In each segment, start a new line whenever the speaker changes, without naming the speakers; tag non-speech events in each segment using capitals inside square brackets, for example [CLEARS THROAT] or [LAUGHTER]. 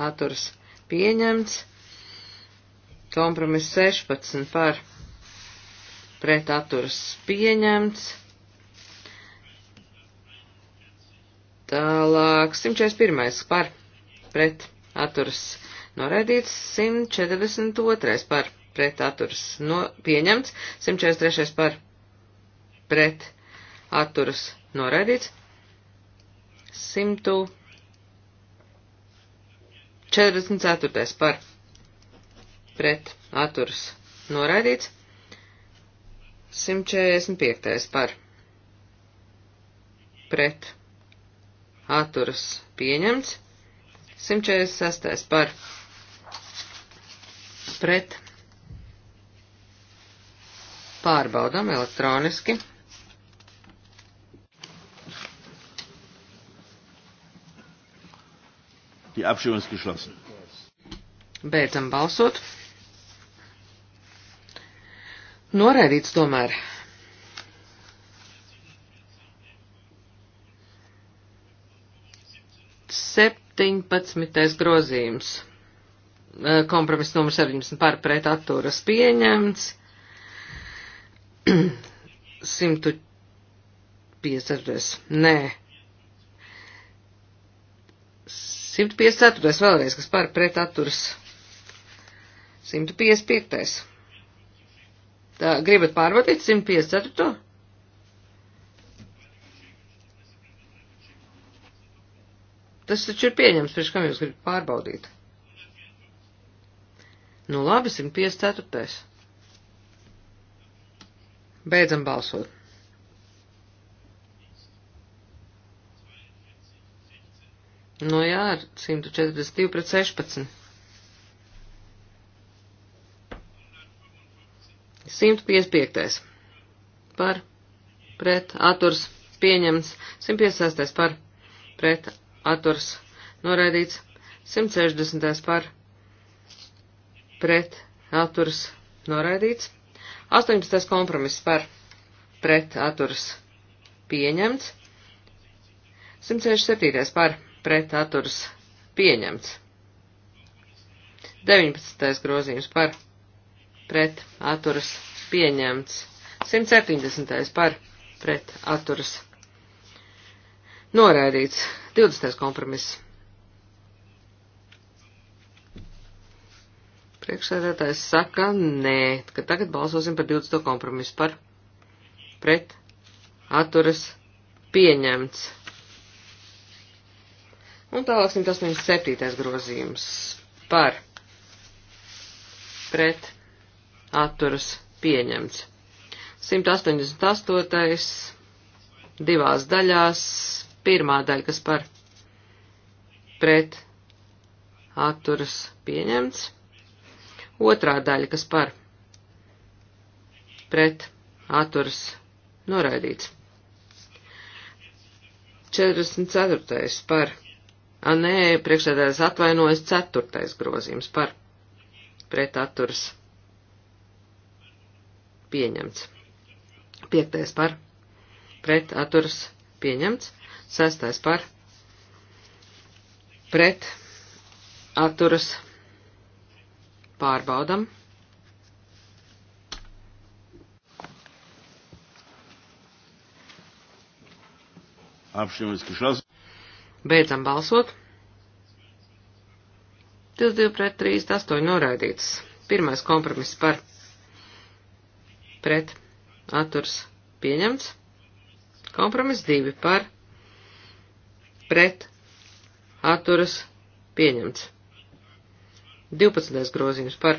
atturas pieņemts. Kompromiss 16 par pret atturas pieņemts. Tālāk 141 par pret atturas noraidīts, 142 par pret atturas no, pieņemts, 143 par pret atturas noraidīts, 100. 44. par pret atturas noraidīts. 145. par pret atturas pieņemts. 146. par pret pārbaudam elektroniski.
Die Abstimmung ist geschlossen.
Beidzam balsot. Noraidīts tomēr. Septiņpadsmitais grozījums. Kompromiss numurs 70 par pret atturas pieņemts. 150. [CLEARS THROAT] Nē, 154. vēlreiz, kas par pret atturas. 155. Tā, gribat pārvadīt 154. Tas taču ir pieņems, priekš kam jūs gribat pārbaudīt. Nu labi, 154. Beidzam balsot. Nu jā, ar 142 pret 16. 155. par pret atturs pieņemts. 156. par pret atturs noraidīts. 160. par pret atturs noraidīts. 18. kompromiss par pret atturs pieņemts. 167. par pret pret atturas pieņemts. 19. grozījums par pret atturas pieņemts. 170. par pret atturas noraidīts. 20. kompromiss. Priekšsēdētājs saka, nē, ka tagad balsosim par 20. kompromisu par pret atturas pieņemts. Un tālāk 187. grozījums par pret atturas pieņemts. 188. divās daļās, pirmā daļa, kas par pret atturas pieņemts, otrā daļa, kas par pret atturas noraidīts. 44. par pret A, nē, priekšsēdētājs atvainojas ceturtais grozījums par pretaturas pieņemts. Piektais par pretaturas pieņemts. Sestais par pretaturas pārbaudam.
Abstimmung ist geschlossen.
Beidzam balsot. 22 pret 3, 8 noraidīts. Pirmais kompromiss par pret atturs pieņemts. Kompromiss 2 par pret atturas pieņemts. 12. grozījums par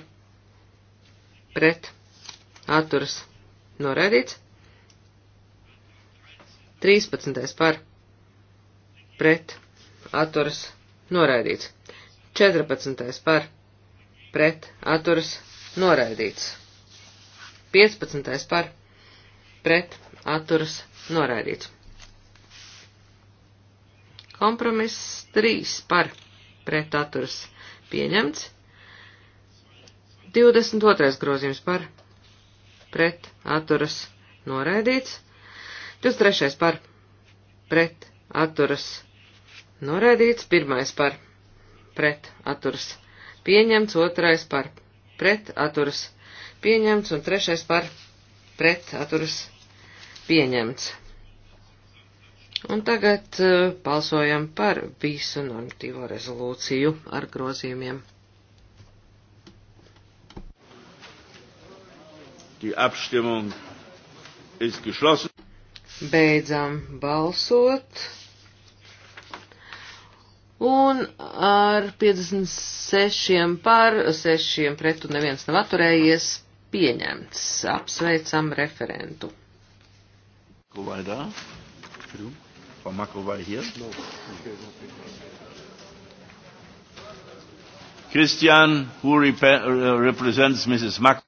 pret atturas noraidīts. 13. par pret atturas noraidīts. 14. par pret atturas noraidīts. 15. par pret atturas noraidīts. Kompromiss 3 par pret atturas pieņemts. 22. grozījums par pret atturas noraidīts. 23. par pret atturas noraidīts. Noraidīts pirmais par pret atturas. Pieņemts otrais par pret atturas. Pieņemts un trešais par pret atturas. Pieņemts. Un tagad uh, balsojam par visu normatīvo rezolūciju ar grozījumiem.
Die Abstimmung ist geschlossen.
Beidzam balsot. Un ar 56 par 6 pret un neviens nav atturējies pieņemts. Apsveicam referentu.
Kuvaida? From Makovai here? No. Christian, who rep represents Mrs. Mak.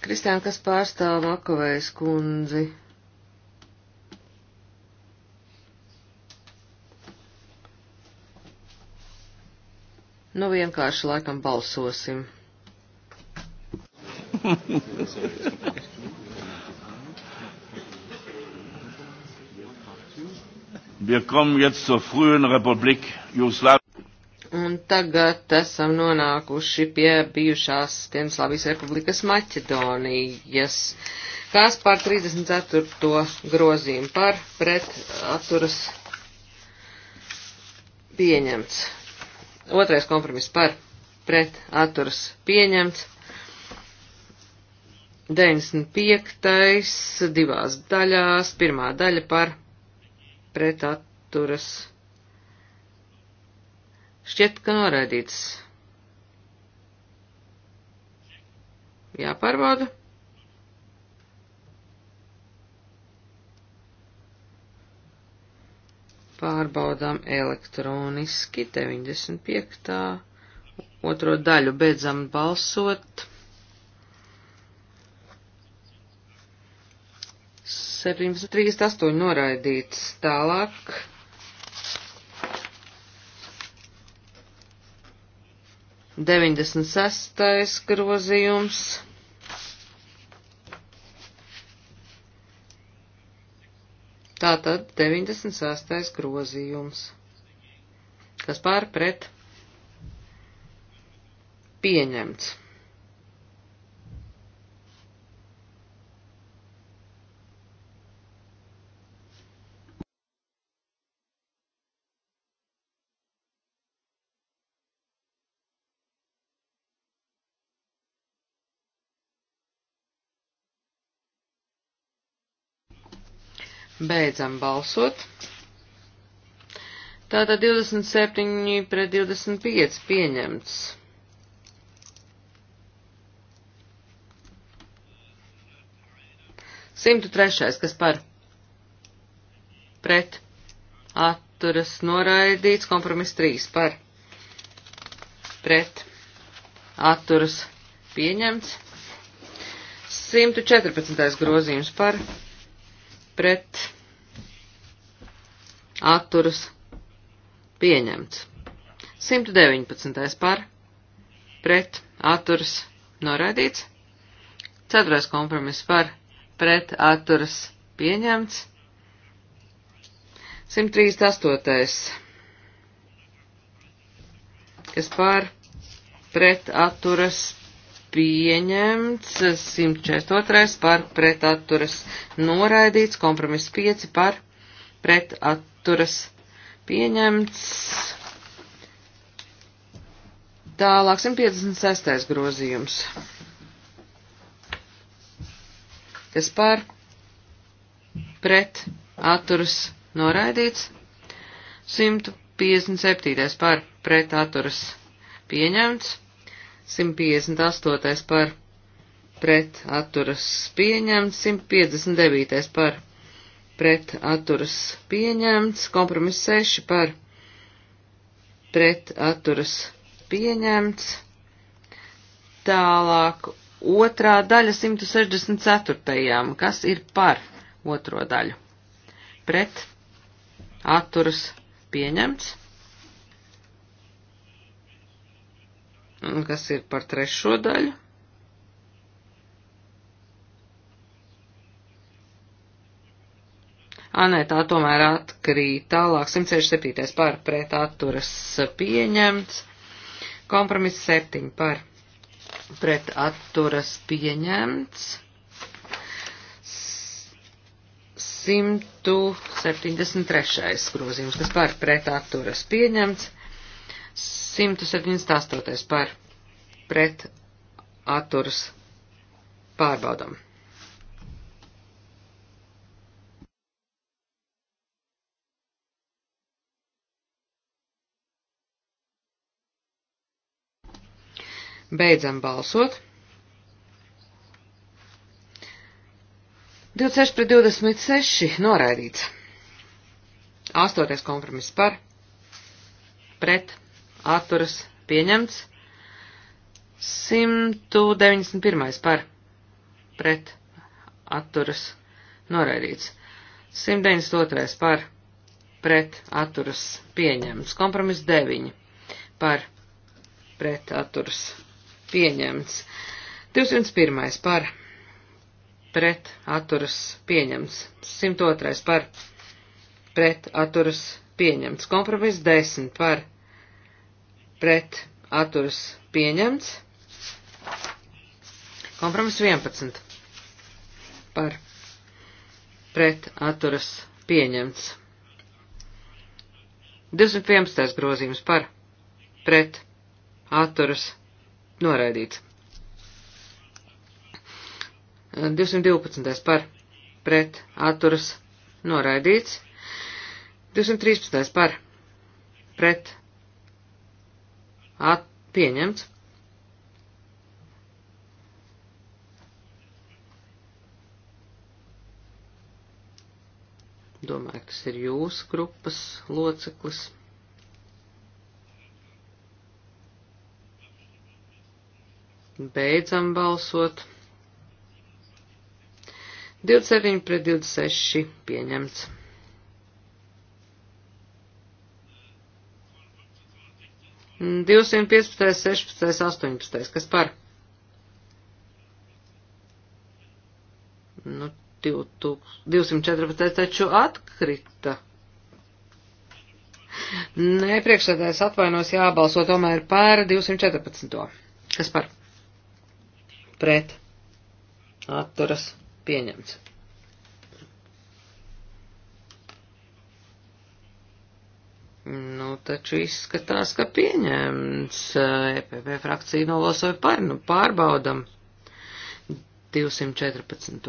Kristian, kas pārstāv Makovējas kundzi. Nu, vienkārši laikam balsosim.
Wir kommen jetzt zur frühen Republik Jugoslawien.
Un tagad esam nonākuši pie bijušās Dienaslāvijas Republikas Maķedonijas, kas par 34. grozījumu par pret atturas pieņemts. Otrais kompromiss par pret atturas pieņemts. 95. divās daļās, pirmā daļa par pret atturas. Šķiet, ka noraidīts. Jāpārbauda. Pārbaudām elektroniski 95. otro daļu beidzam balsot. 1738 noraidīts tālāk. Deviņdesmit sestais grozījums. Tātad 96. grozījums. Kas pār pret? Pieņemts. Beidzam balsot. Tātad 27 pret 25 pieņemts. Simtu trešais, kas par pret atturas noraidīts, kompromiss trīs par pret atturas pieņemts. 114. grozījums par pret pret atturas pieņemts. 119. par pret atturas noraidīts. 4. kompromiss par pret atturas pieņemts. 138. kas par pret atturas pieņemts, 142 par pretatturas noraidīts, kompromiss 5 par pretatturas pieņemts. Tālāk 156. grozījums. Kas par pret atturas noraidīts? 157. par pret atturas pieņemts. 158. par pret atturas pieņemts, 159. par pret atturas pieņemts, kompromiss 6 par pret atturas pieņemts, tālāk otrā daļa 164. kas ir par otro daļu. Pret atturas pieņemts. Kas ir par trešo daļu? Ā, nē, tā tomēr atkrīt tālāk. 167. par pret atturas pieņemts. Kompromiss 7 par pret atturas pieņemts. 173. grozījums, kas par pret atturas pieņemts. 178. par pret atturas pārbaudam. Beidzam balsot. 26 pret 26 noraidīts. Astoties kompromiss par, pret, atturas pieņemts. 191. par pret atturas noraidīts. 192. par pret atturas pieņemts. Kompromiss 9. par pret atturas pieņemts. 201. par pret atturas pieņemts. 102. par pret atturas pieņemts. Kompromiss 10. par pret pret atturas pieņemts. Kompromiss 11 par pret atturas pieņemts. 211. grozījums par pret atturas noraidīts. 212. par pret atturas noraidīts. 213. par pret At, pieņemts. Domāju, kas ir jūsu grupas loceklis. Beidzam balsot. 27 pret 26 pieņemts. 215, 16, 18, kas par? Nu, 214 taču atkrita. Nē, priekšsēdājs atvainos jābalso tomēr par 214. Kas par? Pret. Atturas. Pieņemts. Nu, taču izskatās, ka pieņēmts EPP eh, e frakcija novalsoja par, nu, pārbaudam 214.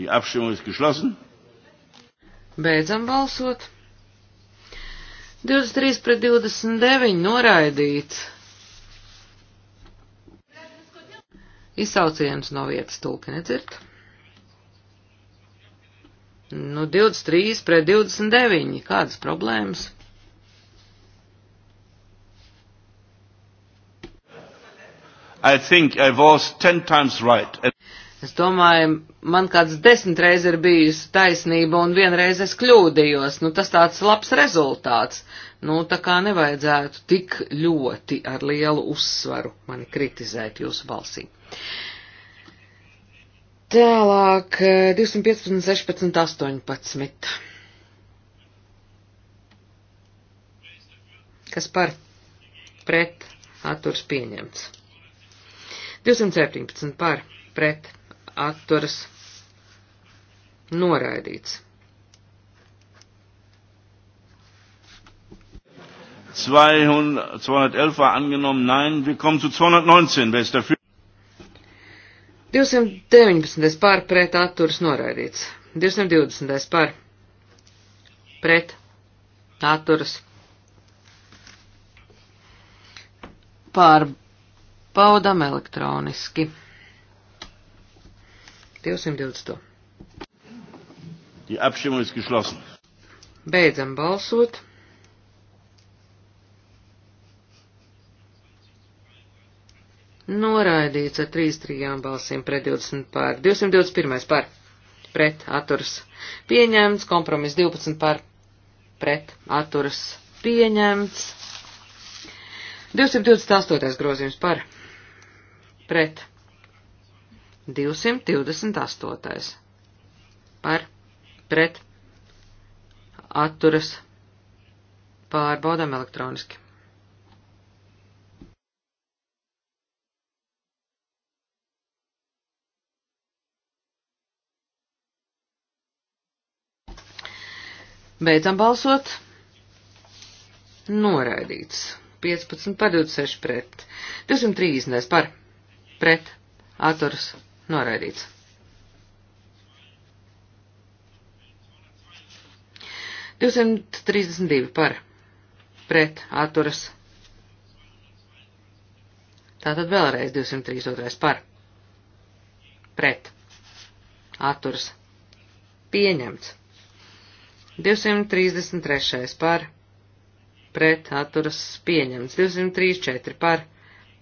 Die Abstimmung ist geschlossen.
Beidzam balsot. 23 pret 29 noraidīts. Izsauciens no vietas tulka nedzird. Nu, 23 pret 29. Kādas problēmas?
I think I was ten times right. Es
domāju, man kāds desmit reiz ir bijusi taisnība un vienreiz es kļūdījos. Nu, tas tāds labs rezultāts. Nu, tā kā nevajadzētu tik ļoti ar lielu uzsvaru mani kritizēt jūsu balsī. Uh, Tālāk 215, 16, 18. Kas par pret atturas pieņemts. 217 par pret atturas noraidīts.
211 war angenommen, nein, wir kommen zu 219, wer ist dafür?
219. pār pret atturas noraidīts. 220. pār pret atturas. Pārbaudam elektroniski. 220.
Die Abstimmung ist geschlossen.
Beidzam balsot. Noraidīts ar 3-3 balsīm pret 20 pār. 221 pār. Pret atturas. Pieņemts. Kompromiss 12 pār. Pret atturas. Pieņemts. 228 grozījums par. Pret. 228. Par. Pret. Atturas. Pārbaudām elektroniski. Beidzam balsot. Noraidīts. 15 par 26 pret. 230 par. Pret. Atturs. Noraidīts. Divsimt trīsdesmit divi par pret atturas. Tātad vēlreiz 232 par pret atturas pieņemts. 233 par pret atturas pieņemts, 234 par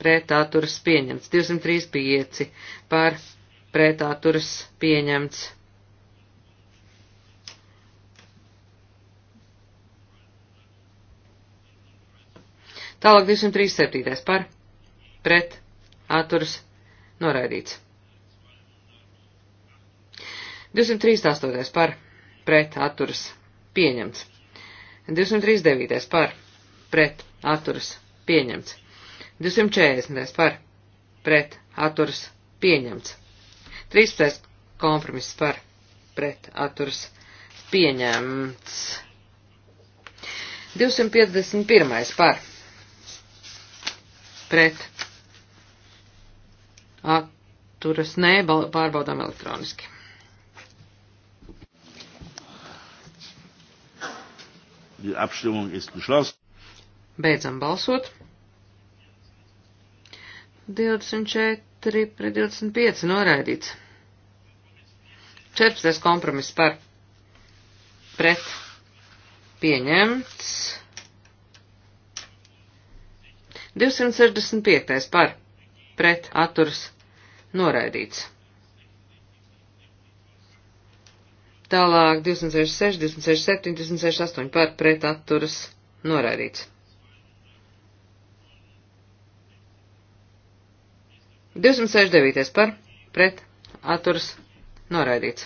pret atturas pieņemts, 235 par pret atturas pieņemts. Tālāk 237 par pret atturas noraidīts. 238 par pret atturas pieņemts. 239. par, pret, atturas, pieņemts. 240. par, pret, atturas, pieņemts. 13. kompromiss par, pret, atturas, pieņemts. 251. par, pret, atturas, nē, pārbaudām
elektroniski. Die Abstimmung ist geschlossen.
Beidzam balsot. 24 pret 25 noraidīts. 14. kompromiss par pret pieņemts. 265. par pret atturs noraidīts. Tālāk 266, 267, 268 par pret atturas noraidīts. 269 par pret atturas noraidīts.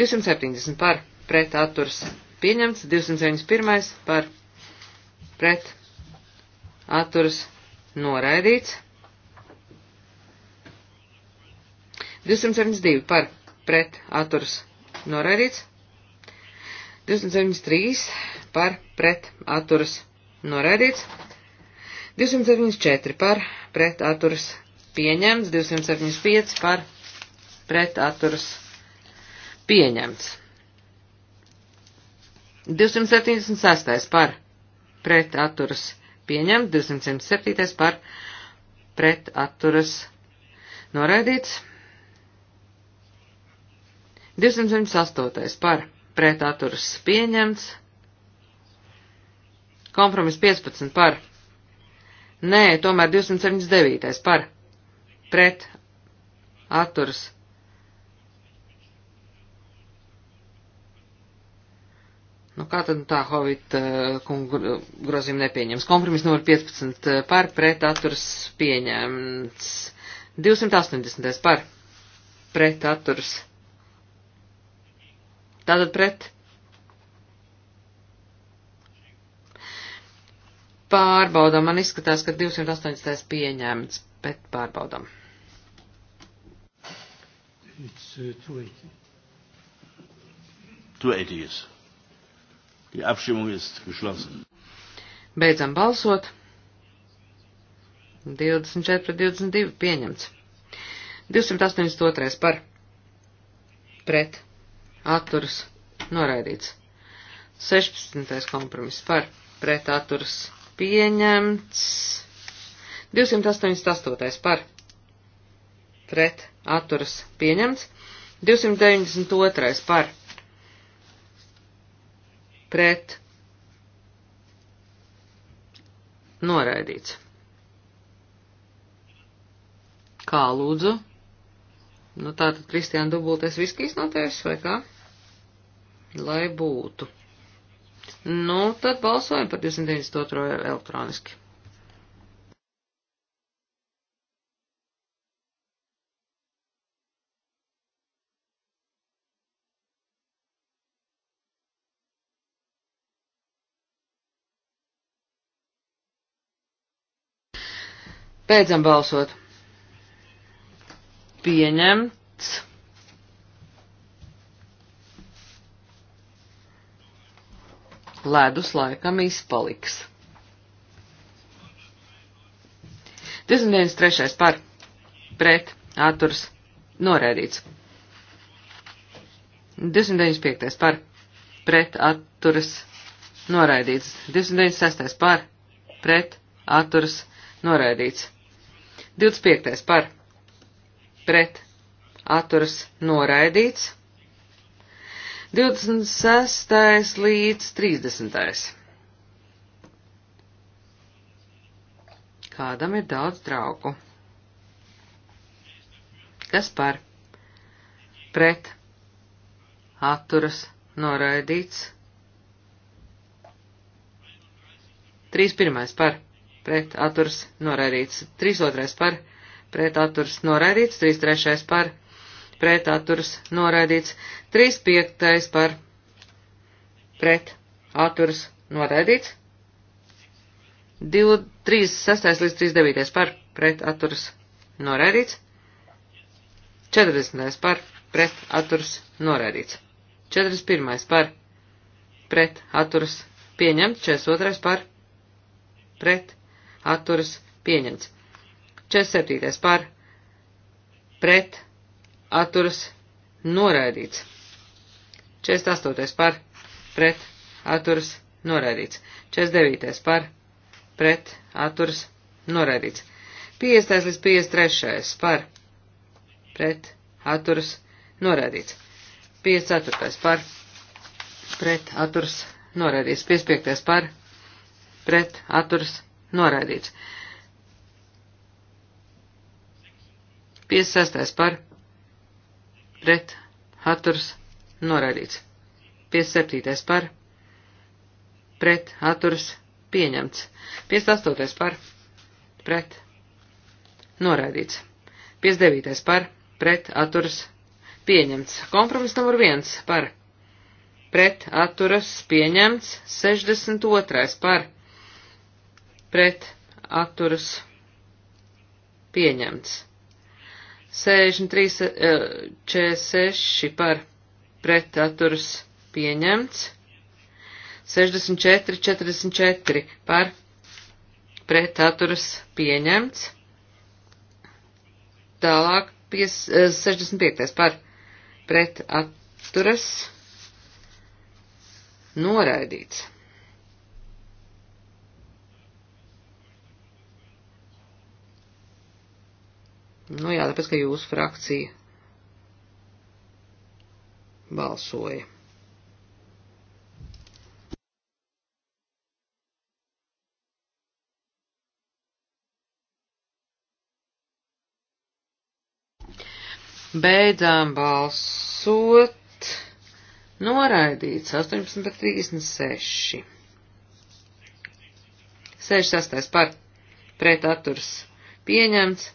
270 par pret atturas pieņemts, 271 par pret atturas noraidīts. 272 par pret atturas noraidīts. 273 par pret atturas noraidīts. 274 par pret atturas pieņemts. 275 par pret atturas pieņemts. 276 par pret atturas pieņemts. 277 par pret atturas noraidīts. 278. par pret atturas pieņemts. Kompromis 15 par. Nē, tomēr 279. par pret atturas. Nu, kā tad tā Hovit eh, kungu eh, grozījuma nepieņems? Kompromis numur 15 eh, par pret atturas pieņemts. 280. par pret atturas pieņemts. Tātad pret. Pārbaudam, man izskatās, ka 280. pieņēmts, bet pārbaudam. It's uh, 280.
280 ist. Die Abstimmung ist geschlossen.
Beidzam balsot. 24 pret 22 pieņemts. 282 par. Pret atturas noraidīts. 16. kompromiss par pret atturas pieņemts. 288. par pret atturas pieņemts. 292. par pret noraidīts. Kā lūdzu? Nu tā tad Kristiāna dubultais viskijs no tevis vai kā? lai būtu. Nu, tad balsojam par 292 elektroniski. Beidzam balsot. Pieņemts. ledus laikam izpaliks. 21.3. par pret atturs norēdīts. 29.5. par pret atturs noraidīts. 29.6. par pret atturs noraidīts. 25. par pret atturs noraidīts. 26. līdz 30. Kādam ir daudz draugu? Kas par? Pret. Atturas. Noraidīts. 3.1. par. Pret. Atturas. Noraidīts. 3.2. par. Pret. Atturas. Noraidīts. 3.3. par pret atturas noraidīts, 35. par pret atturas noraidīts, 2, 36. līdz 39. par pret atturas noraidīts, 40. par pret atturas noraidīts, 41. par pret atturas pieņemts, 42. par pret atturas pieņemts, 47. par pret atturas noraidīts. 48. par pret atturas noraidīts. 49. par pret atturas noraidīts. 50. līdz 53. par pret atturas noraidīts. 54. par pret atturas noraidīts. 55. par pret atturas noraidīts. 56. par pret pret atturs noraidīts. 57. par pret atturs pieņemts. 58. par pret noraidīts. 59. par pret atturs pieņemts. Kompromiss numur 1 par pret atturas pieņemts. 62. par pret atturas pieņemts. 63, 46 eh, par pret atturas pieņemts, 64, 44 par pret atturas pieņemts, tālāk pies, 65 eh, par pret atturas noraidīts. Nu jā, tāpēc, ka jūsu frakcija balsoja. Beidzām balsot. Noraidīts 18 pret 36. 66 par pret atturs pieņemts.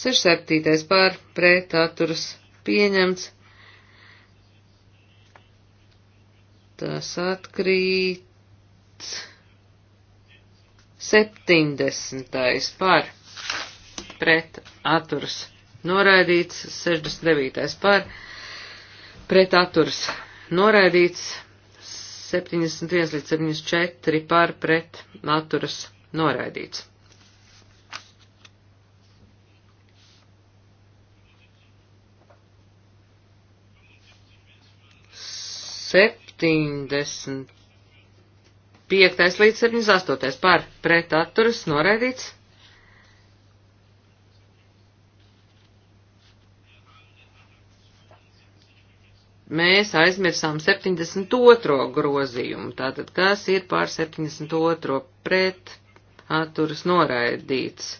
67. pār pret atturas pieņemts. Tas atkrīt. 70. par pret atturas noraidīts, 69. par pret atturas noraidīts, 71 līdz 74 par pret atturas noraidīts. 75. līdz 78. par pret atturas noraidīts. Mēs aizmirsām 72. grozījumu, tātad kas ir pār 72. pret atturas noraidīts.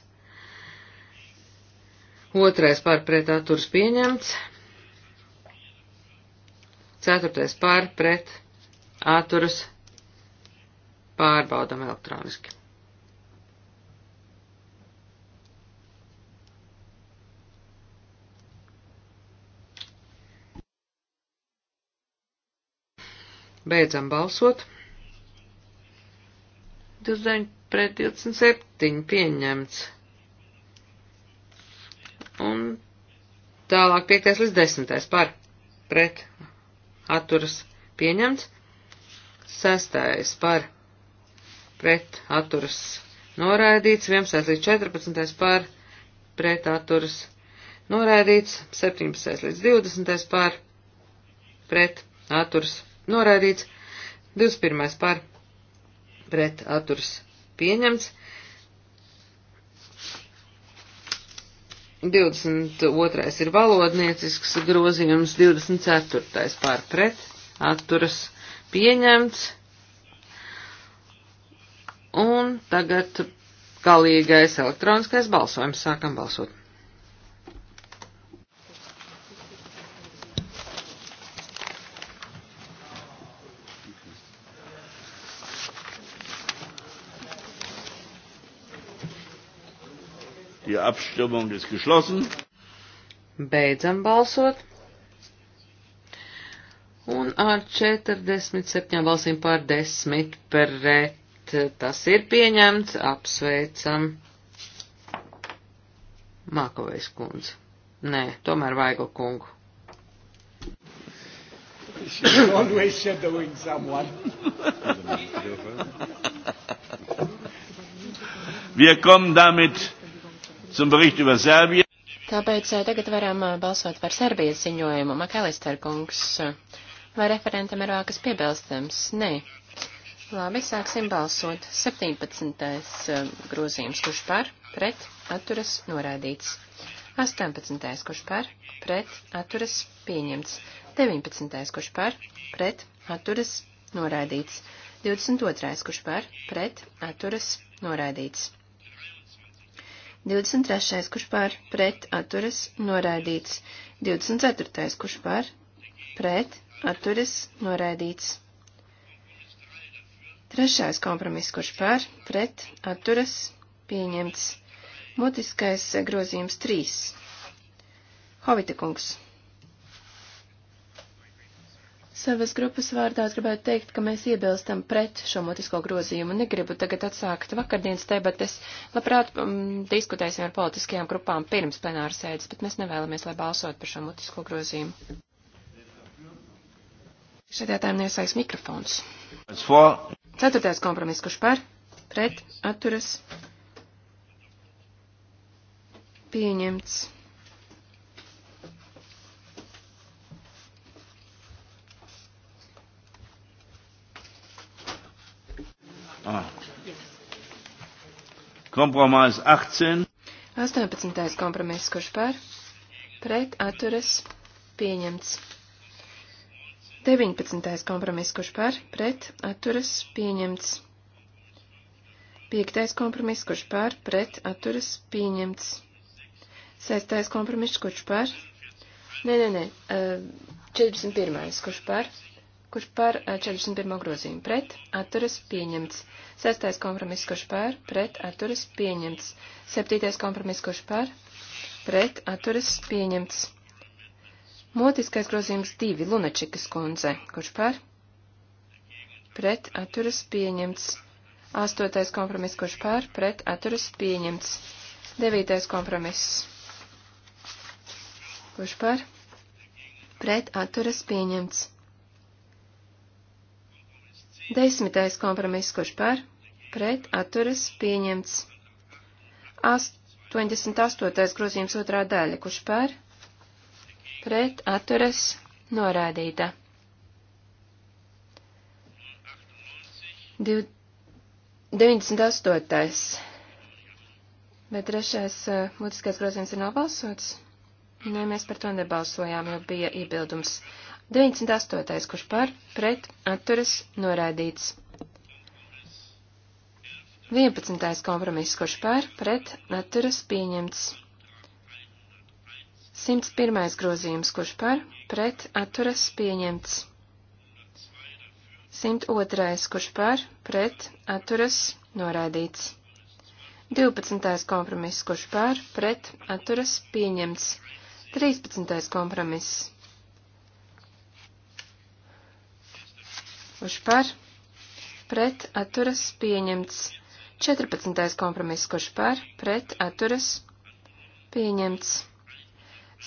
Otrais par pret atturas pieņemts. Ceturtais pār pret atturas pārbaudam elektroniski. Beidzam balsot. 29 pret 27 pieņemts. Un tālāk 5 līdz 10 par pret atturas pieņemts, sestais par pret atturas noraidīts, 11. līdz 14. par pret atturas noraidīts, 17. līdz 20. par pret atturas noraidīts, 21. par pret atturas pieņemts, 22. ir valodniecisks grozījums, 24. pār pret, atturas pieņemts. Un tagad galīgais elektroniskais balsojums. Sākam balsot.
Abstimmung ist geschlossen.
Beidzam balsot. Un ar 47 balsīm pār 10 pret tas ir pieņemts. Apsveicam. Mākavais kundze. Nē, tomēr Vaigo kungu.
She's always shadowing
someone. Wir kommen damit zum Bericht über Serbien.
Tāpēc eh, tagad varam eh, balsot par Serbijas ziņojumu. Makalister kungs, eh, vai referentam ir vēl kas piebilstams? Nē. Labi, sāksim balsot. 17. grozījums, kurš par, pret, atturas, norādīts. 18. kurš par, pret, atturas, pieņemts. 19. kurš par, pret, atturas, norādīts. 22. kurš par, pret, atturas, norādīts. 23. kurš pār pret atturas noraidīts. 24. kurš pār pret atturas noraidīts. 3. kompromiss, kurš pār pret atturas pieņemts. Mutiskais grozījums 3. Hovita kungs. Savas grupas vārdā es gribētu teikt, ka mēs iebilstam pret šo motisko grozījumu. Negribu tagad atsākt vakardienas debates. Labprāt, m, mm, diskutēsim ar politiskajām grupām pirms plenāra sēdes, bet mēs nevēlamies, lai balsot par šo motisko grozījumu. Šādētājiem neiesaist mikrofons. Ceturtais kompromiss, kurš par, pret, atturas, pieņemts.
Ah.
Kompromiss 18.
18. kompromiss, kurš par? Pret atturas pieņemts. 19. kompromiss, kurš par? Pret atturas pieņemts. 5. kompromiss, kurš par? Pret atturas pieņemts. 6. kompromiss, kurš par? Nē, nē, nē. 41. Eh, kurš par? kurš par 41. grozījumu pret atturas pieņemts. 6. kompromiss, kurš par pret atturas pieņemts. 7. kompromiss, kurš par pret atturas pieņemts. Motiskais grozījums 2. Lunačikas kundze, kurš par pret atturas pieņemts. 8. kompromiss, kurš par pret atturas pieņemts. 9. kompromiss, kurš par pret atturas pieņemts. Desmitais kompromiss, kurš par, pret, atturas, pieņemts. 88. grozījums otrā daļa, kurš par, pret, atturas, norādīta. 98. Bet trešais uh, mutiskais grozījums ir nobalsots. Nē, mēs par to nebalsojām, jo bija iebildums. Uh, 98. kurš par pret atturas noraidīts. 11. kompromiss, kurš par pret atturas pieņemts. 101. grozījums, kurš par pret atturas pieņemts. 102. kurš par pret atturas noraidīts. 12. kompromiss, kurš par pret atturas pieņemts. 13. kompromiss Kurš par? Pret atturas pieņemts. 14. kompromiss. Kurš par? Pret atturas pieņemts.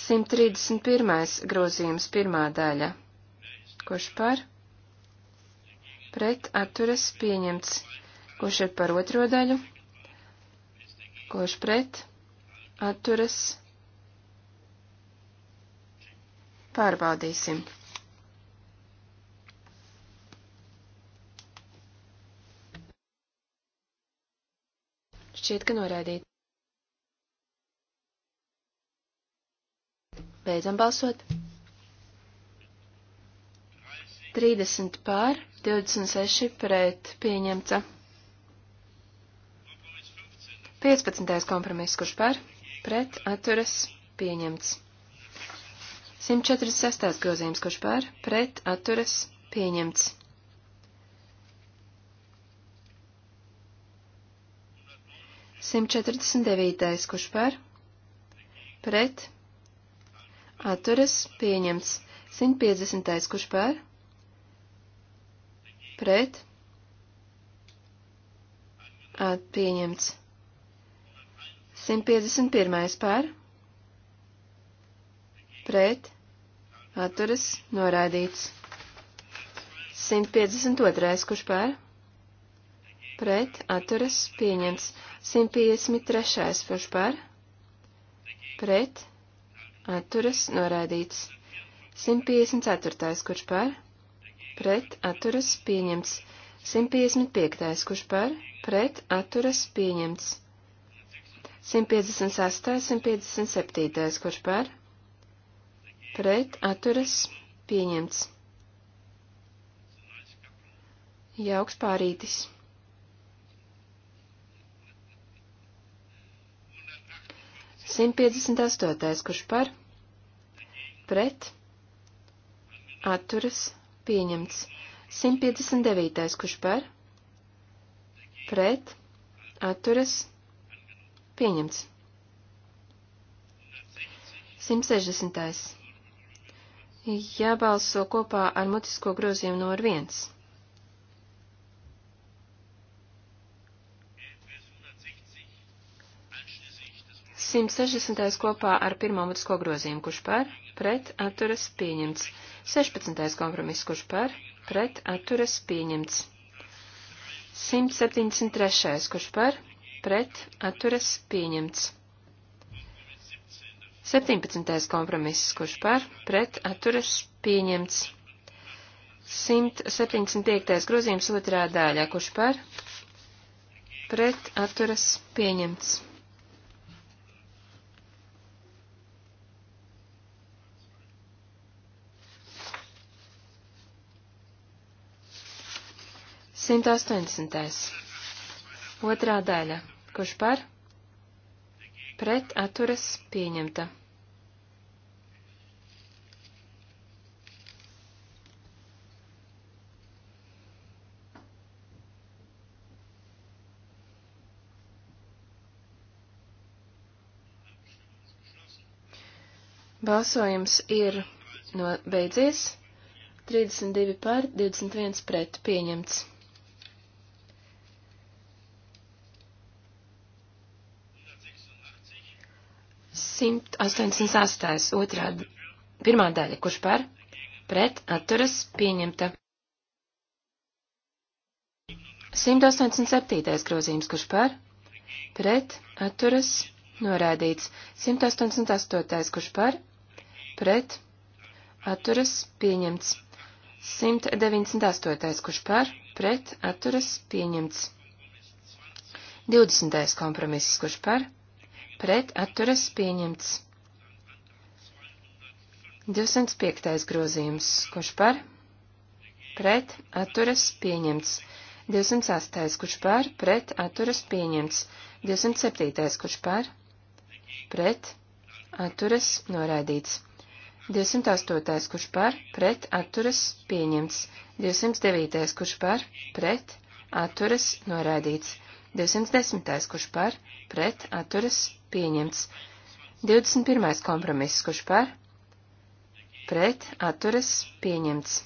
131. grozījums pirmā daļa. Kurš par? Pret atturas pieņemts. Kurš ir par otro daļu? Kurš pret? Atturas. Pārbaudīsim. Šķiet, ka noraidīt. Beidzam balsot. 30 pār, 26 pret pieņemta. 15. kompromiss, kurš par, pret, atturas, pieņemts. 146. grozījums, kurš par, pret, atturas, pieņemts. 149. kurš par, pret, atturas, pieņemts. 150. kurš par, pret, at, pieņemts. 151. par, pret, atturas, noraidīts. 152. kurš par, pret, pret atturas pieņemts 153. kurš par, pret atturas noraidīts 154. kurš par, pret atturas pieņemts 155. kurš par, pret atturas pieņemts 158. 157. kurš par, pret atturas pieņemts. Jauks pārītis. 158. kurš par, pret, atturas, pieņemts. 159. kurš par, pret, atturas, pieņemts. 160. Jābalso kopā ar mutisko grozījumu numur 1. 160. kopā ar pirmo mutisko grozījumu, kurš par, pret, atturas, pieņemts. 16. kompromiss, kurš par, pret, atturas, pieņemts. 173. kurš par, pret, atturas, pieņemts. 17. kompromiss, kurš par, pret, atturas, pieņemts. 175. grozījums otrā daļā, kurš par, pret, atturas, pieņemts. 180. Otrā daļa. Kurš par? Pret atturas pieņemta. Balsojums ir no beidzies. 32 pār 21 pret pieņemts. 188. otrā pirmā daļa, kurš par pret atturas pieņemta. 187. grozījums, kurš par pret atturas norādīts. 188. kurš par pret atturas pieņemts. 198. kurš par pret atturas pieņemts. 20. kompromiss, kurš par pret pret atturas pieņemts. 205. grozījums, kurš par, pret, atturas, pieņemts. 208. kurš par, pret, atturas, pieņemts. 207. kurš par, pret, atturas, noraidīts. 208. kurš par, pret, atturas, pieņemts. 209. kurš par, pret, atturas, noraidīts. 210. kurš par, pret, atturas, pieņemts. 21. kompromiss, kurš par, pret, atturas, pieņemts.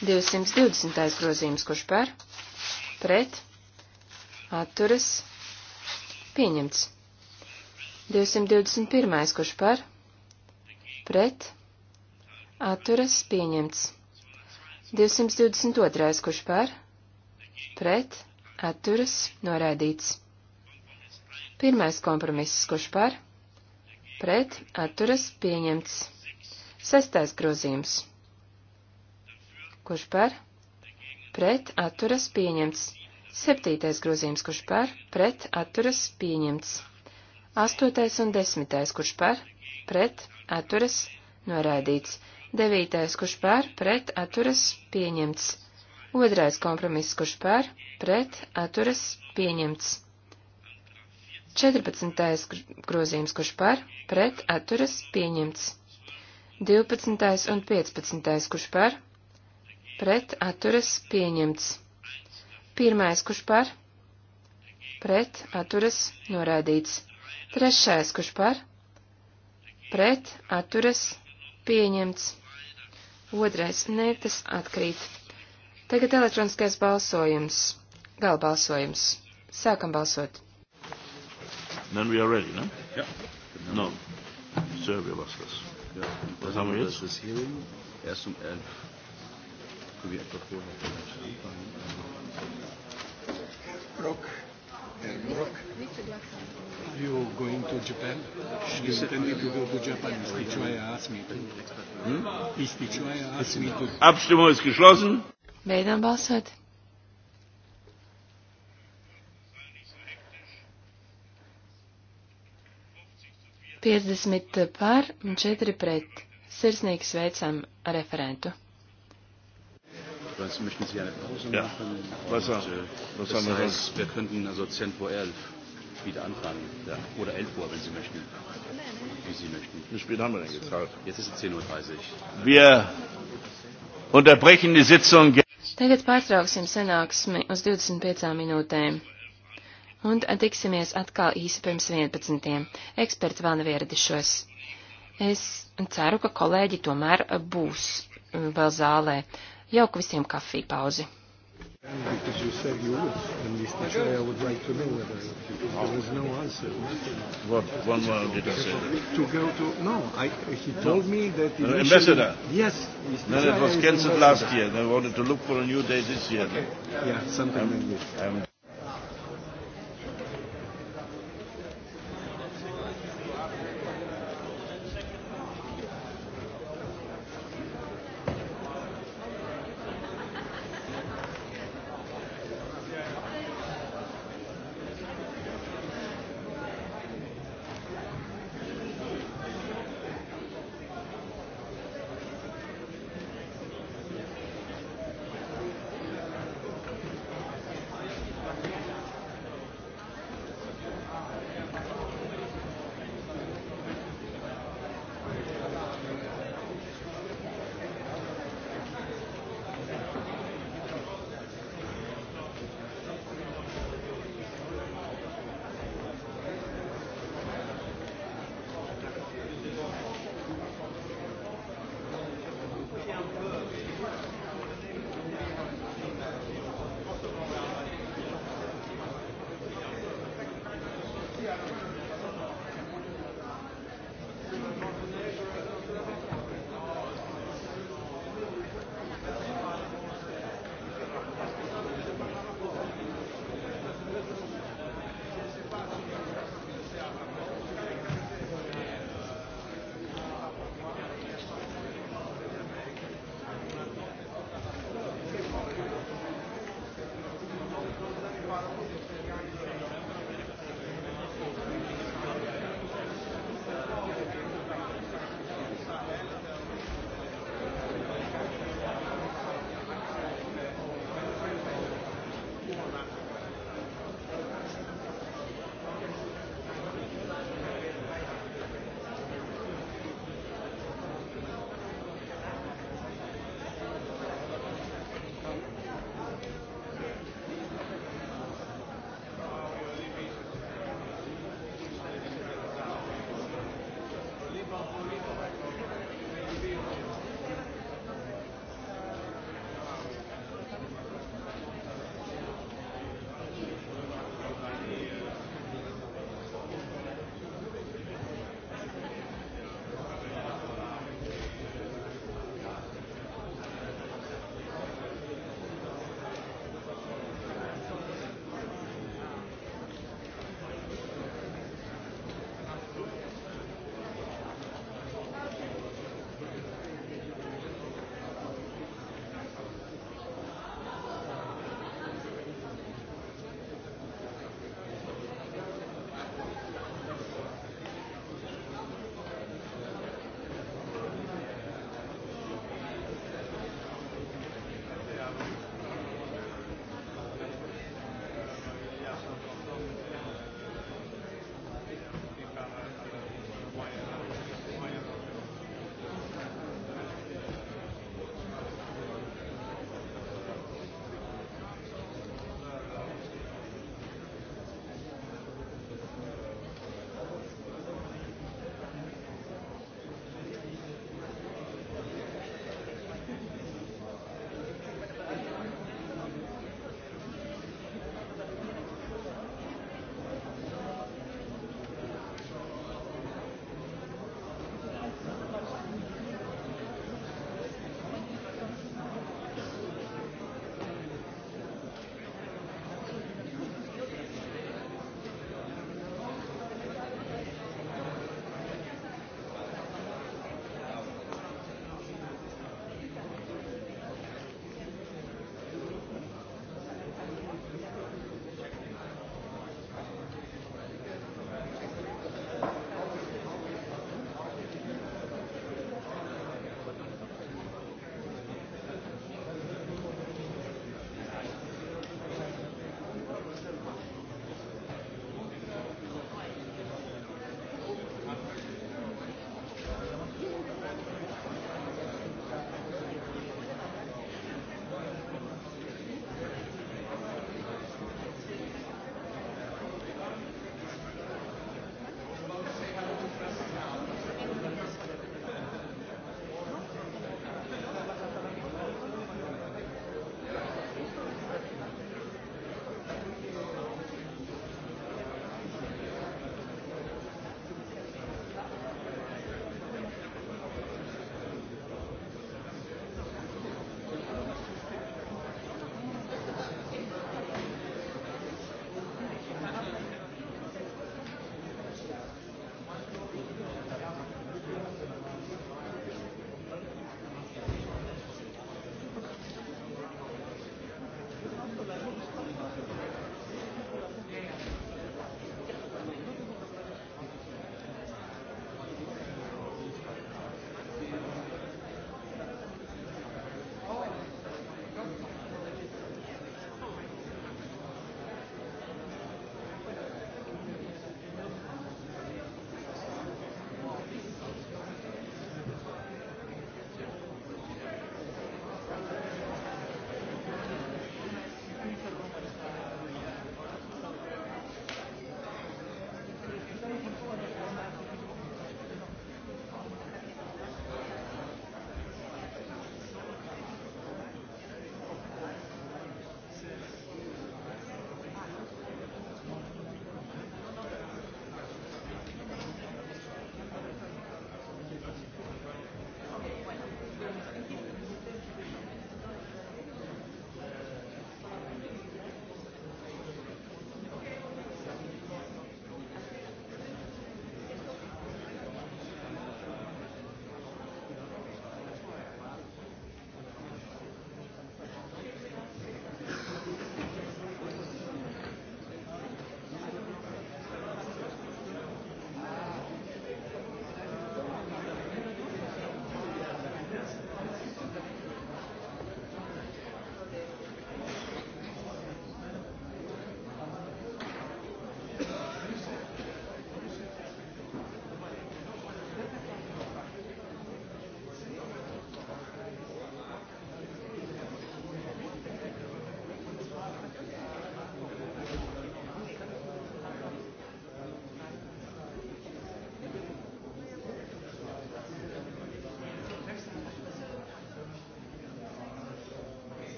220. grozījums, kurš par, pret, atturas, pieņemts. 221. kurš par, pret, atturas, pieņemts. 222. kurš par, pret, atturas, noraidīts. Pirmais kompromiss, kurš par, pret, atturas, pieņemts. Sestais grozījums, kurš par, pret, atturas, pieņemts. Septītais grozījums, kurš par, pret, atturas, pieņemts. Astotais un desmitais, kurš par, pret, atturas, noraidīts. Devītais, kurš par, pret, atturas, pieņemts. Otrais kompromiss, kurš par, pret, atturas, pieņemts. 14. grozījums, kurš par, pret, atturas, pieņemts. 12. un 15. kurš par, pret, atturas, pieņemts. 1. kurš par, pret, atturas, norādīts. 3. kurš par, pret, atturas, pieņemts. 2. nē, tas atkrīt. Tagad elektroniskais balsojums. Gala balsojums. Sākam balsot.
Then we are ready, ne? Yeah. No. Serbia was das. Ja. Was haben wir jetzt? Das Hearing erst um 11.
Können wir etwa vorher vielleicht anfangen? Brock. Herr Brock.
You going to Japan? She said I need to go to Japan. Mr. Chua asked me to. Hmm? Mr. Chua asked me to.
Abstimmung ist geschlossen.
Beidzam balsot. Piecdesmit par un četri pret. Sirsnīgi sveicam referentu.
Sonst möchten Sie eine Pause ja. machen. Was, und, äh, was das heißt, was? wir könnten also 10 vor 11 wieder anfangen. Ja. Oder 11 Uhr, wenn Sie möchten. Wie Sie möchten. Wie spät haben wir denn gezahlt? Jetzt ist es 10.30 Uhr. Wir unterbrechen die Sitzung.
Tagad pārtrauksim sanāksmi uz 25 minūtēm. Un tiksimies atkal īsi pirms 11. Eksperti vēl nav ieradušos. Es ceru, ka kolēģi tomēr būs eh, vēl zālē. Jauka visiem kafiju pauzi!
Because you said you would, and actually I would like to know
whether there was no answer. Nothing. What? One word did I say?
To go to
no, I, he
told no. me that the uh, ambassador. Yes. Then it was cancelled last year.
They wanted to look for a new day this year. Okay. Yeah, something um, like this. Um,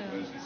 ja.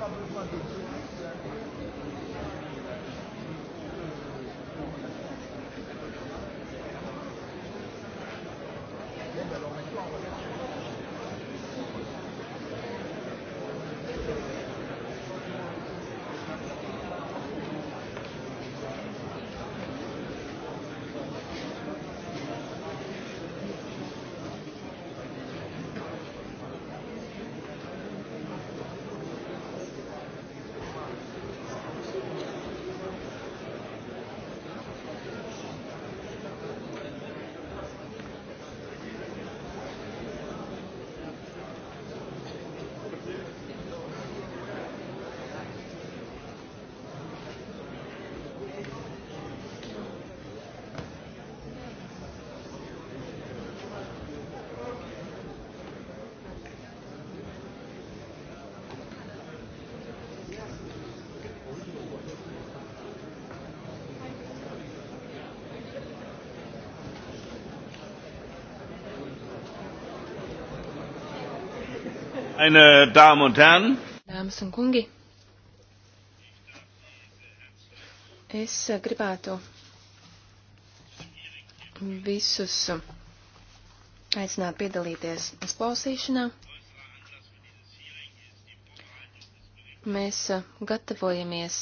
pas besoin d'études.
Meine Damen und Herren, Dāmas un
kungi, es gribētu visus aicināt piedalīties uzklausīšanā. Mēs gatavojamies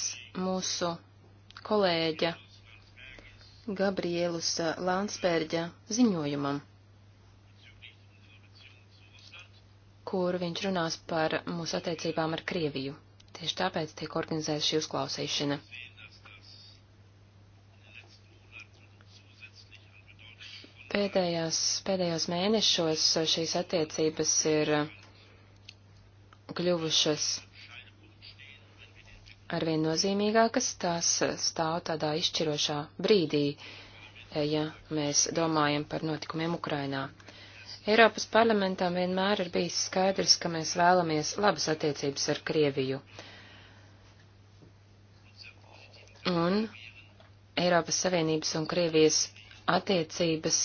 mūsu kolēģa Gabrielus Lānsbērģa ziņojumam. kur viņš runās par mūsu attiecībām ar Krieviju. Tieši tāpēc tiek organizēta šī uzklausīšana. Pēdējās, pēdējos mēnešos šīs attiecības ir kļuvušas arvien nozīmīgākas, tās stāv tādā izšķirošā brīdī, ja mēs domājam par notikumiem Ukrainā. Eiropas parlamentam vienmēr ir bijis skaidrs, ka mēs vēlamies labas attiecības ar Krieviju. Un Eiropas Savienības un Krievijas attiecības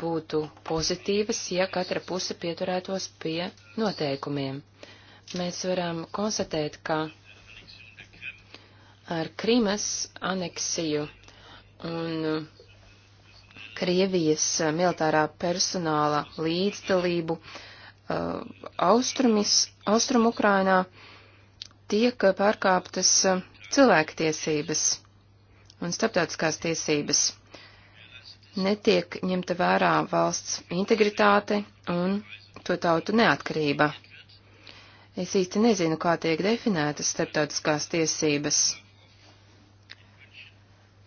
būtu pozitīvas, ja katra puse pieturētos pie noteikumiem. Mēs varam konstatēt, ka ar Krīmas aneksiju un Krievijas eh, militārā personāla līdzdalību eh, austrumis, austrumu Ukrainā tiek pārkāptas eh, cilvēktiesības un starptautiskās tiesības. Netiek ņemta vērā valsts integritāte un to tautu neatkarība. Es īsti nezinu, kā tiek definētas starptautiskās tiesības.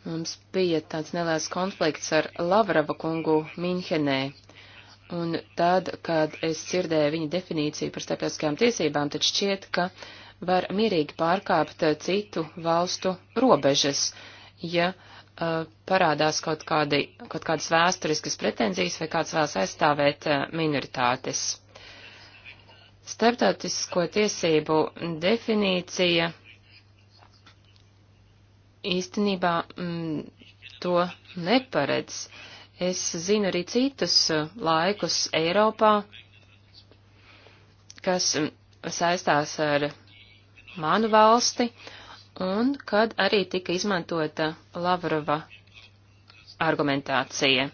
Mums bija tāds neliels konflikts ar Lavrava kungu Minhenē. Un tad, kad es dzirdēju viņa definīciju par starptautiskajām tiesībām, tad šķiet, ka var mierīgi pārkāpt citu valstu robežas, ja uh, parādās kaut, kādi, kaut kādas vēsturiskas pretenzijas vai kāds vēlas aizstāvēt uh, minoritātes. Starptautisko tiesību definīcija īstenībā m, mm, to neparedz. Es zinu arī citus eh, laikus Eiropā, kas mm, saistās ar manu valsti, un kad arī tika izmantota Lavrova argumentācija.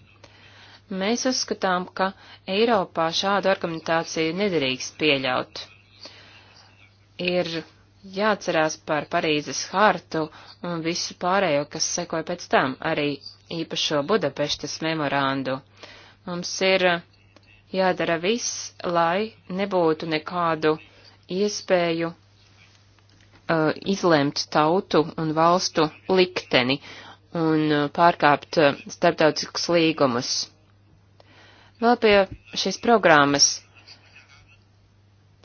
Mēs uzskatām, ka Eiropā šādu argumentāciju nedrīkst pieļaut. Ir jāatcerās par Parīzes hartu un visu pārējo, kas sekoja pēc tam, arī īpašo Budapeštas memorandu. Mums ir uh, jādara viss, lai nebūtu nekādu iespēju uh, izlemt tautu un valstu likteni un uh, pārkāpt uh, starptautiskus līgumus. Vēl pie šīs programmas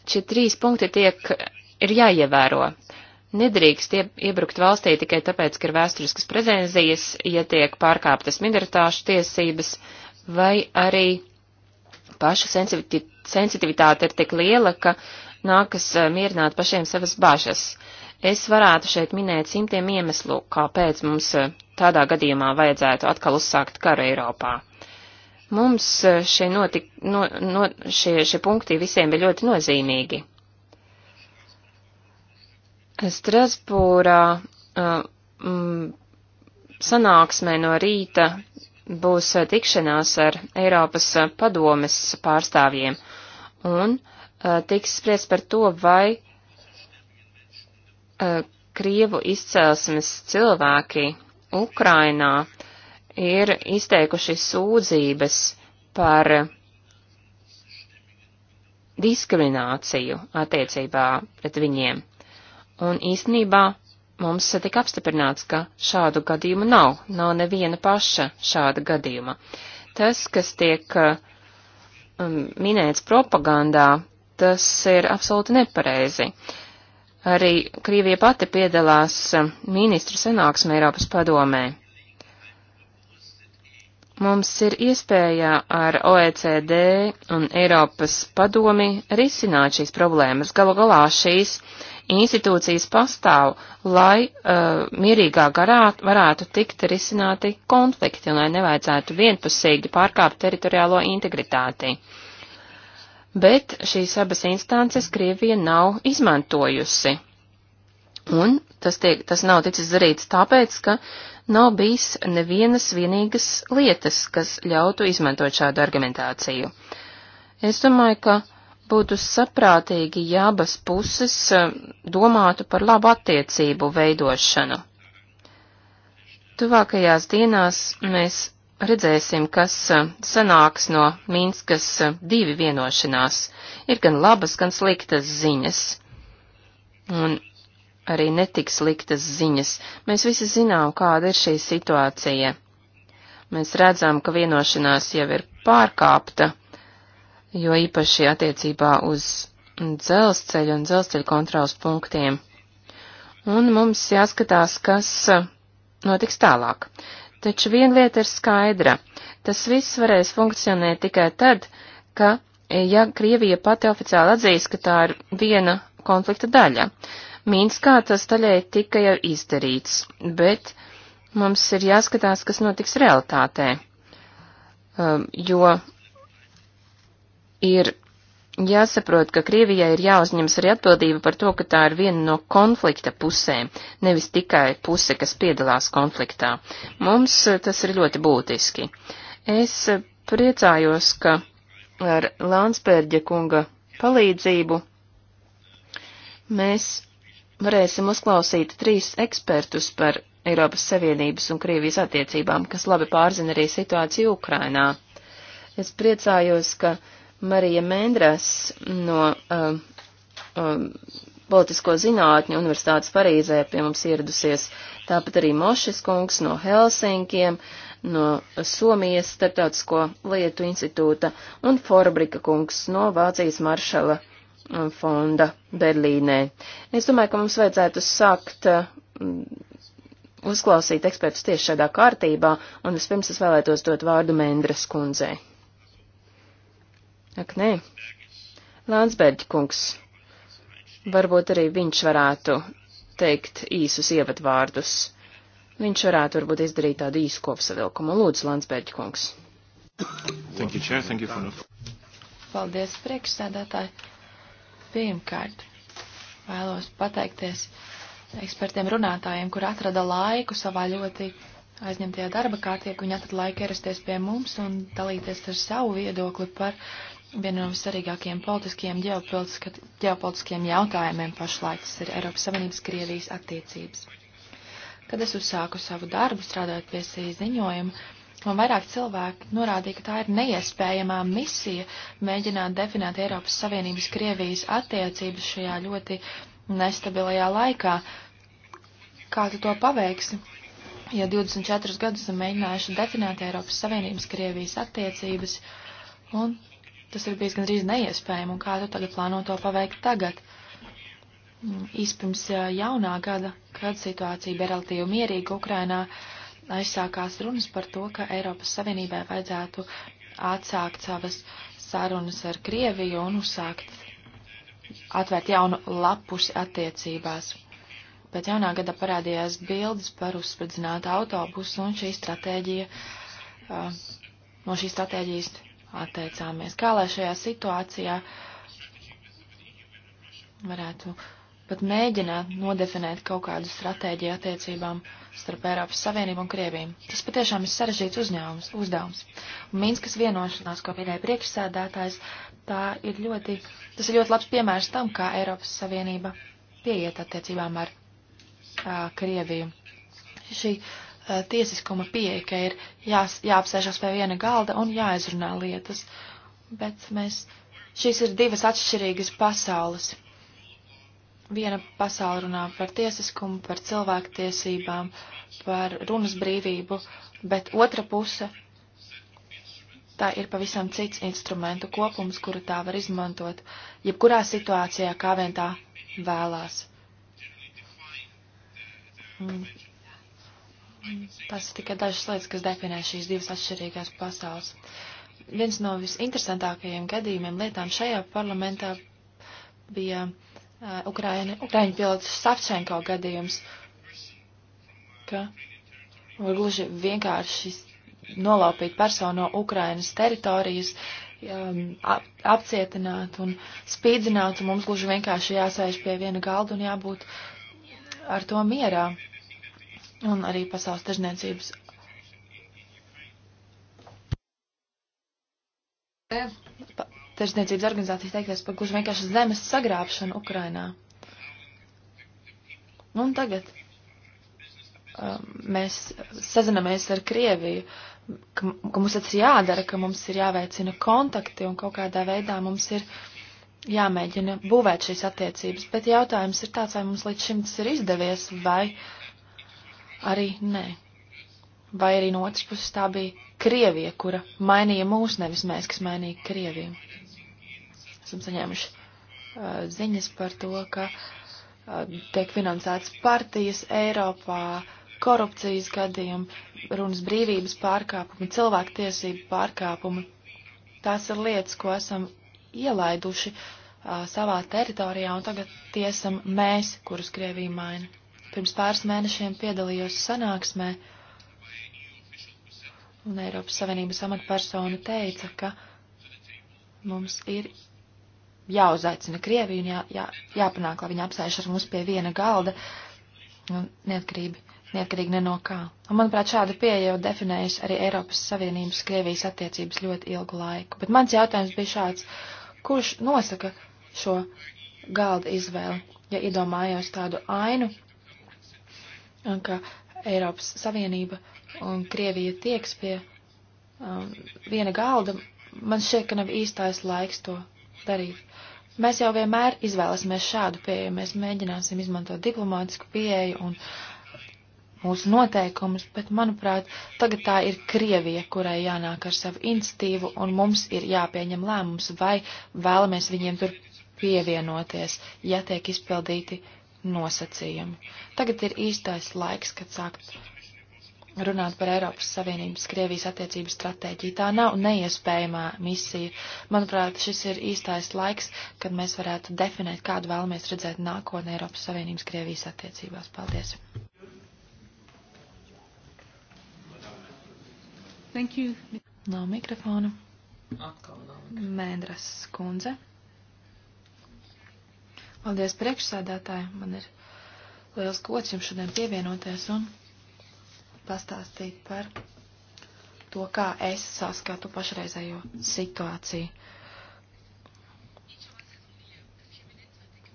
šie trīs punkti tiek ir jāievēro. Nedrīkst iebrukt valstī tikai tāpēc, ka ir vēsturiskas prezenzijas, ja tiek pārkāptas minoritāšu tiesības, vai arī paša sensitivitāte ir tik liela, ka nākas eh, mierināt pašiem savas bažas. Es varētu šeit minēt simtiem iemeslu, kāpēc mums eh, tādā gadījumā vajadzētu atkal uzsākt karu Eiropā. Mums eh, šie, notik, no, no, šie, šie punkti visiem bija ļoti nozīmīgi. Strasbūrā um, sanāksmē no rīta būs tikšanās ar Eiropas padomes pārstāvjiem un uh, tiks spriest par to, vai uh, Krievu izcelsmes cilvēki Ukrainā ir izteikuši sūdzības par diskrimināciju attiecībā pret viņiem. Un īstenībā mums tika apstiprināts, ka šādu gadījumu nav, nav neviena paša šāda gadījuma. Tas, kas tiek uh, um, minēts propagandā, tas ir absolūti nepareizi. Arī Krievija pati piedalās uh, ministru sanāksmē Eiropas padomē mums ir iespēja ar OECD un Eiropas padomi risināt šīs problēmas. Galu galā šīs institūcijas pastāv, lai uh, mierīgā garā varētu tikt risināti konflikti un lai nevajadzētu vienpusīgi pārkāpt teritoriālo integritāti. Bet šīs abas instances Krievija nav izmantojusi. Un Tas, tiek, tas nav ticis darīts tāpēc, ka nav bijis nevienas vienīgas lietas, kas ļautu izmantot šādu argumentāciju. Es domāju, ka būtu saprātīgi, ja abas puses eh, domātu par labu attiecību veidošanu. Tuvākajās dienās mēs redzēsim, kas eh, sanāks no Minskas eh, divi vienošanās. Ir gan labas, gan sliktas ziņas. Un arī netik sliktas ziņas. Mēs visi zinām, kāda ir šī situācija. Mēs redzam, ka vienošanās jau ir pārkāpta, jo īpaši attiecībā uz dzelzceļu un dzelzceļu kontrols punktiem. Un mums jāskatās, kas notiks tālāk. Taču viena lieta ir skaidra. Tas viss varēs funkcionēt tikai tad, ka, ja Krievija pati oficiāli atzīs, ka tā ir viena konflikta daļa. Uh, Mīnskā tas taļai tika jau izdarīts, bet mums ir jāskatās, kas notiks realitātē, um, jo ir jāsaprot, ka Krievijai ir jāuzņems arī atbildība par to, ka tā ir viena no konflikta pusēm, nevis tikai puse, kas piedalās konfliktā. Mums uh, tas ir ļoti būtiski. Es uh, priecājos, ka ar Lānsbērģa kunga palīdzību mēs varēsim uzklausīt trīs ekspertus par Eiropas Savienības un Krievijas attiecībām, kas labi pārzina arī situāciju Ukrainā. Es priecājos, ka Marija Mendras no uh, uh, Politisko zinātņu universitātes Parīzē pie mums ieradusies, tāpat arī Mošis kungs no Helsinkiem, no Somijas starptautisko lietu institūta un Forbrika kungs no Vācijas maršala fonda Berlīnē. Es domāju, ka mums vajadzētu sākt mm, uzklausīt ekspertus tieši šādā kārtībā, un vispirms es vēlētos dot vārdu Mendras kundzei. Ak, nē. Lānsberģi kungs. Varbūt arī viņš varētu teikt īsus ievadvārdus. Viņš varētu varbūt izdarīt tādu īsu kopsavilkumu. Lūdzu, Lānsberģi kungs. Thank you, Chair. Thank you for...
Paldies, priekšsēdētāji. Pirmkārt, vēlos pateikties ekspertiem runātājiem, kur atrada laiku savā ļoti aizņemtajā darba kārtībā, viņi atrada laiku ierasties pie mums un dalīties ar savu viedokli par vienu no svarīgākajiem politiskiem ģeopolitiskiem jautājumiem pašlaik, tas ir Eiropas Savienības Krievijas attiecības. Kad es uzsāku savu darbu, strādājot pie šī ziņojuma, un vairāk cilvēki norādīja, ka tā ir neiespējamā misija mēģināt definēt Eiropas Savienības Krievijas attiecības šajā ļoti nestabilajā laikā. Kā tu to paveiksi? Ja 24 gadus esam mēģinājuši definēt Eiropas Savienības Krievijas attiecības, un tas ir bijis gandrīz neiespējami, un kā tu tagad plāno to paveikt tagad? Īspirms jaunā gada, kad situācija bija relatīvi mierīga Ukrainā, uh, aizsākās runas par to, ka Eiropas Savienībai vajadzētu atsākt savas sarunas ar Krieviju un uzsākt atvērt jaunu lapusi attiecībās. Pēc jaunā gada parādījās bildes par uzspridzinātu autobusu un šī stratēģija, uh, no šīs stratēģijas atteicāmies. Kā lai šajā situācijā varētu uh, pat mēģināt nodefinēt kaut kādu stratēģiju attiecībām starp Eiropas Savienību un Krieviju. Tas patiešām ir sarežģīts uzņēmums, uzdevums. Un Minskas vienošanās, ko minēja priekšsēdētājs, tā ir ļoti, tas ir ļoti labs piemērs tam, kā Eiropas Savienība pieiet attiecībām ar ā, Krieviju. Šī ā, tiesiskuma pieeja, ka ir jās, jāapsēžas pie viena galda un jāizrunā lietas, bet mēs, šīs ir divas atšķirīgas pasaules Viena pasaule runā par tiesiskumu, par cilvēktiesībām, par runas brīvību, bet otra puse tā ir pavisam cits instrumentu kopums, kuru tā var izmantot jebkurā situācijā, kā vien tā vēlās. Tas ir tikai dažas lietas, kas definē šīs divas atšķirīgās pasaules. Viens no visinteresantākajiem gadījumiem lietām šajā parlamentā bija uh, Uh, Ukraini, Ukraiņu pilots Savčenko gadījums, ka var gluži vienkārši nolaupīt personu no Ukrainas teritorijas, um, apcietināt un spīdzināt, un mums gluži vienkārši jāsēž pie viena galda un jābūt ar to mierā. Un arī pasaules tirzniecības. Pa, tirsniecības organizācijas teikties par gluži vienkārši zemes sagrābšanu Ukrainā. Un tagad um, mēs sazinamies ar Krieviju, ka, ka mums tas jādara, ka mums ir jāveicina kontakti un kaut kādā veidā mums ir jāmēģina būvēt šīs attiecības. Bet jautājums ir tāds, vai mums līdz šim tas ir izdevies, vai arī nē. Vai arī no otras puses tā bija Krievija, kura mainīja mūs, nevis mēs, kas mainīja Krieviju. Esam saņēmuši uh, ziņas par to, ka uh, tiek finansēts partijas Eiropā, korupcijas gadījumi, runas brīvības pārkāpumi, cilvēktiesību pārkāpumi. Tās ir lietas, ko esam ielaiduši uh, savā teritorijā, un tagad tiesam mēs, kurus Krievija maina. Pirms pāris mēnešiem piedalījos sanāksmē, un Eiropas Savienības amatpersona teica, ka mums ir jāuzaicina Krievija un jā, jā, jāpanāk, lai viņi apsēž ar mums pie viena galda, nu, neatkarība, neatkarīgi ne no kā. Un, manuprāt, šāda pieeja jau definējas arī Eiropas Savienības Krievijas attiecības ļoti ilgu laiku. Bet mans jautājums bija šāds, kurš nosaka šo galda izvēli, ja iedomājos tādu ainu, ka Eiropas Savienība un Krievija tieks pie um, viena galda, man šķiet, ka nav īstais laiks to darīt. Mēs jau vienmēr izvēlasimies šādu pieeju. Mēs mēģināsim izmantot diplomātisku pieeju un mūsu noteikumus, bet, manuprāt, tagad tā ir Krievija, kurai jānāk ar savu institīvu, un mums ir jāpieņem lēmums, vai vēlamies viņiem tur pievienoties, ja tiek izpildīti nosacījumi. Tagad ir īstais laiks, kad sākt runāt par Eiropas Savienības Krievijas attiecības stratēģiju. Tā nav neiespējamā misija. Manuprāt, šis ir īstais laiks, kad mēs varētu definēt, kādu vēlamies redzēt nākotnē Eiropas Savienības Krievijas attiecībās. Paldies! Thank you. Nav mikrofona.
Atkal nav.
Mikrofona. Mēndras skundze. Paldies priekšsēdētāji. Man ir liels gods jums šodien pievienoties un pastāstīt par to, kā es saskatu pašreizējo situāciju.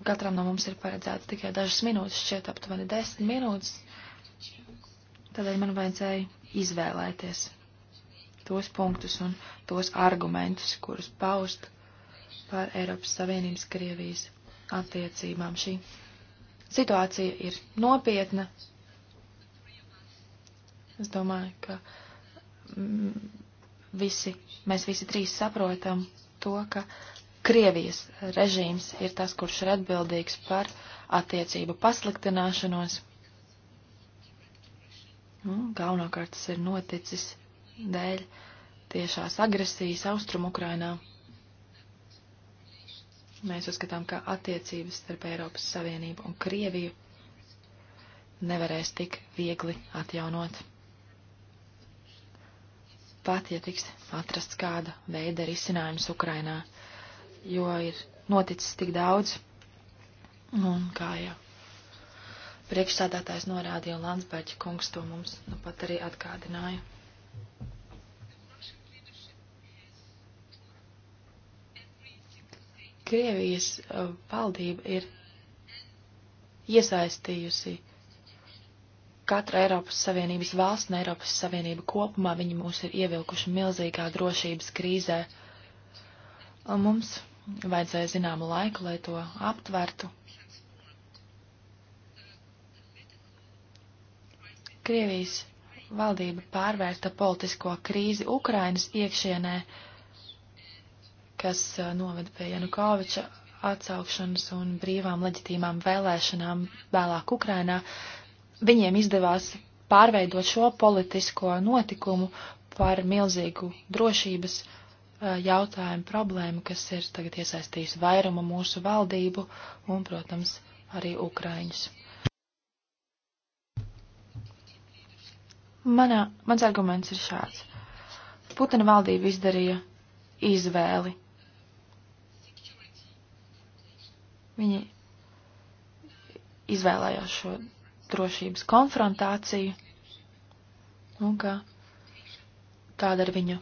Katram no mums ir paredzēts tikai dažas minūtes, šķiet aptuveni desmit minūtes. Tādēļ man vajadzēja izvēlēties tos punktus un tos argumentus, kurus paust par Eiropas Savienības Krievijas attiecībām. Šī situācija ir nopietna, Es domāju, ka mm, visi, mēs visi trīs saprotam to, ka Krievijas režīms ir tas, kurš ir atbildīgs par attiecību pasliktināšanos. Nu, galvenokārt tas ir noticis dēļ tiešās agresijas austrumu Ukrainā. Mēs uzskatām, ka attiecības starp Eiropas Savienību un Krieviju nevarēs tik viegli atjaunot pat, ja tiks atrasts kāda veida risinājums Ukrainā, jo ir noticis tik daudz, un kā jau priekšsādātājs norādīja, un Landsbērķa kungs to mums nu pat arī atgādināja. Krievijas uh, valdība ir iesaistījusi uh, katra Eiropas Savienības valsts un Eiropas Savienība kopumā viņi mūs ir ievilkuši milzīgā drošības krīzē. Un mums vajadzēja zināmu laiku, lai to aptvertu. Krievijas valdība pārvērta politisko krīzi Ukrainas iekšienē, kas uh, noveda pie Janukoviča atsaukšanas un brīvām leģitīmām vēlēšanām vēlāk Ukrainā, viņiem izdevās pārveidot šo politisko notikumu par milzīgu drošības jautājumu problēmu, kas ir tagad iesaistījis vairumu mūsu valdību un, protams, arī Ukraiņus. Manā, mans arguments ir šāds. Putina valdība izdarīja izvēli. Viņi izvēlējās šo drošības konfrontāciju un ka tāda ir viņu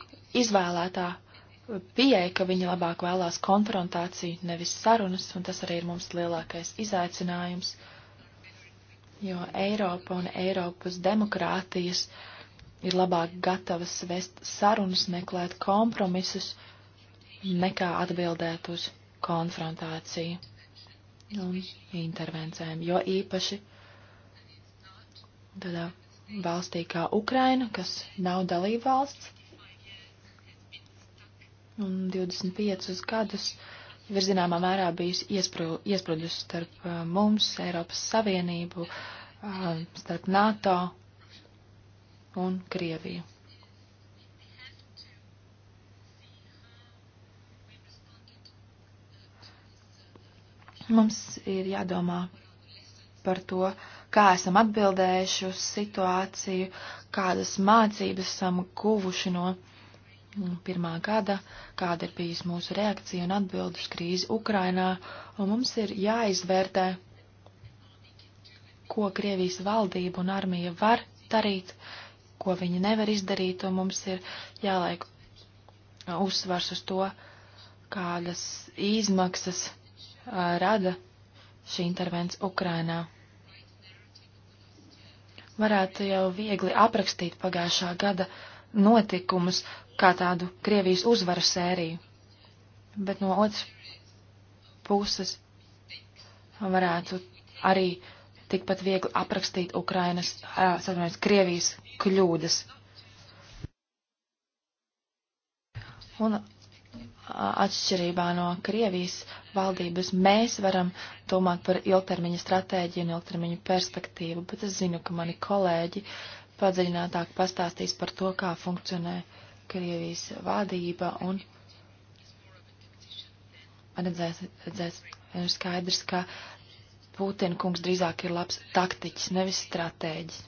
izvēlētā pieeja, ka viņi labāk vēlās konfrontāciju, nevis sarunas, un tas arī ir mums lielākais izaicinājums, jo Eiropa un Eiropas demokrātijas ir labāk gatavas vest sarunas, meklēt kompromisus, nekā atbildēt uz konfrontāciju un intervencēm, jo īpaši tādā valstī kā Ukraina, kas nav dalība valsts. Un 25 gadus ir zināmā mērā bijusi iesprūdus starp uh, mums, Eiropas Savienību, uh, starp NATO un Krieviju. Mums ir jādomā par to, uh, kā esam atbildējuši uz situāciju, kādas mācības esam guvuši no mm, pirmā gada, kāda ir bijusi mūsu reakcija un atbild uz krīzi Ukrainā, un mums ir jāizvērtē, ko Krievijas valdība un armija var darīt, ko viņi nevar izdarīt, un mums ir jāliek uzsvars uz to, kādas izmaksas uh, rada šī intervence Ukrainā varētu jau viegli aprakstīt pagājušā gada notikumus kā tādu Krievijas uzvaru sēriju. Bet no otras puses varētu arī tikpat viegli aprakstīt Ukrainas, atvainojos, Krievijas kļūdas. Un atšķirībā no Krievijas valdības, mēs varam domāt par ilgtermiņa stratēģiju un ilgtermiņa perspektīvu, bet es zinu, ka mani kolēģi padziļinātāk pastāstīs par to, kā funkcionē Krievijas vadība un redzēs, redzēs ir skaidrs, ka Putina kungs drīzāk ir labs taktiķis, nevis stratēģis.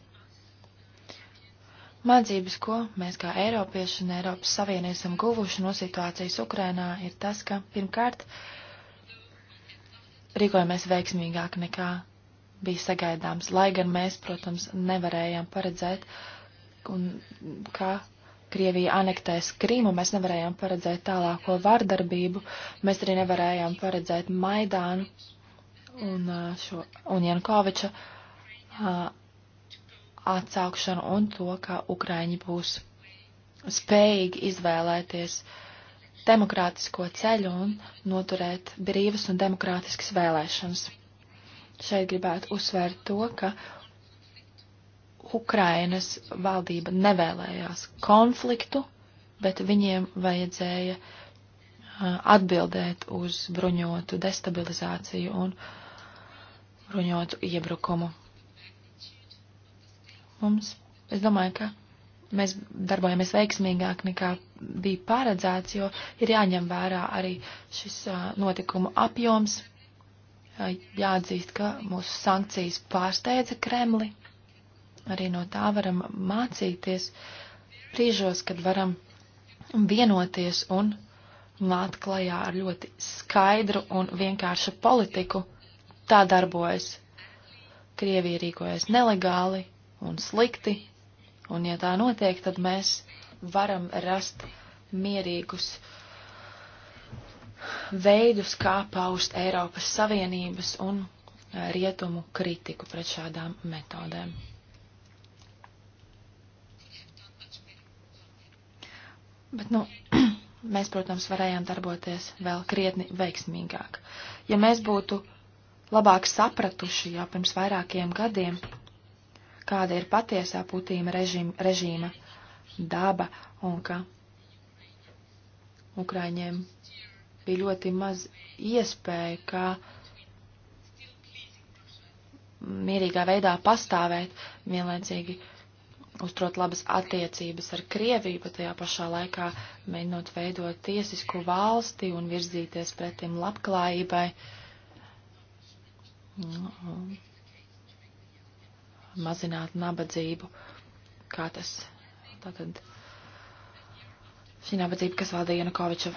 Mācības, ko mēs kā Eiropieši un Eiropas Savienība esam guvuši no situācijas Ukrainā, ir tas, ka pirmkārt rīkojamies veiksmīgāk nekā bija sagaidāms, lai gan mēs, protams, nevarējām paredzēt, un, kā Krievija anektēs Krīmu, mēs nevarējām paredzēt tālāko vardarbību, mēs arī nevarējām paredzēt Maidānu un, šo, un Jankoviča atsaukšanu un to, ka Ukraiņi būs spējīgi izvēlēties demokrātisko ceļu un noturēt brīvas un demokrātiskas vēlēšanas. Šeit gribētu uzsvērt to, ka Ukrainas valdība nevēlējās konfliktu, bet viņiem vajadzēja atbildēt uz bruņotu destabilizāciju un bruņotu iebrukumu. Mums, es domāju, ka mēs darbojamies veiksmīgāk nekā bija paredzēts, jo ir jāņem vērā arī šis notikumu apjoms. Jāatzīst, ka mūsu sankcijas pārsteidza Kremli. Arī no tā varam mācīties brīžos, kad varam vienoties un nākt klajā ar ļoti skaidru un vienkāršu politiku. Tā darbojas. Krievija rīkojas nelegāli, un slikti, un ja tā notiek, tad mēs varam rast mierīgus veidus, kā paust Eiropas Savienības un e, rietumu kritiku pret šādām metodēm. Bet, nu, [CLEARS THROAT] mēs, protams, varējām darboties vēl krietni veiksmīgāk. Ja mēs būtu labāk sapratuši jau pirms vairākiem gadiem, kāda ir patiesā Putīna režīma, režīma daba un ka Ukraiņiem bija ļoti maz iespēja, kā mierīgā veidā pastāvēt, vienlaicīgi uzturot labas attiecības ar Krieviju, bet tajā pašā laikā mēģinot veidot tiesisku valsti un virzīties pretim labklājībai. Mm -hmm mazināt nabadzību, kā tas tātad šī nabadzība, kas valdīja Janukoviča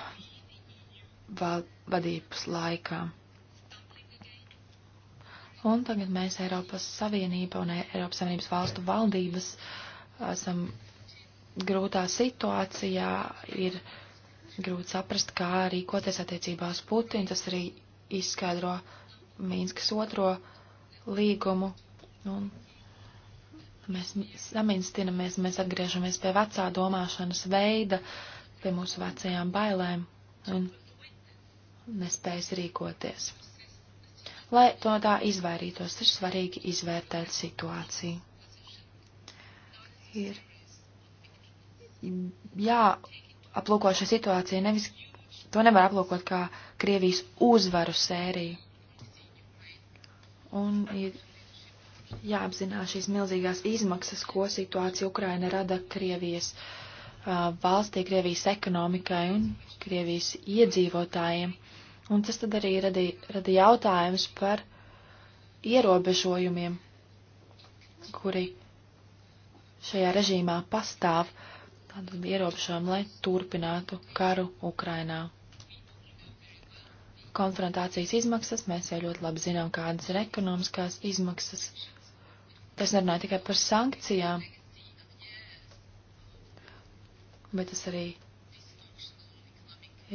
vadības laikā. Un tagad mēs Eiropas Savienība un Eiropas Savienības valstu valdības esam grūtā situācijā, ir grūti saprast, kā rīkoties attiecībā uz Putinu, tas arī izskaidro Mīnskas otro līgumu un Mēs samīstinamies, mēs atgriežamies pie vecā domāšanas veida, pie mūsu vecajām bailēm un nespējas rīkoties. Lai to tā izvairītos, ir svarīgi izvērtēt situāciju. Ir jāaplūko šī situācija, nevis to nevar aplūkot kā Krievijas uzvaru sēriju. Un ir jāapzinās šīs milzīgās izmaksas, ko situācija Ukraina rada Krievijas uh, valstī, Krievijas ekonomikai un Krievijas iedzīvotājiem. Un tas tad arī radīja radī jautājums par ierobežojumiem, kuri šajā režīmā pastāv, tātad ierobežojumi, lai turpinātu karu Ukrainā. Konfrontācijas izmaksas mēs jau ļoti labi zinām, kādas ir ekonomiskās izmaksas Tas nerunāja tikai par sankcijām, bet tas arī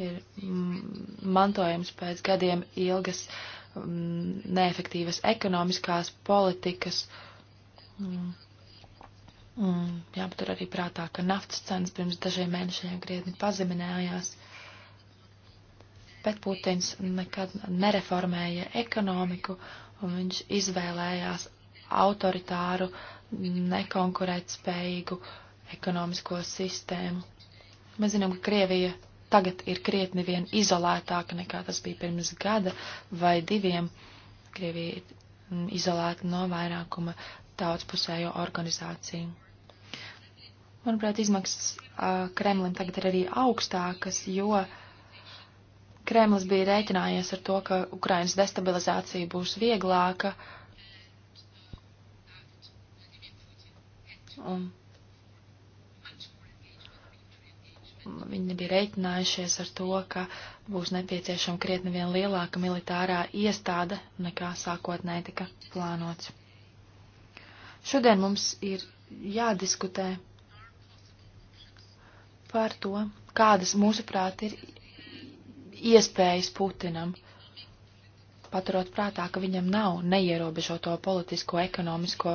ir mm, mantojums pēc gadiem ilgas mm, neefektīvas ekonomiskās politikas. Mm. Jāpatur arī prātā, ka naftas cenas pirms dažiem mēnešiem krietni pazeminājās, bet Putins nekad nereformēja ekonomiku, un viņš izvēlējās autoritāru, nekonkurētspējīgu ekonomisko sistēmu. Mēs zinām, ka Krievija tagad ir krietni vien izolētāka nekā tas bija pirms gada vai diviem. Krievija ir mm, izolēta no vairākuma daudzpusējo organizāciju. Manuprāt, izmaksas uh, Kremlim tagad ir arī augstākas, jo Kremlis bija rēķinājies ar to, ka Ukrainas destabilizācija būs vieglāka, uh, Un viņi nebija rēķinājušies ar to, ka būs nepieciešama krietni vien lielāka militārā iestāde nekā sākotnēji tika plānots. Šodien mums ir jādiskutē par to, kādas mūsuprāt ir iespējas Putinam. Uh, paturot prātā, ka viņam nav neierobežoto politisko, ekonomisko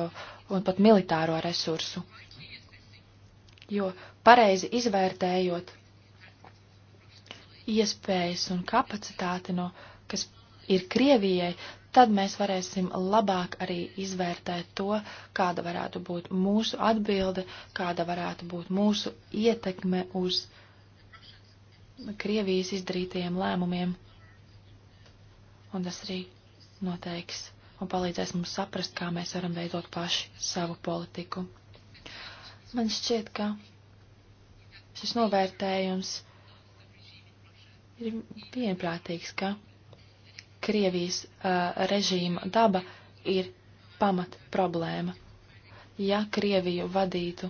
un pat militāro resursu. Jo pareizi izvērtējot iespējas un kapacitāti, no, kas ir Krievijai, tad mēs varēsim labāk arī izvērtēt to, kāda varētu būt mūsu atbilde, kāda varētu būt mūsu ietekme uz Krievijas izdarītajiem lēmumiem un tas arī noteiks un palīdzēs mums saprast, kā mēs varam veidot paši savu politiku. Man šķiet, ka šis novērtējums ir vienprātīgs, ka Krievijas uh, režīma daba ir pamat problēma. Ja Krieviju vadītu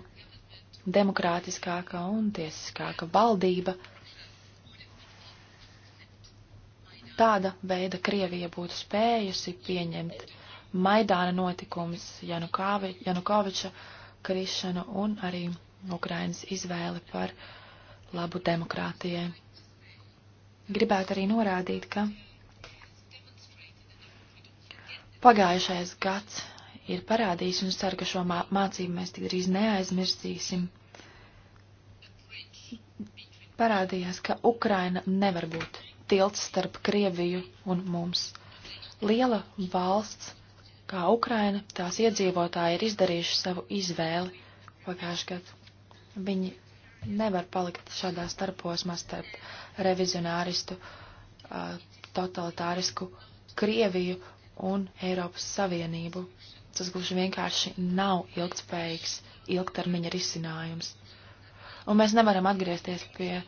demokrātiskāka un tiesiskāka valdība, uh, tāda veida Krievija būtu spējusi pieņemt Maidāna notikums, Janukovi, Janukoviča krišanu un arī Ukrainas izvēli par labu demokrātijai. Gribētu arī norādīt, ka pagājušais gads ir parādījis un ceru, ka šo mācību mēs tik drīz neaizmirsīsim. Parādījās, ka Ukraina nevar būt tilts starp Krieviju un mums. Liela valsts, kā Ukraina, tās iedzīvotāji ir izdarījuši savu izvēli pagājušajā gadā. Viņi nevar palikt šādā starposmā starp revizionāristu, totalitārisku Krieviju un Eiropas Savienību. Tas gluži vienkārši nav ilgtspējīgs ilgtermiņa risinājums. Un mēs nevaram atgriezties pie uh,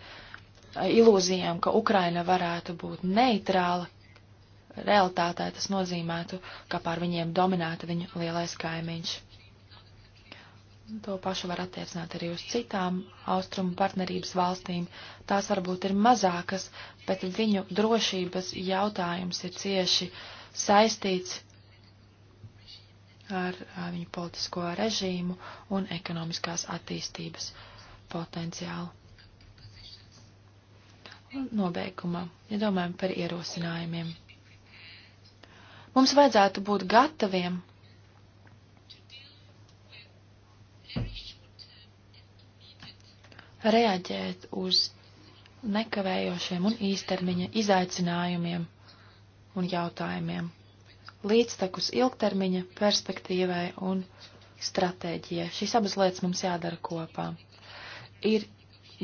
ilūzijām, ka Ukraina varētu būt neitrāla. Realtātē tas nozīmētu, ka pār viņiem dominēta viņu lielais kaimiņš. To pašu var attiecināt arī uz citām austrumu partnerības valstīm. Tās varbūt ir mazākas, bet viņu drošības jautājums ir cieši saistīts ar viņu politisko režīmu un ekonomiskās attīstības potenciālu nobeigumā, ja domājam par ierosinājumiem. Mums vajadzētu būt gataviem reaģēt uz nekavējošiem un īstermiņa izaicinājumiem un jautājumiem, līdztekus ilgtermiņa perspektīvai un stratēģijai. Šīs abas lietas mums jādara kopā. Ir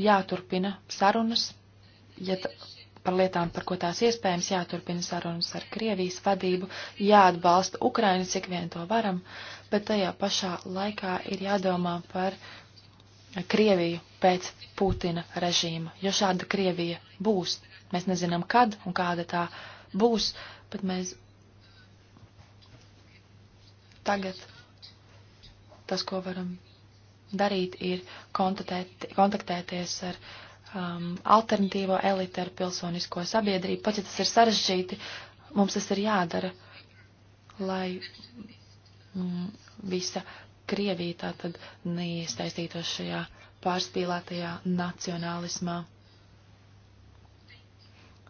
jāturpina sarunas ja par lietām, par ko tās iespējams, jāturpina sarunas ar Krievijas vadību, jāatbalsta Ukraina, cik vien to varam, bet tajā pašā laikā ir jādomā par Krieviju pēc Putina režīma, jo šāda Krievija būs. Mēs nezinām, kad un kāda tā būs, bet mēs tagad tas, ko varam darīt, ir kontaktēties ar um, alternatīvo elite ar pilsonisko sabiedrību. Pat ja tas ir sarežģīti, mums tas ir jādara, lai mm, visa Krievija tā tad neiesaistītos šajā pārspīlētajā nacionālismā.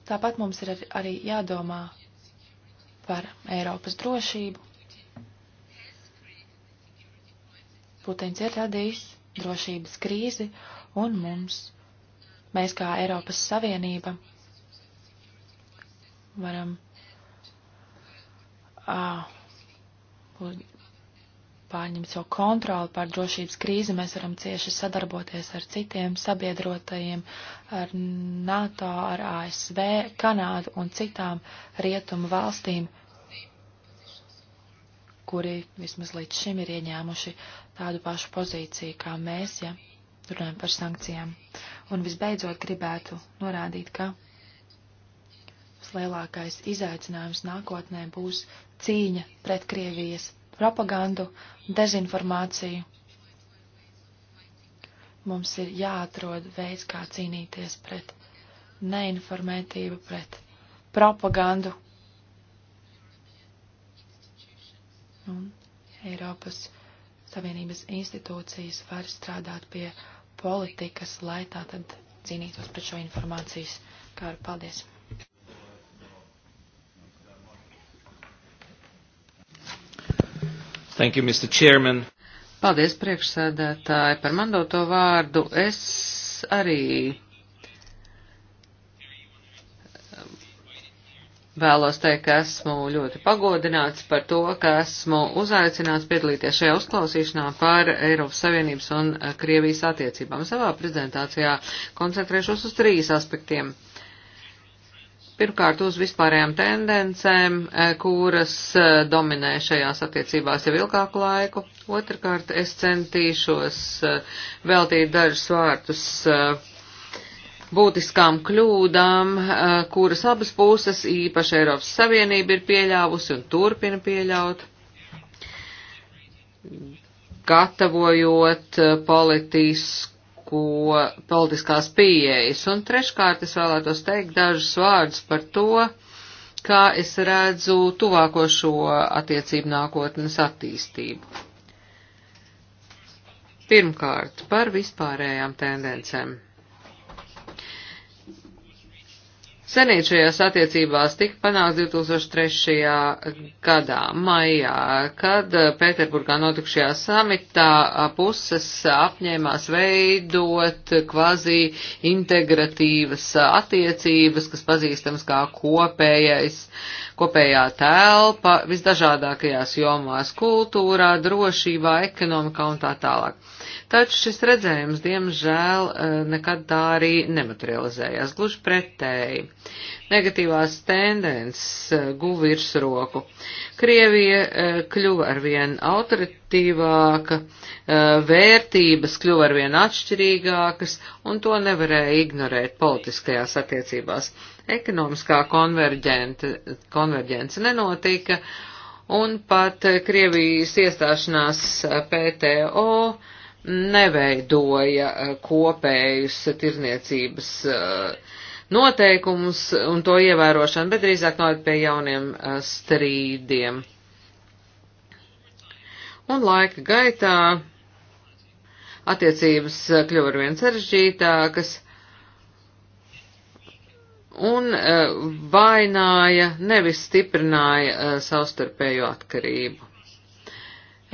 Tāpat mums ir ar, arī jādomā par Eiropas drošību. Putins ir radījis drošības krīzi, un mums Mēs kā Eiropas Savienība varam uh, pārņemt savu kontroli pār drošības krīzi, mēs varam cieši sadarboties ar citiem sabiedrotajiem, ar NATO, ar ASV, Kanādu un citām rietumu valstīm, kuri vismaz līdz šim ir ieņēmuši tādu pašu pozīciju kā mēs, ja runājam par sankcijām. Un visbeidzot gribētu norādīt, ka lielākais izaicinājums nākotnē būs cīņa pret Krievijas propagandu, dezinformāciju. Mums ir jāatrod veids, kā cīnīties pret neinformētību, pret propagandu. Un Eiropas Savienības institūcijas var strādāt pie politikas, lai tā tad cīnītos pret šo informācijas kāru. Paldies!
Thank you, Mr. Chairman.
Paldies, priekšsēdētāji, par man doto vārdu. Es arī Vēlos teikt, ka esmu ļoti pagodināts par to, ka esmu uzaicināts piedalīties šajā uzklausīšanā par Eiropas Savienības un eh, Krievijas attiecībām. Savā prezentācijā koncentrēšos uz trīs aspektiem. Pirmkārt, uz vispārējām tendencēm, eh, kuras eh, dominē šajās attiecībās jau ilgāku laiku. Otrakārt, es centīšos veltīt dažus vārtus būtiskām kļūdām, eh, kuras abas puses, īpaši Eiropas Savienība, ir pieļāvusi un turpina pieļaut, gatavojot eh, politisko, politiskās pieejas. Un treškārt es vēlētos teikt dažus vārdus par to, kā es redzu tuvāko šo attiecību nākotnes attīstību. Pirmkārt, par vispārējām tendencēm. Senīt šajās attiecībās tika panākts 2003. gadā, maijā, kad Pēterburgā notikušajā samitā puses apņēmās veidot kvazī integratīvas attiecības, kas pazīstams kā kopējais, kopējā telpa visdažādākajās jomās - kultūrā, drošībā, ekonomikā un tā tālāk. Taču šis redzējums, diemžēl, eh, nekad tā arī nematerializējās, gluži pretēji. Negatīvās tendences eh, guv virsroku. Krievija eh, kļuva arvien autoritīvāka, vērtības kļuva arvien atšķirīgākas, un to nevarēja ignorēt politiskajās attiecībās ekonomiskā konverģence nenotika, un pat Krievijas iestāšanās PTO neveidoja eh, kopējus tirzniecības eh, noteikumus un to ievērošanu, bet drīzāk noved pie jauniem eh, strīdiem. Un laika gaitā attiecības kļuva ar vien sarežģītākas un vaināja, nevis stiprināja savstarpēju atkarību.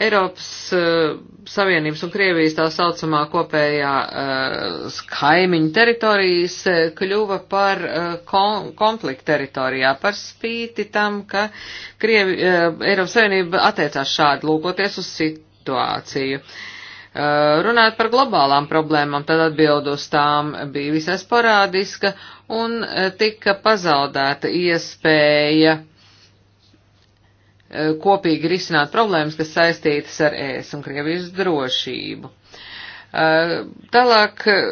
Eiropas uh, Savienības un Krievijas tā saucamā kopējā uh, kaimiņu teritorijas uh, kļuva par kon konfliktu teritorijā, par spīti tam, ka Krievi, Eiropas Savienība attiecās šādi lūkoties uz situāciju. Runājot par globālām problēmām, tad atbild uz tām bija visai sporādiska un tika pazaudēta iespēja uh, kopīgi risināt problēmas, kas saistītas ar ēs un Krievijas drošību. Eh, tālāk eh,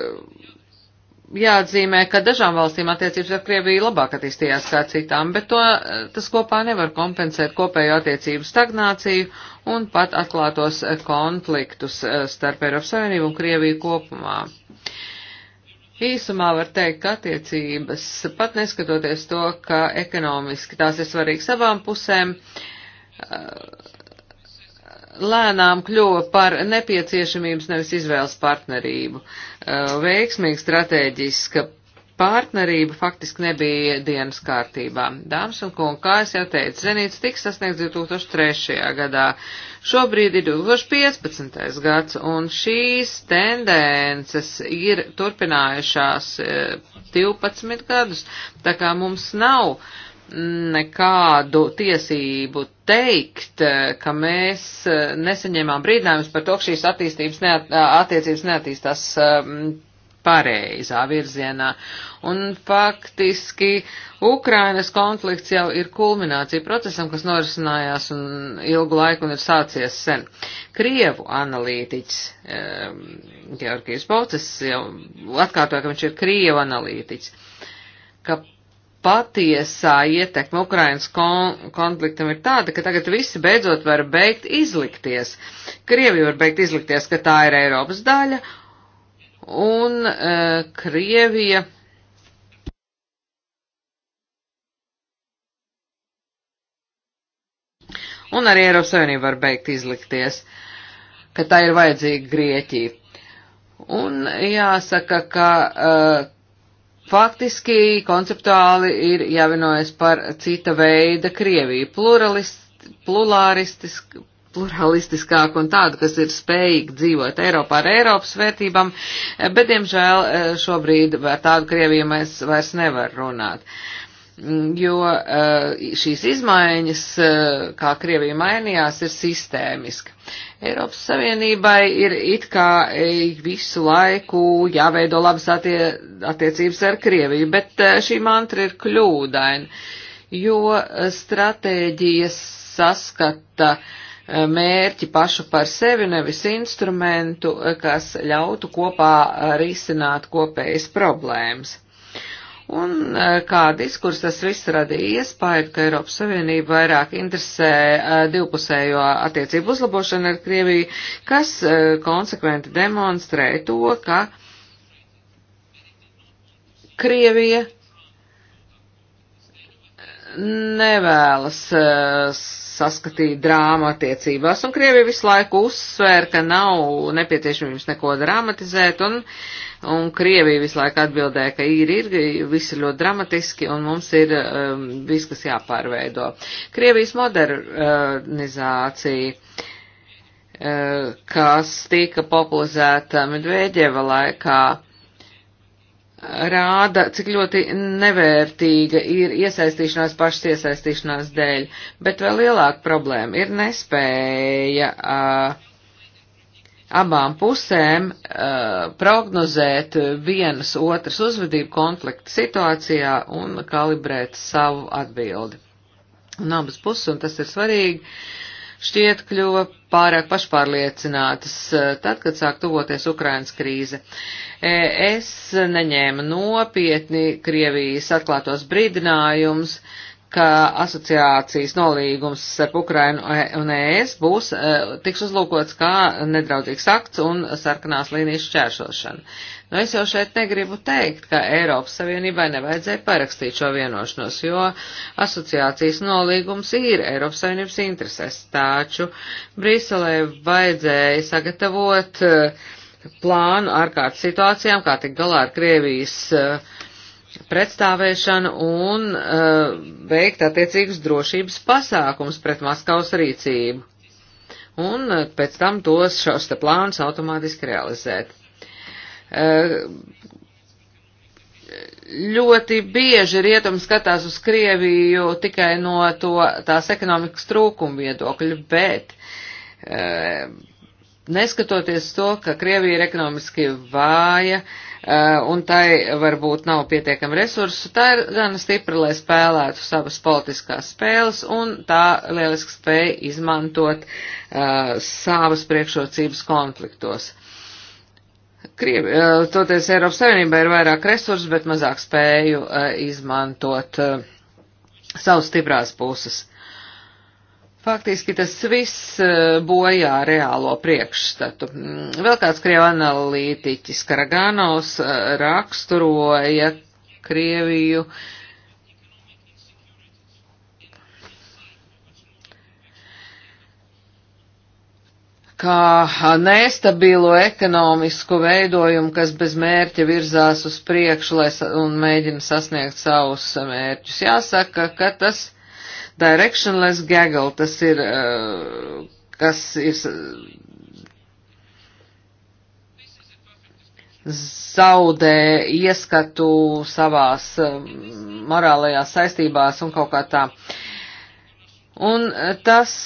jāatzīmē, ka dažām valstīm attiecības ar Krieviju labāk attīstījās kā citām, bet to, eh, tas kopā nevar kompensēt kopējo attiecību stagnāciju un pat atklātos konfliktus starp Eiropas Savienību un Krieviju kopumā. Īsumā var teikt, ka attiecības, pat neskatoties to, ka ekonomiski tās ir svarīgas abām pusēm, uh, lēnām kļuva par nepieciešamības nevis izvēles partnerību. Eh, veiksmīga stratēģiska partnerība faktiski nebija dienas kārtībā. Dāmas un kungi, kā es jau teicu, zenīts tika sasniegts 2003. gadā. Šobrīd ir 2015. gads, un šīs tendences ir turpinājušās 12 eh, gadus, tā kā mums nav uh, nekādu tiesību teikt, ka mēs nesaņēmām brīdinājumus par to, ka šīs attīstības neat, attiecības neattīstās um, pareizā virzienā. Un faktiski Ukrainas konflikts jau ir kulminācija procesam, kas norisinājās un ilgu laiku un ir sācies sen. Krievu analītiķis eh, Georgijs Baucis jau atkārtoja, ka viņš ir Krievu analītiķis, ka patiesā ietekme Ukrainas kon konfliktam ir tāda, ka tagad visi beidzot var beigt izlikties. Krievija var beigt izlikties, ka tā ir Eiropas daļa, un uh, Krievija. Un arī Eiropas Savienība var beigt izlikties, ka tā ir vajadzīga Grieķija. Un jāsaka, ka uh, faktiski konceptuāli ir jāvienojas par cita veida Krieviju. Pluralist, pluralistisk, pluralistiskāku un tādu, kas ir spējīgi dzīvot Eiropā ar Eiropas vērtībām, bet, diemžēl, šobrīd ar tādu Krieviju mēs vairs nevar runāt. Mm, jo eh, šīs izmaiņas, eh, kā Krievija mainījās, ir sistēmiski. Eiropas Savienībai ir it kā e, visu laiku jāveido labas attie attiecības ar Krieviju, bet e, šī mantra ir kļūdaina, jo stratēģijas saskata e, mērķi pašu par sevi, nevis instrumentu, kas ļautu kopā risināt kopējas problēmas. Un eh, kā diskurs tas viss radīja iespēju, ka Eiropas Savienība vairāk interesē eh, divpusējo attiecību uzlabošanu ar Krieviju, kas eh, konsekventi demonstrē to, ka Krievija nevēlas saskatīja drāmu attiecībās, un Krievija visu laiku uzsvēra, ka nav nepieciešams neko dramatizēt, un, un Krievija visu laiku atbildēja, ka ir, ir, viss ir ļoti dramatiski, un mums ir um, viss, kas jāpārveido. Krievijas modernizācija uh, kas tika popularizēta Medvēģeva laikā, uh, rāda, cik ļoti nevērtīga ir iesaistīšanās pašas iesaistīšanās dēļ, bet vēl lielāka problēma ir nespēja uh, abām pusēm uh, prognozēt vienas otras uzvedību konflikta situācijā un kalibrēt savu atbildi. Un abas puses, un tas ir svarīgi, uh, šķiet kļuva pārāk pašpārliecinātas eh, tad, kad sāk tuvoties Ukrainas krīze. Es neņēmu nopietni Krievijas atklātos brīdinājumus, ka asociācijas nolīgums starp Ukrainu e un ES būs, eh, tiks uzlūkots kā nedraudzīgs akts un sarkanās līnijas šķēršošana. Nu, es jau šeit negribu teikt, ka Eiropas Savienībai nevajadzēja parakstīt šo vienošanos, jo asociācijas nolīgums ir Eiropas Savienības intereses, taču Briselē vajadzēja sagatavot eh, plānu ārkārtas situācijām, kā tik galā ar Krievijas eh, pretstāvēšanu un uh, veikt attiecīgus drošības pasākums pret Maskavas rīcību un pēc tam tos šos te plānus automātiski realizēt. Eh, ļoti bieži rietumi skatās uz Krieviju tikai no to, tās ekonomikas trūkuma viedokļa, bet eh, neskatoties to, ka Krievija ir ekonomiski vāja eh, un tai varbūt nav pietiekami resursu, tā ir gan stipra, lai spēlētu savas politiskās spēles un tā lieliski spēja izmantot uh, savas priekšrocības konfliktos. Krievi, eh, toties Eiropas Savienībā ir vairāk resursu, bet mazāk spēju eh, izmantot eh, savas stiprās puses. Faktiski tas viss bojā reālo priekšstatu. Mm, vēl kāds krievu analītiķis Karaganovs raksturoja Krieviju uh, kā nestabilu ekonomisku veidojumu, kas bez mērķa virzās uz priekšu lai, un mēģina sasniegt savus mērķus. Jāsaka, ka tas directionless gaggle, tas ir, eh, kas ir zaudē ieskatu savās eh, morālajās saistībās un kaut kā tā. Un eh, tas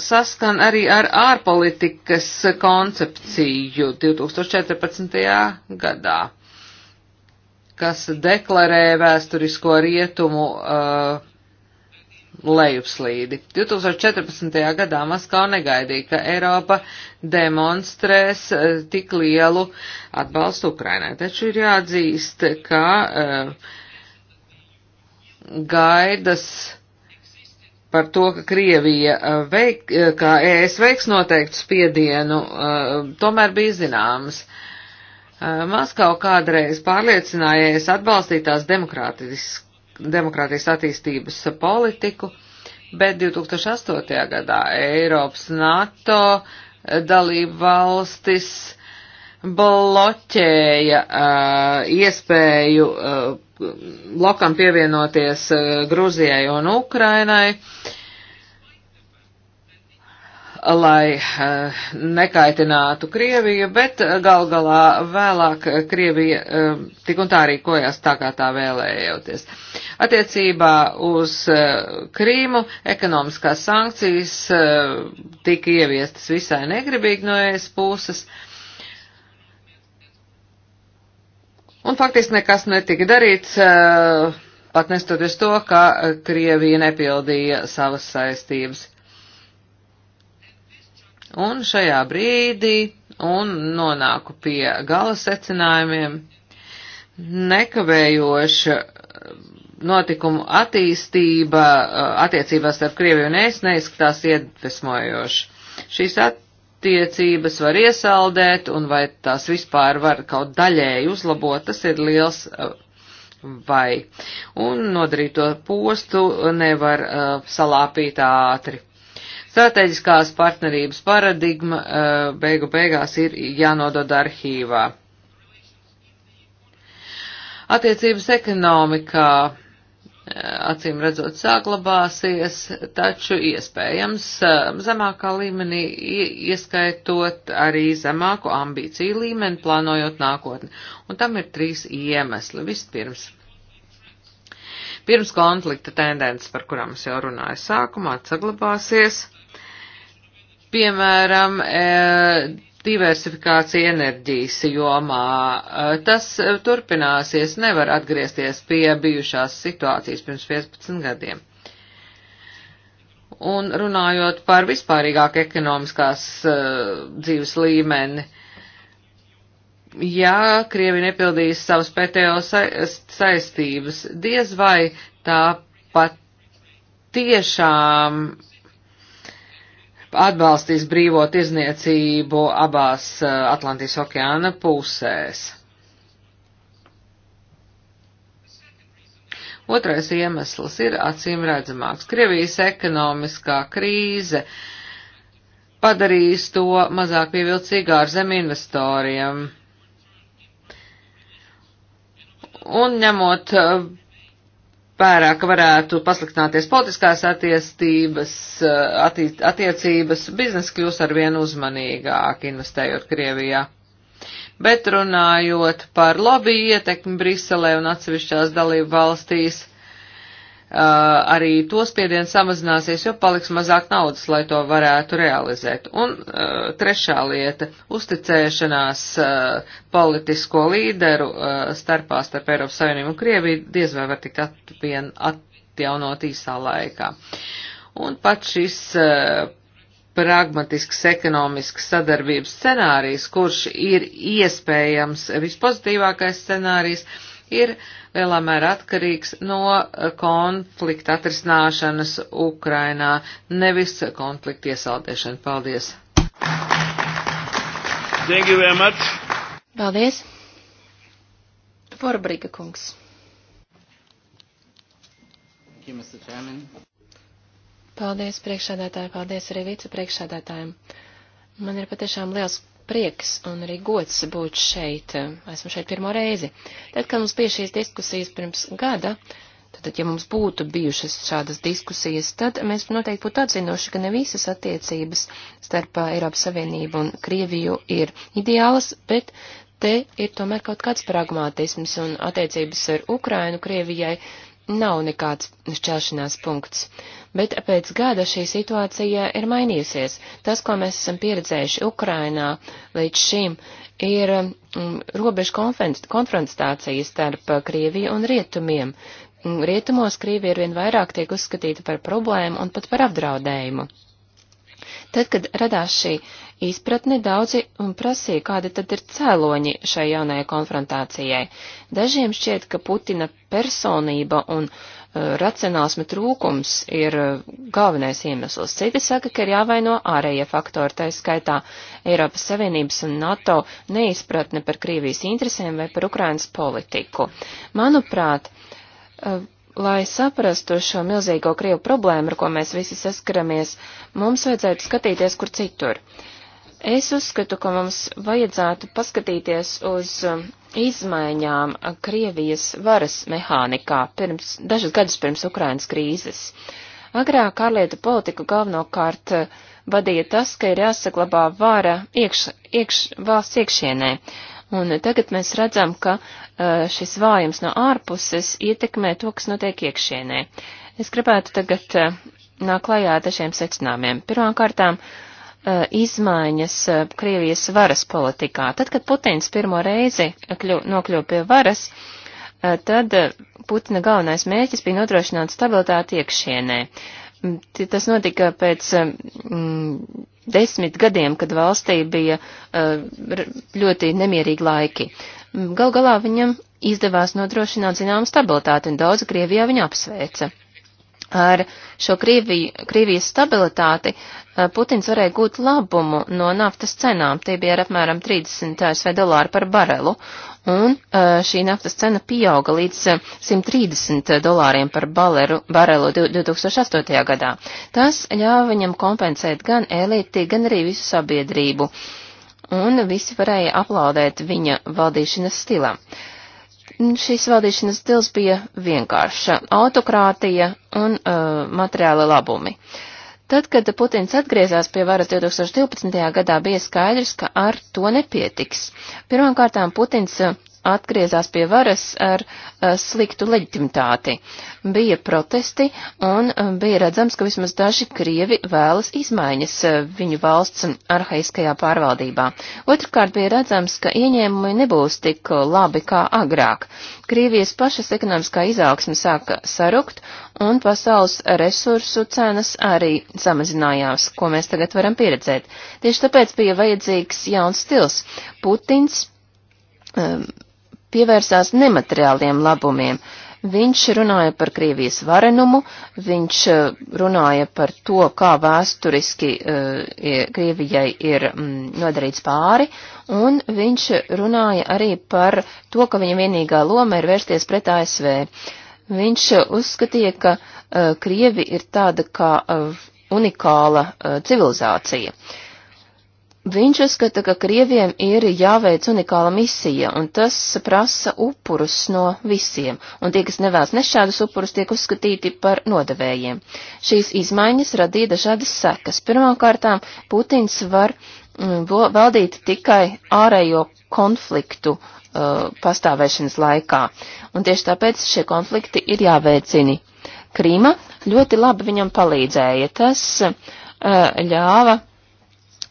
saskan arī ar ārpolitikas koncepciju 2014. gadā, kas deklarē vēsturisko rietumu uh, lejupslīdi. 2014. gadā Maskava negaidīja, ka Eiropa demonstrēs uh, tik lielu atbalstu Ukrainai. Taču ir jāatzīst, ka uh, gaidas par to, ka Krievija uh, veik, uh, kā ES veiks noteiktu spiedienu, uh, tomēr bija zināmas. Maskava kādreiz pārliecinājies atbalstīt tās demokrātijas attīstības politiku, bet 2008. gadā Eiropas NATO dalību valstis bloķēja uh, iespēju uh, blokam pievienoties uh, Gruzijai un Ukrainai, lai uh, nekaitinātu Krieviju, bet gal galā vēlāk Krievija uh, tik un tā rīkojās tā, kā tā vēlējoties. Attiecībā uz uh, Krīmu ekonomiskās sankcijas uh, tika ieviestas visai negribīgi no ES puses. Uh, Un faktiski nekas netika darīts, eh, pat nestoties to, ka Krievija nepildīja savas saistības. Un šajā brīdī, un nonāku pie gala secinājumiem, nekavējoša eh, notikumu attīstība eh, attiecībās starp Krieviju un es neizskatās iedvesmojoši. Šīs at attiecības var iesaldēt un vai tās vispār var kaut daļēji uzlabot, tas ir liels uh, vai. Un nodarīto postu nevar uh, salāpīt ātri. Strateģiskās partnerības paradigma uh, beigu beigās ir jānodod arhīvā. Attiecības ekonomikā acīm redzot saglabāsies, taču iespējams um, zemākā līmenī, ieskaitot arī zemāku ambīciju līmeni, plānojot nākotni. Un tam ir trīs iemesli. Vispirms. Pirms konflikta tendences, par kurām es jau runāju sākumā, saglabāsies. Piemēram, e, diversifikācija enerģijas jomā. Eh, tas eh, turpināsies, nevar atgriezties pie bijušās situācijas pirms 15 gadiem. Un runājot par vispārīgāku ekonomiskās uh, dzīves līmeni, ja Krievi nepildīs savas PTO sa saistības, diez vai tā pat tiešām atbalstīs brīvo tirzniecību abās eh, Atlantijas okeāna pusēs. Otrais iemesls ir acīm redzamāks. Krievijas ekonomiskā krīze padarīs to mazāk pievilcīgā ar zem investoriem. Un ņemot eh, pārāk varētu pasliktināties politiskās attiecības, eh, atti, attiecības biznes kļūs arvien uzmanīgāk investējot Krievijā. Bet runājot par lobby ietekmi Briselē un atsevišķās dalību valstīs, Uh, arī to spiedienu samazināsies, jo paliks mazāk naudas, lai to varētu realizēt. Un uh, trešā lieta - uzticēšanās uh, politisko līderu uh, starpā starp Eiropas Savienību un Krieviju diez vai var tikt atvien atjaunot īsā laikā. Un pat šis uh, pragmatisks ekonomisks sadarbības scenārijs, kurš ir iespējams vispozitīvākais scenārijs, uh, ir lielā mērā atkarīgs no konflikta atrisināšanas Ukrainā, nevis konflikta iesaldēšana. Paldies!
Thank you very much.
Paldies.
Forbriga kungs.
Thank you, Mr. Chairman.
Paldies priekšādātāji, paldies arī vicepriekšādātājiem. Man ir patiešām liels prieks un arī gods būt šeit. Esmu šeit pirmo reizi. Tad, kad mums bija šīs diskusijas pirms gada, tad, ja mums būtu bijušas šādas diskusijas, tad mēs noteikti būtu atzinuši, ka ne visas attiecības starp Eiropas Savienību un Krieviju ir ideālas, bet te ir tomēr kaut kāds pragmātisms un attiecības ar Ukrainu Krievijai nav nekāds šķelšanās punkts. Bet pēc gada šī situācija ir mainījusies. Tas, ko mēs esam pieredzējuši Ukrainā līdz šim, ir mm, robežu konfrontācija starp Krieviju un Rietumiem. Mm, Rietumos Krievija ir vien vairāk tiek uzskatīta par problēmu un pat par apdraudējumu. Tad, kad radās šī izpratne, daudzi un prasīja, kādi tad ir cēloņi šai jaunajai konfrontācijai. Dažiem šķiet, ka Putina personība un uh, racionālisma trūkums ir uh, galvenais iemesls. Citi saka, ka ir jāvaino ārējie faktori, tā skaitā Eiropas Savienības un NATO neizpratne par Krievijas interesēm vai par Ukrainas politiku. Manuprāt, uh, Lai saprastu šo milzīgo Krievu problēmu, ar ko mēs visi saskaramies, mums vajadzētu skatīties kur citur. Es uzskatu, ka mums vajadzētu paskatīties uz um, izmaiņām Krievijas varas mehānikā pirms, dažas gadus pirms Ukrainas krīzes. Agrāk ārlietu politiku galvenokārt uh, vadīja tas, ka ir jāsaglabā vara iekš, iekš, valsts iekšienē. Uh, Un tagad mēs redzam, ka šis vājums no ārpuses ietekmē to, kas notiek iekšienē. Es gribētu tagad nāk klajā ar dažiem secinājumiem. Pirmkārtām, izmaiņas Krievijas varas politikā. Tad, kad Putins pirmo reizi nokļuva pie varas, tad Putina galvenais mērķis bija nodrošināt stabilitāti iekšienē. Tas notika pēc mm, desmit gadiem, kad valstī bija eh, ļoti nemierīgi laiki. Mm, gal galā viņam izdevās nodrošināt zināmu stabilitāti, un daudzi Krievijā viņu apsveica. Ar šo Krieviju, Krievijas stabilitāti Eh, Putins varēja gūt labumu no naftas cenām, tie bija ar apmēram 30 ASV dolāru par barelu, un eh, šī naftas cena pieauga līdz 130 eh, dolāriem par baleru, barelu 2008. gadā. Tas ļāva viņam kompensēt gan elīti, gan arī visu sabiedrību, un visi varēja aplaudēt viņa valdīšanas stilam šīs valdīšanas stils bija vienkārša - autokrātija un uh, materiāla labumi. Tad, kad Putins atgriezās pie varas 2012. gadā, bija skaidrs, ka ar to nepietiks. Pirmkārtām Putins atgriezās pie varas ar eh, sliktu leģitimitāti. Bija protesti un eh, bija redzams, ka vismaz daži krievi vēlas izmaiņas eh, viņu valsts arhaiskajā pārvaldībā. Otrkārt bija redzams, ka ieņēmumi nebūs tik labi kā agrāk. Krievijas pašas ekonomiskā izaugsme sāka sarukt un pasaules resursu cenas arī samazinājās, ko mēs tagad varam pieredzēt. Tieši tāpēc bija vajadzīgs jauns stils. Putins um, pievērsās nemateriāliem labumiem. Viņš runāja par Krievijas varenumu, viņš eh, runāja par to, kā vēsturiski uh, Krievijai ir mm, nodarīts pāri, un viņš runāja arī par to, ka viņa vienīgā loma ir vērsties pret ASV. Viņš uzskatīja, ka uh, Krievi ir tāda kā uh, unikāla uh, civilizācija. Uh, Viņš uzskata, ka krieviem ir jāveic unikāla misija, un tas prasa upurus no visiem, un tie, kas nevēlas ne šādus upurus, tiek uzskatīti par nodevējiem. Šīs izmaiņas radīja dažādas sekas. Pirmkārtām, Putins var mm, valdīt tikai ārējo konfliktu uh, pastāvēšanas laikā, un tieši tāpēc šie konflikti ir jāveicini. Krīma ļoti labi viņam palīdzēja. Tas uh, ļāva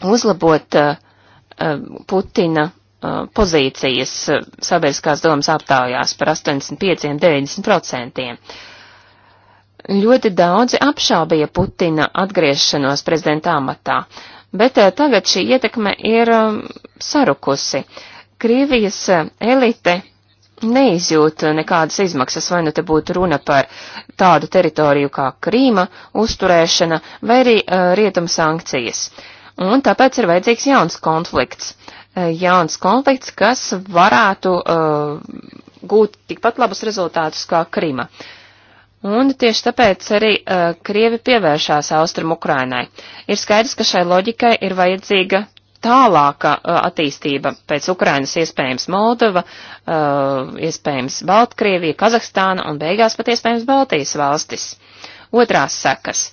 uzlabot eh, eh, Putina eh, pozīcijas sabiedriskās domas aptaujās par 85-90%. Ļoti daudzi apšaubīja Putina atgriešanos prezidenta amatā, bet tagad šī ietekme ir sarukusi. Krievijas elite neizjūt nekādas izmaksas, vai nu te būtu runa par tādu teritoriju kā Krīma, uzturēšana vai arī uh, rietuma sankcijas. Uh, Un tāpēc ir vajadzīgs jauns konflikts. Eh, jauns konflikts, kas varētu uh, gūt tikpat labus rezultātus kā Krima. Un tieši tāpēc arī uh, Krievi pievēršās Austrum Ukrainai. Ir skaidrs, ka šai loģikai ir vajadzīga tālāka uh, attīstība pēc Ukrainas iespējams Moldova, uh, iespējams Baltkrievija, Kazahstāna un beigās pat iespējams Baltijas valstis. Otrās sekas.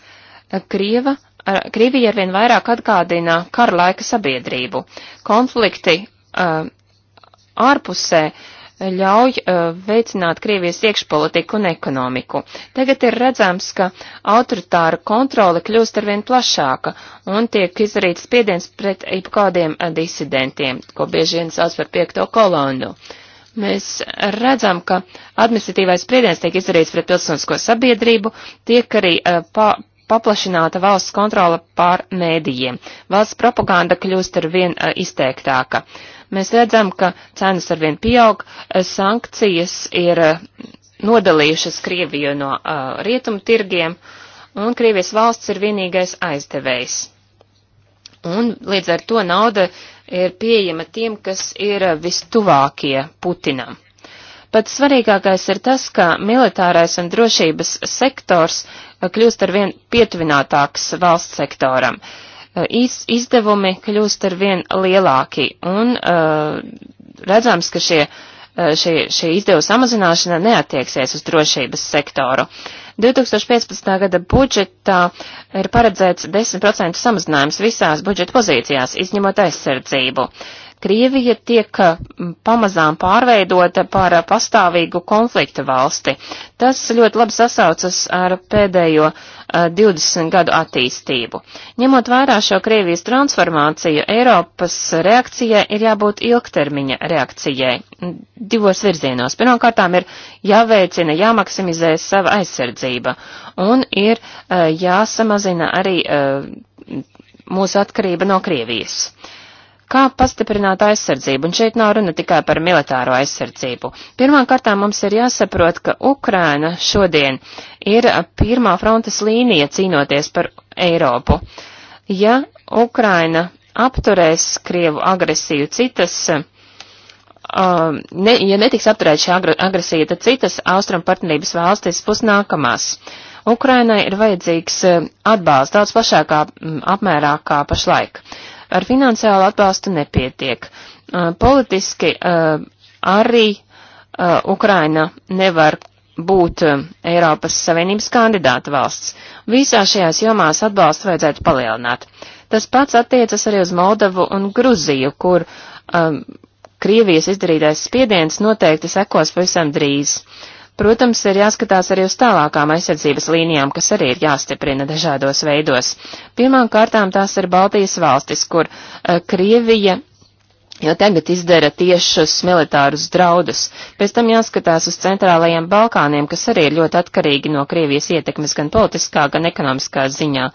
Krieva ar, Krievija arvien vairāk atgādina karu laika sabiedrību. Konflikti uh, ārpusē ļauj uh, veicināt Krievijas iekšpolitiku un ekonomiku. Tagad ir redzams, ka autoritāra kontrole kļūst arvien plašāka un tiek izdarīts spiediens pret jebkādiem uh, disidentiem, ko bieži vien sauc par piekto kolonu. Mēs redzam, ka administratīvais spriediens tiek izdarīts pret pilsonisko sabiedrību, tiek arī uh, pa, paplašināta valsts kontrola pār mēdījiem. Valsts propaganda kļūst ar vien eh, izteiktāka. Mēs redzam, ka cenas ar vien pieaug, eh, sankcijas ir eh, nodalījušas Krieviju no uh, rietumu tirgiem, un Krievijas valsts ir vienīgais aizdevējs. Un līdz ar to nauda ir pieejama tiem, kas ir vistuvākie Putinam. Pats svarīgākais ir tas, ka militārais un drošības sektors kļūst ar vien pietuvinātāks valsts sektoram. Eh, iz, izdevumi kļūst ar vien lielāki un uh, redzams, ka šie, eh, šie, šie izdevu samazināšana neatieksies uz drošības sektoru. 2015. gada budžetā ir paredzēts 10% samazinājums visās budžeta pozīcijās, izņemot aizsardzību. Uh, Krievija tiek eh, pamazām pārveidota par eh, pastāvīgu konflikta valsti. Tas ļoti labi sasaucas ar pēdējo 20 eh, gadu attīstību. Ņemot vērā šo Krievijas transformāciju, Eiropas reakcijai ir jābūt ilgtermiņa reakcijai divos virzienos. Pirmkārtām ir jāveicina, jāmaksimizē sava aizsardzība un ir jāsamazina arī mūsu atkarība no Krievijas. Kā pastiprināt aizsardzību? Un šeit nav runa tikai par militāro aizsardzību. Pirmkārt, mums ir jāsaprot, ka Ukraina šodien ir pirmā frontes līnija cīnoties par Eiropu. Ja Ukraina apturēs Krievu agresiju citas, um, ne, ja netiks apturēta šī agresija, tad citas Austrum partnerības valstis būs nākamās. Ukrainai ir vajadzīgs um, atbalsts daudz plašākā apmērā kā pašlaik. Ar finansiālu atbalstu nepietiek. Politiski arī Ukraina nevar būt Eiropas Savienības kandidāta valsts. Visā šajās jomās atbalstu vajadzētu palielināt. Tas pats attiecas arī uz Moldavu un Gruziju, kur um, Krievijas izdarītais spiediens noteikti sekos pavisam drīz. Uh, Protams, ir jāskatās arī uz tālākām aizsardzības līnijām, kas arī ir jāstiprina dažādos veidos. Pirmām kārtām tās ir Baltijas valstis, kur uh, Krievija jau tagad izdara tiešus militārus draudus. Pēc tam jāskatās uz centrālajiem Balkāniem, kas arī ir ļoti atkarīgi no Krievijas ietekmes gan politiskā, gan ekonomiskā ziņā.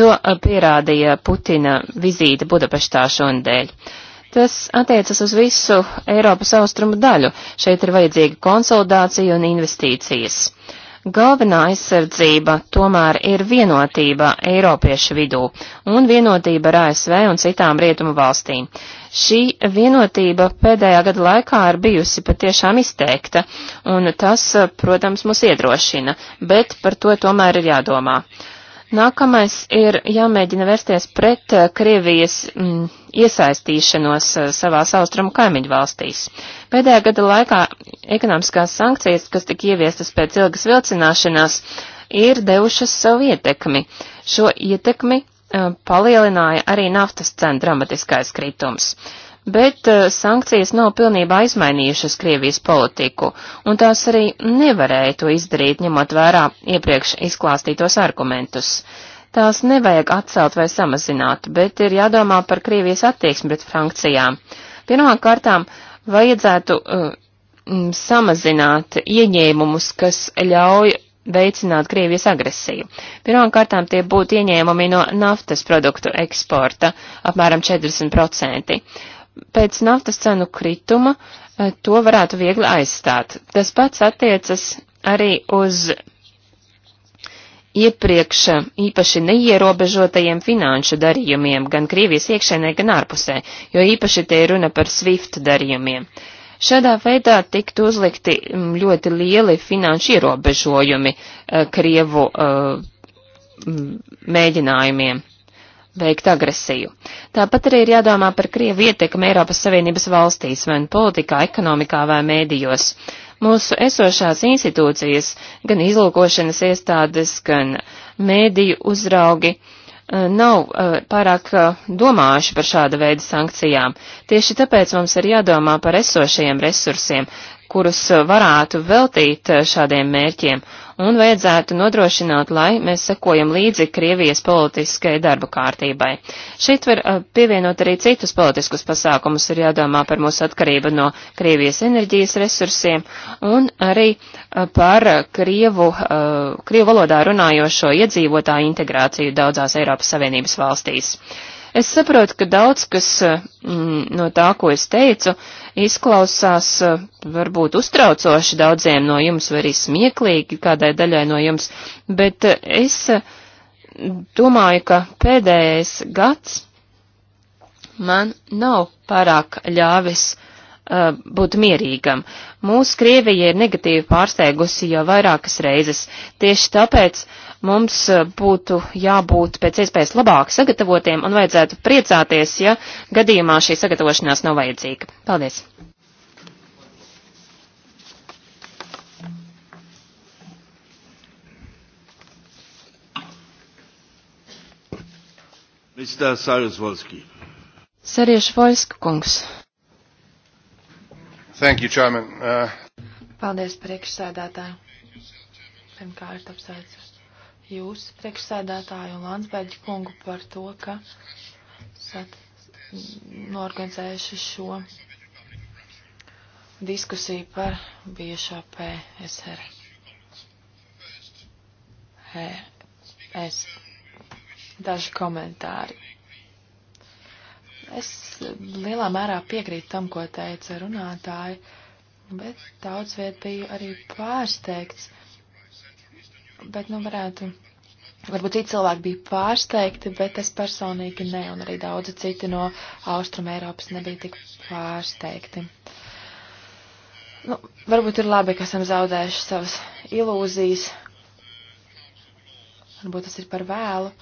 To uh, pierādīja Putina vizīte Budapeštā šonadēļ. Uh, Tas attiecas uz visu Eiropas austrumu daļu. Šeit ir vajadzīga konsolidācija un investīcijas. Galvenā aizsardzība tomēr ir vienotība Eiropiešu vidū un vienotība ar ASV un citām rietumu valstīm. Šī vienotība pēdējā gada laikā ir bijusi patiešām izteikta, un tas, protams, mūs iedrošina, bet par to tomēr ir jādomā. Uh, Nākamais ir jāmēģina vērsties pret eh, Krievijas m, mm, iesaistīšanos eh, savās austrumu kaimiņu valstīs. Pēdējā gada laikā ekonomiskās sankcijas, kas tika ieviestas pēc ilgas vilcināšanās, ir devušas savu ietekmi. Šo ietekmi m, eh, palielināja arī naftas cenu dramatiskais kritums. Uh, bet eh, sankcijas nav pilnībā izmainījušas Krievijas politiku, un tās arī nevarēja to izdarīt, ņemot vērā iepriekš izklāstītos argumentus. Tās nevajag atcelt vai samazināt, bet ir jādomā par Krievijas attieksmi pret sankcijām. Pirmām kārtām vajadzētu uh, samazināt ieņēmumus, kas ļauj veicināt Krievijas agresiju. Pirmkārtām tie būtu ieņēmumi no naftas produktu eksporta, apmēram 40% pēc naftas cenu krituma eh, to varētu viegli aizstāt. Tas pats attiecas arī uz iepriekš īpaši neierobežotajiem finanšu darījumiem gan Krievijas iekšēnē, gan ārpusē, jo īpaši te ir runa par SWIFT darījumiem. Šādā veidā tiktu uzlikti mm, ļoti lieli finanšu ierobežojumi eh, Krievu eh, mēģinājumiem veikt agresiju. Tāpat arī ir jādomā par Krievu ietekmi Eiropas Savienības valstīs, vai nu politikā, ekonomikā vai mēdījos. Mūsu esošās institūcijas, gan izlūkošanas iestādes, gan mēdīju uzraugi, eh, nav eh, pārāk eh, domājuši par šāda veida sankcijām. Tieši tāpēc mums ir jādomā par esošajiem resursiem, kurus varētu veltīt eh, šādiem mērķiem, un vajadzētu nodrošināt, lai mēs sekojam līdzi Krievijas politiskai darba kārtībai. Šeit var eh, pievienot arī citus politiskus pasākumus, ir jādomā par mūsu atkarību no Krievijas enerģijas resursiem un arī eh, par Krievu, Krievu valodā runājošo iedzīvotāju integrāciju daudzās Eiropas Savienības valstīs. Es saprotu, ka daudz kas mm, no tā, ko es teicu, izklausās eh, varbūt uztraucoši daudziem no jums, vai arī smieklīgi kādai daļai no jums, bet eh, es eh, domāju, ka pēdējais gads man nav pārāk ļāvis uh, būt mierīgam. Mūsu Krievija ir negatīvi pārsteigusi jau vairākas reizes. Tieši tāpēc uh, mums eh, būtu jābūt pēc iespējas labāk sagatavotiem un vajadzētu priecāties, ja gadījumā šī sagatavošanās nav vajadzīga. Paldies!
Mr. Sarasvolski.
Sarieša Volska kungs.
Thank you, Chairman. Uh...
Paldies, priekšsēdētāji. Pirmkārt, apsveicu jūs, priekšsēdētāju un Landsbērģi kungu, par to, ka esat norganizējuši šo diskusiju par bijušā PSR. He, es daži komentāri. Es lielā mērā piekrītu tam, ko teica runātāji, bet daudz viet biju arī pārsteigts. Uh, bet nu varētu. Varbūt citi cilvēki bija pārsteigti, bet es personīgi ne, un arī daudzi citi no Austrum Eiropas nebija tik pārsteigti. Nu, varbūt ir labi, ka esam zaudējuši savas ilūzijas. Varbūt tas ir par vēlu.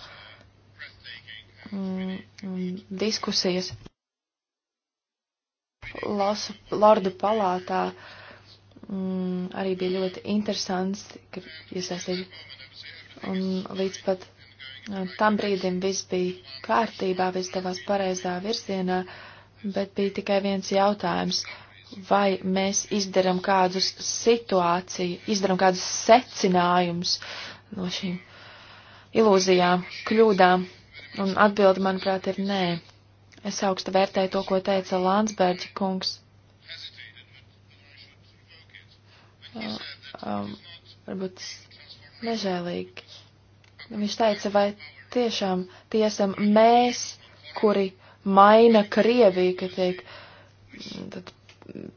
Mm, diskusijas. Lasu Lordu palātā. Uh, mm, arī bija ļoti interesants, ka iesaistīju. Un līdz pat tam brīdim viss bija kārtībā, viss devās pareizā virzienā, bet bija tikai viens jautājums. Vai mēs izdaram kādus situāciju, izdaram kādus secinājumus no šīm ilūzijām, kļūdām? Un atbildi, manuprāt, ir nē. Es augstu vērtēju to, ko teica Landsbergi kungs Um, um, varbūt nežēlīgi. Viņš teica, vai tiešām tie esam mēs, kuri maina Krieviju, ka tiek mm, tad,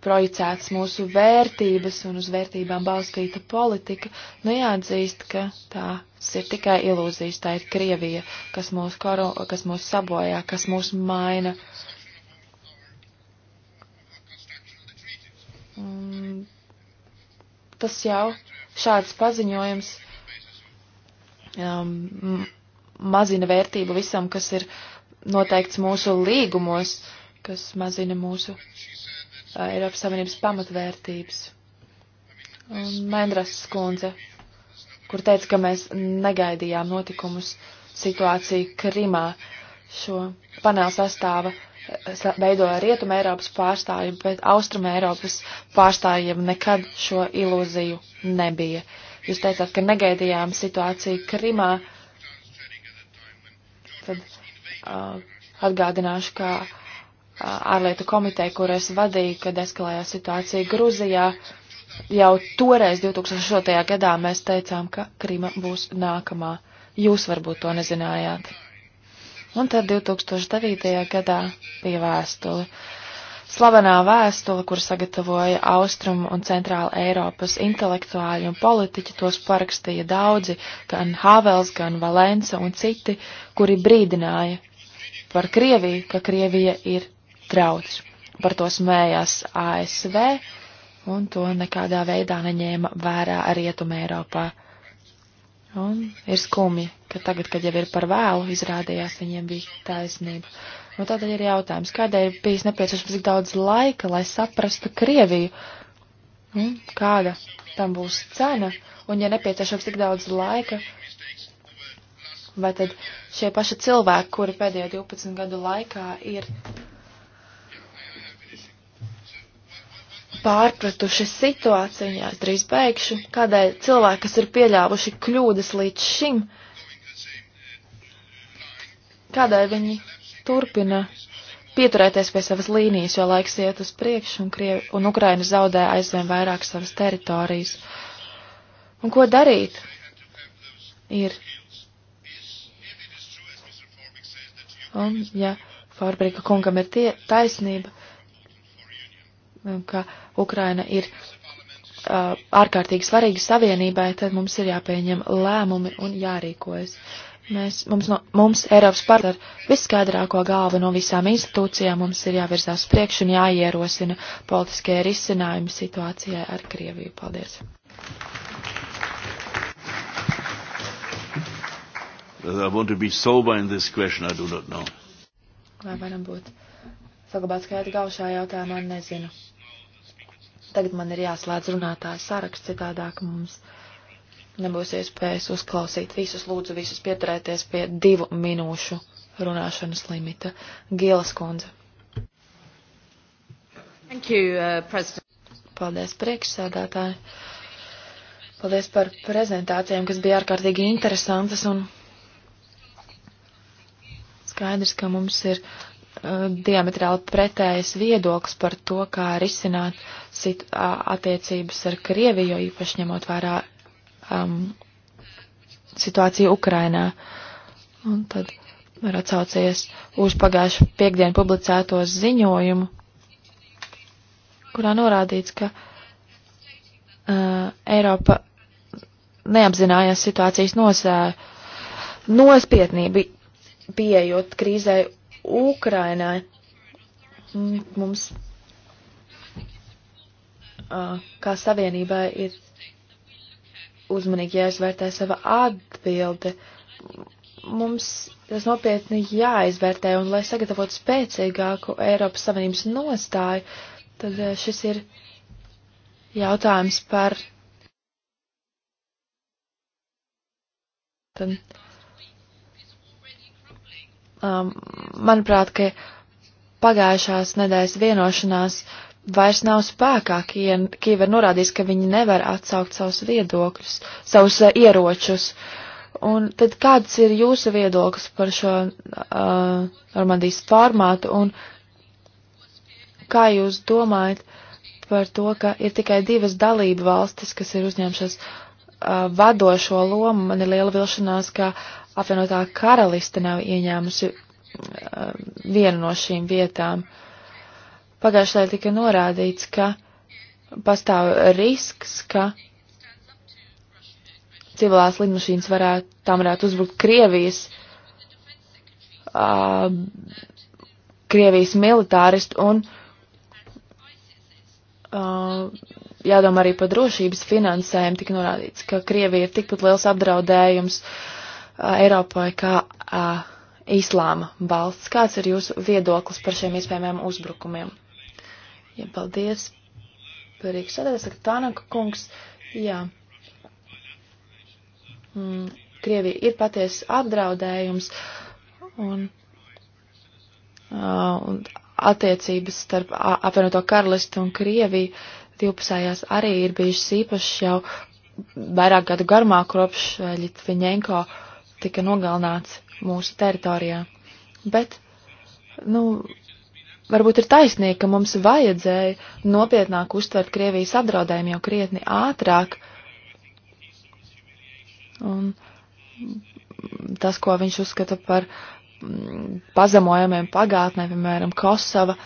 projicēts mūsu vērtības un uz vērtībām balstīta politika, nu jāatzīst, ka tās ir tikai ilūzijas, tā ir Krievija, kas mūs, koro, kas mūs sabojā, kas mūs maina. Un mm, tas jau šāds paziņojums um, mazina vērtību visam, kas ir noteikts mūsu līgumos, kas mazina mūsu uh, Eiropas Savienības pamatvērtības. Un Mendras skundze, kur teica, ka mēs negaidījām notikumus situāciju Krimā, šo panelu sastāva veidoja Rietuma Eiropas pārstāvju, bet Austruma Eiropas pārstāvjiem nekad šo ilūziju nebija. Jūs teicāt, ka negaidījām situāciju Krimā. Tad uh, atgādināšu, kā uh, ārlietu komiteja, kur es vadīju, kad eskalēja situācija Gruzijā, jau toreiz 2008. gadā mēs teicām, ka Krima būs nākamā. Jūs varbūt to nezinājāt un tad 2009. gadā bija vēstule. Slavenā vēstule, kur sagatavoja Austrumu un Centrāla Eiropas intelektuāļi un politiķi, tos parakstīja daudzi, gan Havels, gan Valensa un citi, kuri brīdināja par Krieviju, ka Krievija ir trauc. Par to smējās ASV, un to nekādā veidā neņēma vērā Rietumē Eiropā. Un ir skumji, ka tagad, kad jau ir par vēlu, izrādījās viņiem bija taisnība. Nu, tādēļ ir jautājums, kādēļ bijis nepieciešams tik daudz laika, lai saprastu Krieviju? Un nu, kāda tam būs cena? Un, ja nepieciešams tik daudz laika, vai tad šie paši cilvēki, kuri pēdējo 12 gadu laikā ir pārpratuši situāciju, jā, es drīz beigšu, kādēļ cilvēki, kas ir pieļāvuši kļūdas līdz šim, kādēļ viņi turpina pieturēties pie savas līnijas, jo laiks iet uz priekšu un, Krievi, un Ukraina zaudē aizvien vairāk savas teritorijas. Un ko darīt? Ir. Un, ja Fārbrika kungam ir tie, taisnība, ka Ukraina ir uh, ārkārtīgi svarīga savienībai, tad mums ir jāpieņem lēmumi un jārīkojas. Mēs, mums, no, mums Eiropas parlaments ar visskaidrāko galvu no visām institūcijām mums ir jāvirzās priekš un jāierosina politiskie risinājumi situācijai ar Krieviju. Paldies!
I want to be sober in this question, I do not know.
Vai varam būt saglabāt skaidru galvu šajā jautājumā, nezinu. Tagad man ir jāslēdz runātāju saraksts, citādāk mums nebūs iespējas uzklausīt visus, lūdzu visus pieturēties pie divu minūšu runāšanas limita. Gielas kundze. Thank you, uh, President. Paldies priekšsēdētāji. Paldies par prezentācijām, kas bija ārkārtīgi interesantas un skaidrs, ka mums ir diametrāli pretējas viedoklis par to, kā risināt sit, attiecības ar Krieviju, jo īpaši ņemot vērā um, situāciju Ukrainā. Un tad var atsaucies uz pagājušu piekdienu publicēto ziņojumu, kurā norādīts, ka uh, Eiropa neapzinājās situācijas nosē, nospietnību pieejot krīzē Ukrainai mums kā savienībai ir uzmanīgi jāizvērtē sava atbilde. Mums tas nopietni jāizvērtē, un lai sagatavotu spēcīgāku Eiropas Savienības nostāju, tad šis ir jautājums par tad, Um, manuprāt, ka pagājušās nedēļas vienošanās vairs nav spēkā, Kīva ir norādījis, ka viņi nevar atsaukt savus viedokļus, savus uh, ieročus. Un tad kāds ir jūsu viedoklis par šo uh, Normandijas formātu un kā jūs domājat par to, ka ir tikai divas dalība valstis, kas ir uzņemšas uh, vadošo lomu? Man ir liela vilšanās, ka uh, apvienotā karaliste nav ieņēmusi um, vienu no šīm vietām. Pagājušajā tika norādīts, ka pastāv risks, ka civilās lidmašīnas varētu, tam varētu uzbrukt Krievijas, uh, Krievijas militāristu un uh, jādomā arī par drošības finansēm, tik norādīts, ka Krievija ir tikpat liels apdraudējums uh, Eiropai kā islāma balsts. Kāds ir jūsu viedoklis par šiem iespējamiem uzbrukumiem? Jā, paldies. Prieks. Tad es saku Tānaka kungs. Jā. Mm, Krievija ir patiesi apdraudējums un, uh, un attiecības starp apvienoto karalistu un Krieviju divpusējās arī ir bijušas īpašas jau vairāk gadu garumā, kopš Ļitviņenko uh, tika nogalnāts mūsu teritorijā. Bet, nu, varbūt ir taisnība, ka mums vajadzēja nopietnāk uztvert Krievijas apdraudējumu jau krietni ātrāk. Un tas, ko viņš uzskata par mm, pazemojamiem pagātnē, piemēram, Kosova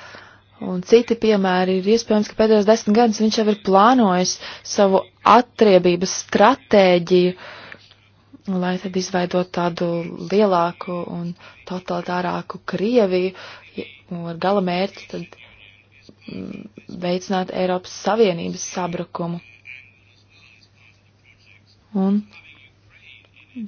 un citi piemēri, ir iespējams, ka pēdējos desmit gadus viņš jau ir plānojis savu atriebības stratēģiju uh, lai tad izveidot tādu lielāku un totalitārāku Krieviju ar gala mērķi tad mm, veicināt Eiropas Savienības sabrukumu. Un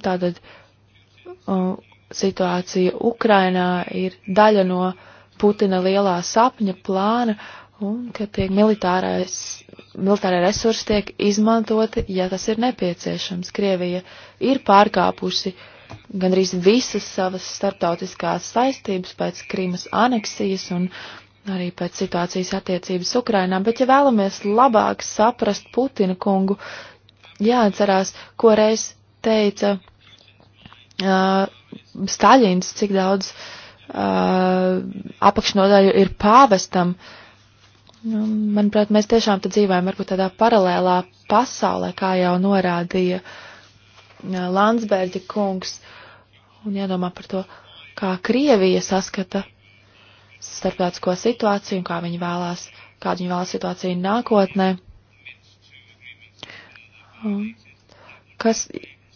tātad uh, situācija Ukrainā ir daļa no Putina lielā sapņa plāna un ka tiek militārais militārie resursi tiek izmantoti, ja tas ir nepieciešams. Krievija ir pārkāpusi gandrīz visas savas starptautiskās saistības pēc Krīmas aneksijas un arī pēc situācijas attiecības Ukrainā, bet ja vēlamies labāk saprast Putina kungu, jāatcerās, ko reiz teica uh, Staļins, cik daudz uh, apakšnodaļu ir pāvestam uh, Nu, manuprāt, mēs tiešām te dzīvojam varbūt tādā paralēlā pasaulē, kā jau norādīja Landsbērģa kungs, un jādomā par to, kā Krievija saskata starptautisko situāciju un kā viņi vēlās, kādu viņi vēlās situāciju nākotnē. Kas,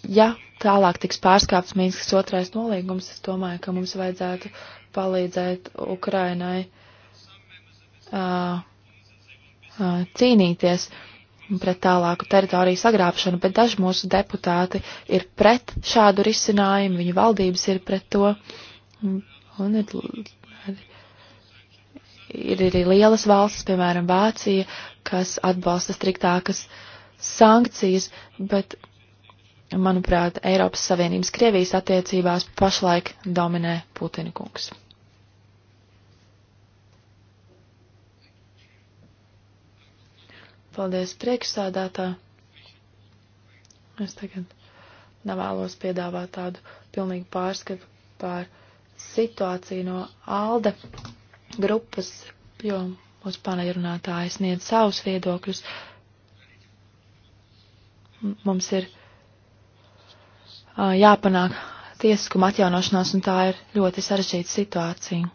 ja tālāk tiks pārskāpts Mīnskas otrais nolīgums, es domāju, ka mums vajadzētu palīdzēt Ukrainai. Uh, cīnīties pret tālāku teritoriju sagrābšanu, bet daži mūsu deputāti ir pret šādu risinājumu, viņu valdības ir pret to. Un ir, ir arī lielas valstis, piemēram, Vācija, kas atbalsta striktākas sankcijas, bet, manuprāt, Eiropas Savienības Krievijas attiecībās pašlaik dominē Putina kungs. Paldies priekšsādātā. Es tagad nevēlos piedāvāt tādu pilnīgu pārskatu pār situāciju no ALDE grupas, jo mūsu panelrunātāji sniedz savus viedokļus. Mums ir uh, jāpanāk tiesiskuma atjaunošanās, un tā ir ļoti sarežģīta situācija.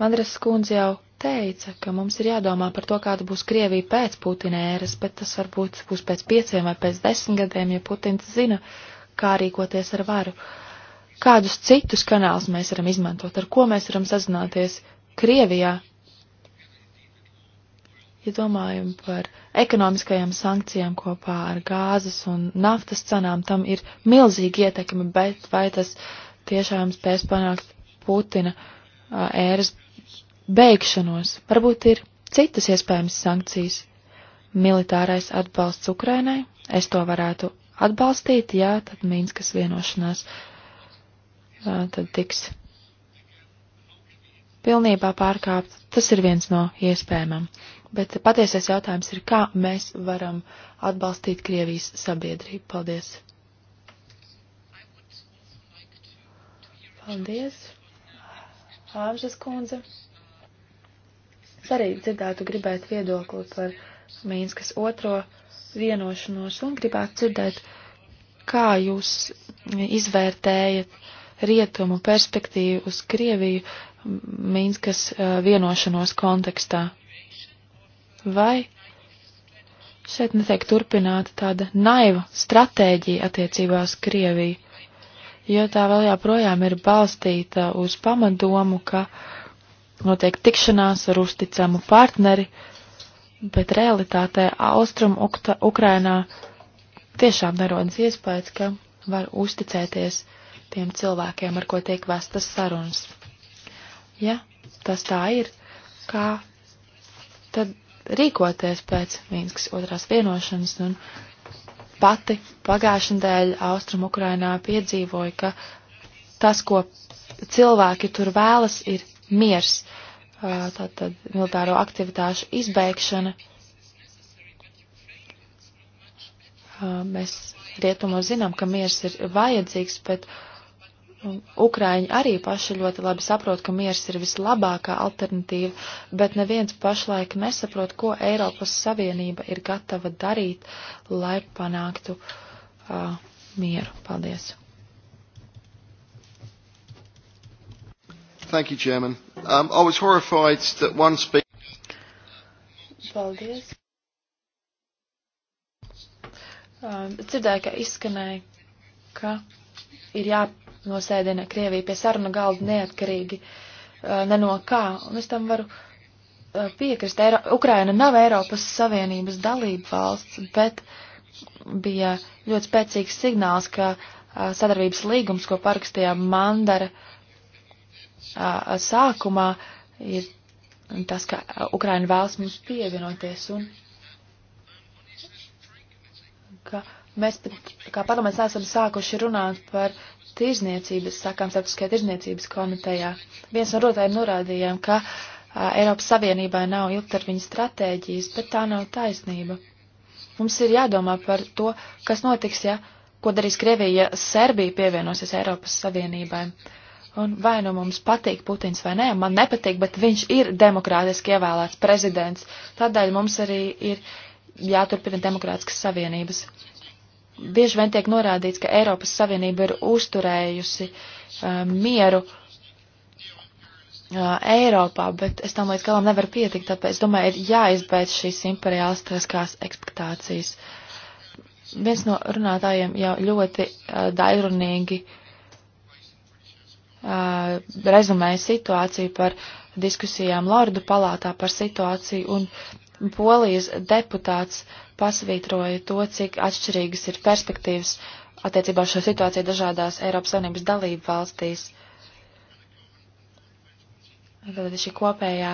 Madras skundze jau teica, ka mums ir jādomā par to, kāda būs Krievija pēc Putina ēras, bet tas varbūt būs pēc pieciem vai pēc desmit gadiem, ja Putins zina, kā rīkoties ar varu. Kādus citus kanālus mēs varam izmantot, ar ko mēs varam sazināties Krievijā? Ja domājam par ekonomiskajām sankcijām kopā ar gāzes un naftas cenām, tam ir milzīgi ietekmi, bet vai tas tiešām spēs panākt Putina ēras beigšanos. Varbūt ir citas iespējamas sankcijas. Militārais atbalsts Ukrainai, es to varētu atbalstīt, jā, tad Mīnskas vienošanās jā, tad tiks pilnībā pārkāpt. Tas ir viens no iespējamam. Bet patiesais jautājums ir, kā mēs varam atbalstīt Krievijas sabiedrību. Paldies! Paldies! Āmžas kundze! Es arī dzirdētu gribēt viedokli par Mīnskas otro vienošanos un gribētu dzirdēt, kā jūs izvērtējat rietumu perspektīvu uz Krieviju Mīnskas vienošanos kontekstā. Vai šeit netiek turpināta tāda naiva stratēģija attiecībās Krieviju, jo tā vēl joprojām ir balstīta uz pamadomu, ka uh, notiek tikšanās ar uzticamu partneri, bet realitātē Austrum Ukta, Ukrainā tiešām nerodas iespējas, ka var uzticēties tiem cilvēkiem, ar ko tiek vestas sarunas. Ja tas tā ir, kā tad rīkoties pēc Mīnskas otrās vienošanas un pati pagājušajā dēļ Austrum Ukrainā piedzīvoja, ka tas, ko cilvēki tur vēlas, ir miers, tātad militāro aktivitāšu izbeigšana. Mēs rietumos zinām, ka miers ir vajadzīgs, bet um, Ukraiņi arī paši ļoti labi saprot, ka miers ir vislabākā alternatīva, bet neviens pašlaik nesaprot, ko Eiropas Savienība ir gatava darīt, lai panāktu uh, mieru. Paldies!
Thank you, Chairman. Um, I was horrified that one speaker.
Paldies. Um, dzirdēju, ka izskanēja, ka ir jānosēdina Krievija pie sarunu galda neatkarīgi uh, ne no kā, un es tam varu uh, piekrist. Eiro Ukraina nav Eiropas Savienības dalība valsts, bet bija ļoti spēcīgs signāls, ka uh, sadarbības līgums, ko parakstīja Mandara, uh, sākumā ir tas, ka Ukraina vēlas mums pievienoties un ka mēs pat, kā parlaments esam sākuši runāt par tirzniecības, sākām starptautiskajā tirzniecības komitejā. Viens no rotājiem norādījām, ka a, Eiropas Savienībai nav ilgtermiņa stratēģijas, bet tā nav taisnība. Mums ir jādomā par to, kas notiks, ja, ko darīs Krievija, ja Serbija pievienosies Eiropas Savienībai. Uh, Un vai nu mums patīk Putins vai nē, man nepatīk, bet viņš ir demokrātiski ievēlēts prezidents. Tādēļ mums arī ir jāturpina demokrātiskas savienības. Bieži vien tiek norādīts, ka Eiropas Savienība ir uzturējusi uh, mieru uh, Eiropā, bet es tam līdz galam nevaru pietikt, tāpēc, domāju, ir jāizbeidz šīs imperialistiskās ekspektācijas. Viens no runātājiem jau ļoti uh, dairunīgi uh, uh, rezumēja situāciju par diskusijām Lordu palātā par situāciju, un polijas deputāts pasvītroja to, cik atšķirīgas ir perspektīvas attiecībā uz šo situāciju dažādās Eiropas Savienības dalību valstīs. Tad šī kopējā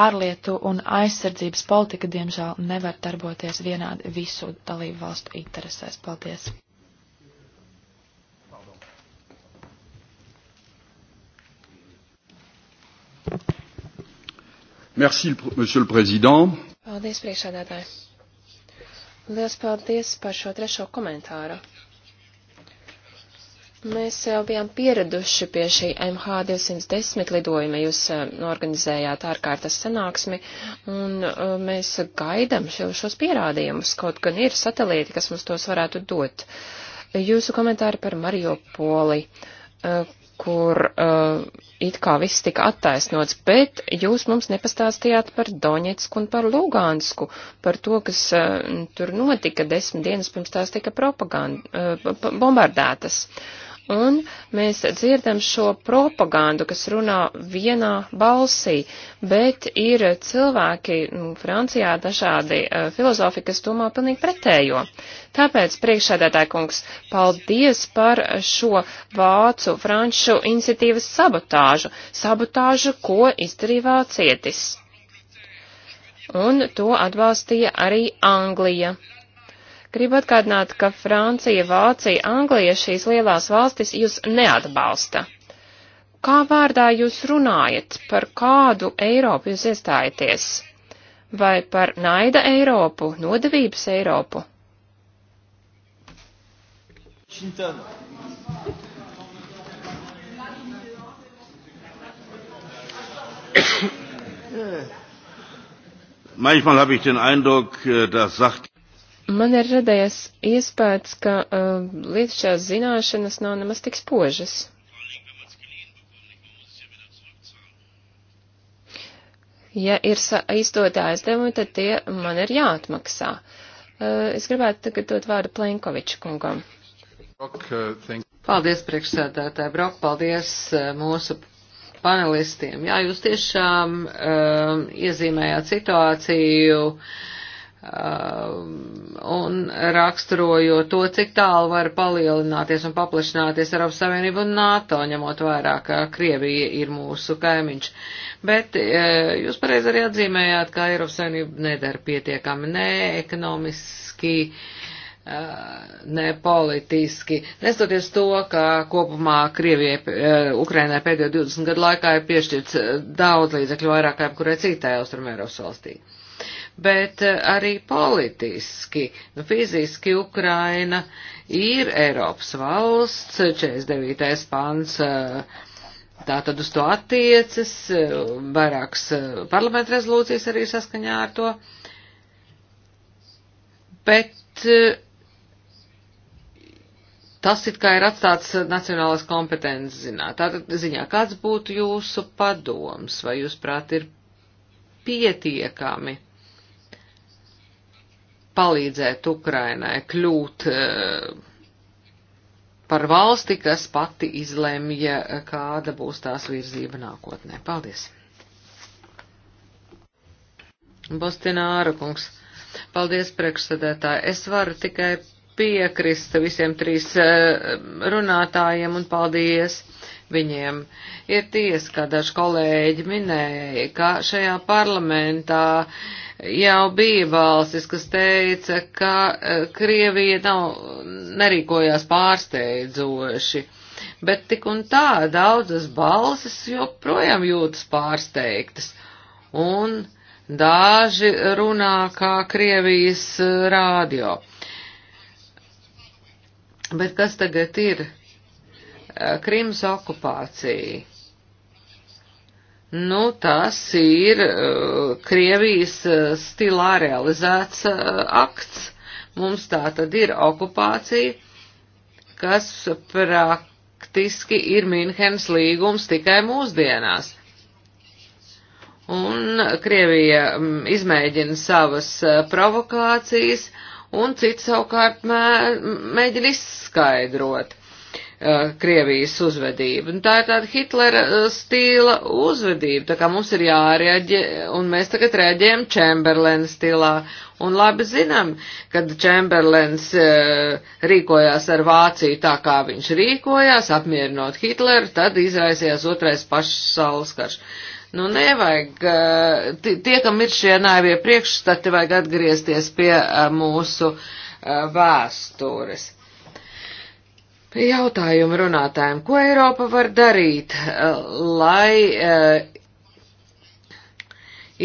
ārlietu un aizsardzības politika, diemžēl, nevar darboties vienādi visu dalību valstu interesēs. Paldies!
Merci, monsieur le président.
Paldies, priekšādātāji. Lielas paldies par šo trešo komentāru. Mēs jau bijām pieraduši pie šī MH210 lidojuma. Jūs eh, organizējāt ārkārtas sanāksmi, un eh, mēs gaidam šo, šos pierādījumus. Kaut gan ir satelīti, kas mums tos varētu dot. Jūsu komentāri par Mario Poli. Eh, kur uh, it kā viss tika attaisnots, bet jūs mums nepastāstījāt par Doņetsku un par Lugānsku, par to, kas uh, tur notika desmit dienas pirms tās tika propaganda, uh, bombardētas. Uh, Un mēs dzirdam šo propagandu, kas runā vienā balsī, bet ir cilvēki nu, Francijā dažādi uh, filozofi, kas domā pilnīgi pretējo. Tāpēc, priekšsēdētāji kungs, paldies par šo vācu franču iniciatīvas sabotāžu, sabotāžu, ko izdarīja vācietis. Un to atbalstīja arī Anglija Gribu atgādināt, ka Francija, Vācija, Anglija šīs lielās valstis jūs neatbalsta. Kā vārdā jūs runājat, par kādu Eiropu jūs iestājaties? Vai par naida Eiropu, nodevības Eiropu?
Washington.
Manchmal habe ich den Eindruck, äh, das sagt
man ir radējies iespējas, ka uh, līdz šās zināšanas nav nemaz tik spožas. Ja ir izdot aizdevumi, tad tie man ir jāatmaksā. Uh, es gribētu
tagad dot vārdu Plenkoviča kungam. Paldies, priekšsēdētāji Brok, paldies uh, mūsu panelistiem. Jā, jūs tiešām um, uh, iezīmējāt situāciju. Uh, Um, un raksturojot to, cik tālu var palielināties un paplašināties Eiropas Savienību un NATO, ņemot vērā, ka Krievija ir mūsu kaimiņš. Bet e, jūs pareizi arī atzīmējāt, ka Eiropas Savienība nedara pietiekami ne ekonomiski, e, ne politiski. Nestoties to, ka kopumā Krievijai, e, Ukrainai pēdējo 20 gadu laikā ir piešķirts daudz līdzekļu vairāk kā jebkurai citai Austrum Eiropas valstī bet eh, arī politiski. Nu, fiziski Ukraina ir Eiropas valsts, 49. pants. Eh, tā tad uz to attiecas, eh, vairākas parlamenta rezolūcijas arī saskaņā ar to. Bet tas it kā ir atstāts nacionālas kompetences zinā. Tātad ziņā, kāds būtu jūsu padoms, vai jūs prāt ir pietiekami? palīdzēt Ukrainai kļūt eh, par valsti, kas pati izlemja, eh, kāda būs tās virzība nākotnē. Paldies! Bostināra kungs, paldies priekšsēdētāji. Es varu tikai piekrist visiem trīs eh, runātājiem un paldies viņiem. Ir ties, kā daži kolēģi minēja, ka šajā parlamentā uh, jau bija valstis, kas teica, ka e, Krievija nav, nerīkojās pārsteidzoši, bet tik un tā daudzas balsis joprojām jūtas pārsteigtas, un daži runā kā Krievijas e, rādio. Bet kas tagad ir? E, Krimas okupācija. Nu, tas ir uh, Krievijas uh, stilā realizēts uh, akts. Mums tā tad ir okupācija, kas praktiski ir Minhenes līgums tikai mūsdienās. Un Krievija um, izmēģina savas uh, provokācijas, un cits savukārt mē, mēģina izskaidrot Eh, Krievijas uzvedību. Un nu, tā ir tāda Hitlera eh, stila uzvedība, tā kā mums ir jārēģē, un mēs tagad rēģējam Čemberlēna stilā. Un labi zinām, kad Čemberlēns eh, rīkojās ar Vāciju tā, kā viņš rīkojās, apmierinot Hitleru, tad izraisījās otrais pašsaules karš. Nu, nevajag, tie, kam ir šie naivie priekšstati, vajag atgriezties pie mūsu vēstures. Jautājumu runātājiem, ko Eiropa var darīt, eh, lai eh,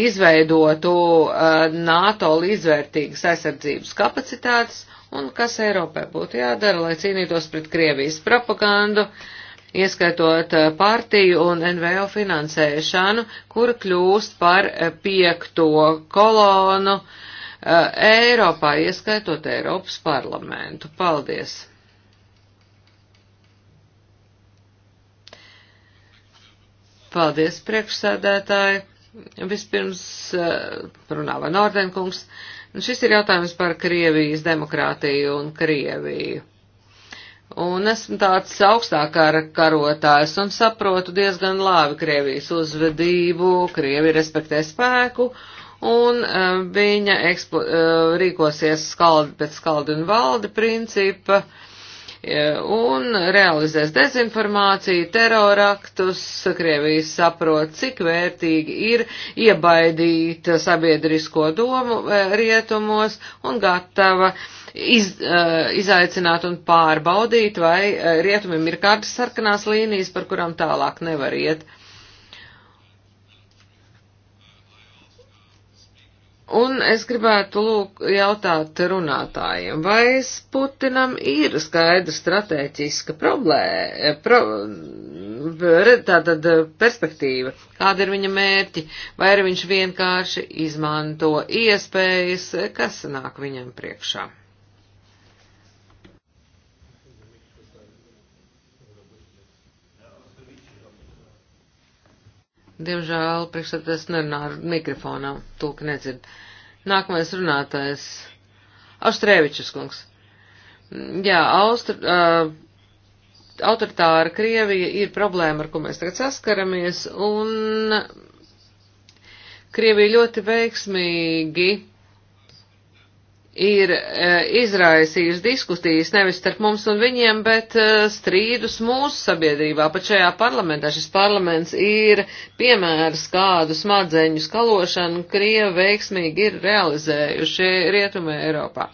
izveidotu eh, NATO līdzvērtīgas aizsardzības kapacitātes un kas Eiropai būtu jādara, lai cīnītos pret Krievijas propagandu, ieskaitot partiju un NVO finansēšanu, kura kļūst par piekto kolonu Eiropā, ieskaitot Eiropas parlamentu. Paldies! Paldies, priekšsēdētāji. Vispirms eh, runā Van Ordenkungs. Nu, šis ir jautājums par Krievijas demokrātiju un Krieviju. Un esmu tāds augstākā karotājs un saprotu diezgan labi Krievijas uzvedību, Krievi respektē spēku un uh, viņa ekspo, uh, rīkosies skaldi pēc skaldi un valdi principa. Uh, un realizēs dezinformāciju, teroraktus, Krievijas saprot, cik vērtīgi ir iebaidīt sabiedrisko domu eh, rietumos un gatava iz, eh, izaicināt un pārbaudīt, vai eh, rietumiem ir kādas sarkanās līnijas, par kurām tālāk nevar iet. Un es gribētu lūk jautāt runātājiem, vai Putinam ir skaidra stratēģiska problēma, pro, tātad perspektīva, kāda ir viņa mērķi, vai arī viņš vienkārši izmanto iespējas, kas nāk viņam priekšā. Diemžēl priekšsēdētājs nerunā ar mikrofonā, tulka nedzird. Nākamais runātājs - Austrēvičus kungs. Jā, Austr, uh, autoritāra Krievija ir problēma, ar ko mēs tagad saskaramies, un Krievija ļoti veiksmīgi ir e, izraisījusi diskusijas nevis starp mums un viņiem, bet e, strīdus mūsu sabiedrībā, pat šajā parlamentā. Šis parlaments ir piemērs, kādu smadzeņu skalošanu Krieva veiksmīgi ir realizējuši Rietumē Eiropā.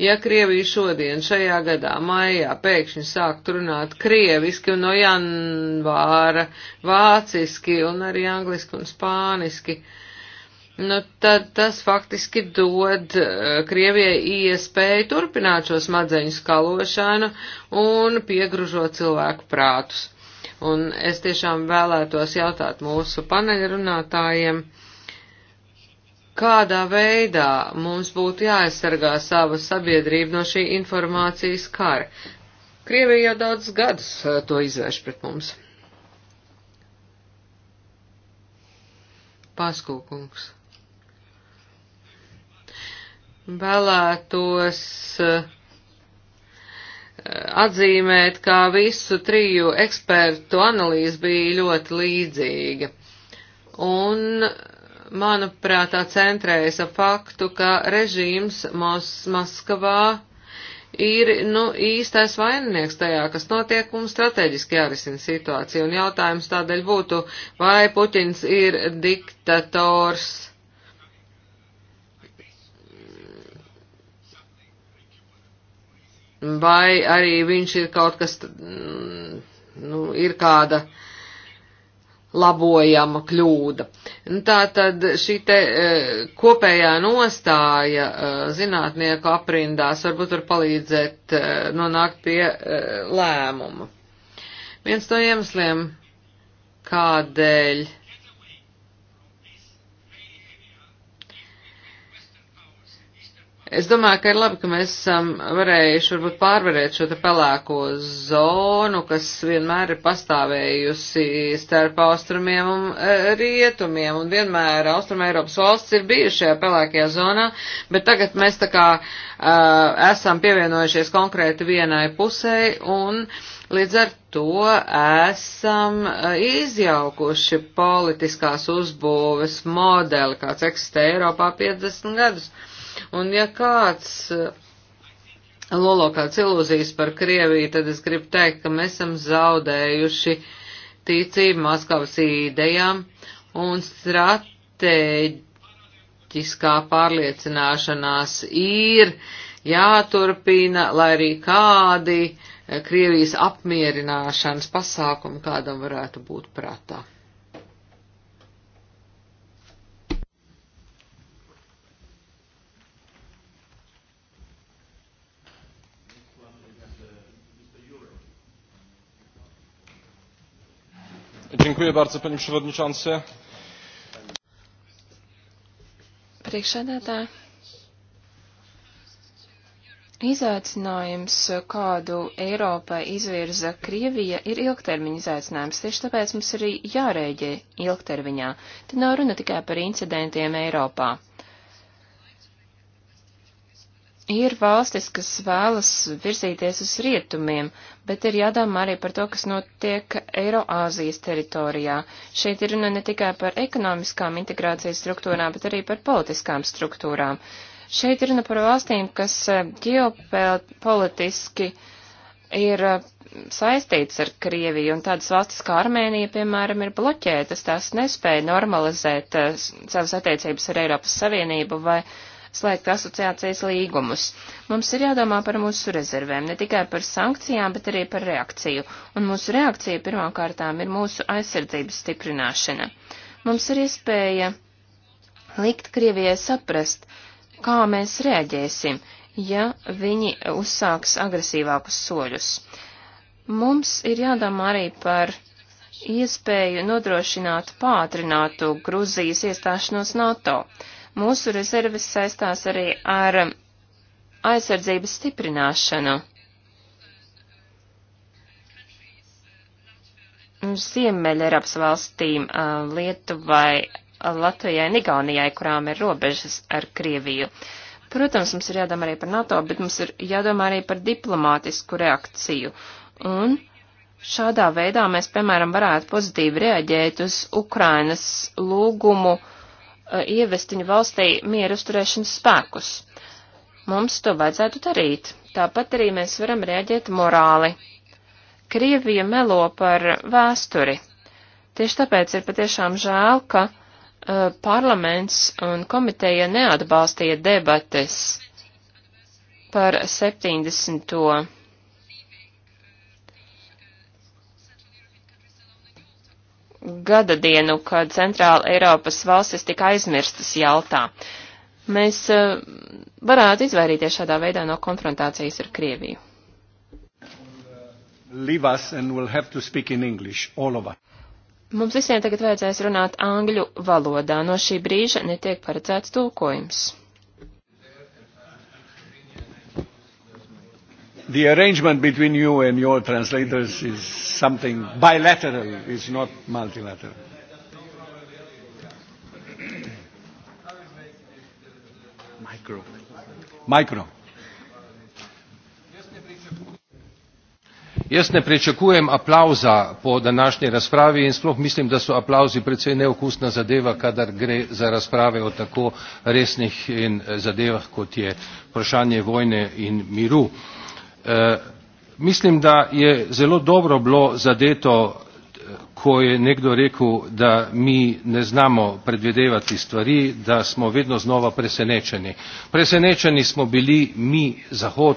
Ja Krievija šodien, šajā gadā, maijā, pēkšņi sākt runāt krieviski un no janvāra vāciski un arī angliski un spāniski, uh, nu tad tas faktiski dod eh, Krievijai iespēju turpināt šo smadzeņu skalošanu un piegružot cilvēku prātus. Un es tiešām vēlētos jautāt mūsu paneļrunātājiem, kādā veidā mums būtu jāaizsargā sava sabiedrība no šī informācijas kara. Krievija jau daudz gadus eh, to izvērš pret mums. Paskūkungs vēlētos eh, atzīmēt, ka visu triju ekspertu analīze bija ļoti līdzīga. Un, manuprāt, tā centrējas ap faktu, ka režīms Mos Maskavā ir, nu, īstais vaininieks tajā, kas notiek un strateģiski jārisina situācija. Un jautājums tādēļ būtu, vai Puķins ir diktators vai arī viņš ir kaut kas, mm, nu, ir kāda labojama kļūda. Nu, tā tad šī te e, kopējā nostāja e, zinātnieku aprindās varbūt var palīdzēt e, nonākt pie lēmumu. Viens no iemesliem, kādēļ Es domāju, ka ir labi, ka mēs esam varējuši varbūt pārvarēt šo te pelēko zonu, kas vienmēr ir pastāvējusi starp austrumiem un e, rietumiem, un vienmēr austruma Eiropas valsts ir bijušajā pelēkajā zonā, bet tagad mēs tā kā uh, esam pievienojušies konkrēti vienai pusē, un līdz ar to esam e, izjaukuši politiskās uzbūves modeli, kāds eksistē Eiropā 50 gadus. Uh, Un ja kāds eh, lolo kāds ilūzijas par Krieviju, tad es gribu teikt, ka mēs esam zaudējuši ticību Maskavas idejām un stratēģiskā pārliecināšanās ir jāturpina, lai arī kādi eh, Krievijas apmierināšanas pasākumi kādam varētu būt prātā.
Dziękuję bardzo, panie przewodniczący.
Priekšsēdētāji, Izaicinājums, kādu Eiropai izvirza Krievija, ir ilgtermiņa izaicinājums, tieši tāpēc mums arī jārēģē ilgtermiņā. Te nav runa tikai par incidentiem Eiropā. Ir valstis, kas vēlas virzīties uz rietumiem, bet ir jādomā arī par to, kas notiek Eiroāzijas teritorijā. Šeit ir runa ne tikai par ekonomiskām integrācijas struktūrām, bet arī par politiskām struktūrām. Šeit ir runa par valstīm, kas eh, ģeopolitiski ir eh, saistīts ar Krieviju, un tādas valstis kā Armēnija, piemēram, ir bloķētas, tās nespēja normalizēt uh, savas attiecības ar Eiropas Savienību vai Eiropu slēgt asociācijas līgumus. Mums ir jādomā par mūsu rezervēm, ne tikai par sankcijām, bet arī par reakciju, un mūsu reakcija pirmkārtām ir mūsu aizsardzības stiprināšana. Mums ir iespēja likt Krievijai saprast, kā mēs reaģēsim, ja viņi uzsāks agresīvākus soļus. Mums ir jādomā arī par iespēju nodrošināt pātrinātu Gruzijas iestāšanos NATO. Mūsu rezerves saistās arī ar aizsardzības stiprināšanu. Ziemeļeraps valstīm Lietuvai, Latvijai un Igaunijai, kurām ir robežas ar Krieviju. Protams, mums ir jādomā arī par NATO, bet mums ir jādomā arī par diplomātisku reakciju. Un šādā veidā mēs, piemēram, varētu pozitīvi reaģēt uz Ukrainas lūgumu uh, Uh, ievest viņu valstī mieru uzturēšanas spēkus. Mums to vajadzētu darīt. Tāpat arī mēs varam rēģēt morāli. Krievija melo par vēsturi. Tieši tāpēc ir patiešām žēl, ka uh, parlaments un komiteja neatbalstīja debates par 70. gada dienu, kad Centrāla Eiropas valstis tika aizmirstas Jaltā. Mēs e, varētu izvairīties šādā veidā no konfrontācijas ar Krieviju.
We'll
Mums visiem tagad vajadzēs runāt angļu valodā. No šī brīža netiek paredzēts tulkojums.
the arrangement between you and your translators is something bilateral, it's not multilateral.
Micro.
Micro. Jaz ne pričakujem aplauza po današnji razpravi in sploh mislim, da so aplauzi precej neokusna zadeva, kadar gre za razprave o tako resnih eh, zadevah, kot je vprašanje vojne in miru Eh, mislim, da je zelo dobro bilo zadeto, eh, ko je nekdo rekel, da mi ne znamo predvidevati stvari, da smo vedno znova presenečeni. Presenečeni smo bili mi, Zahod,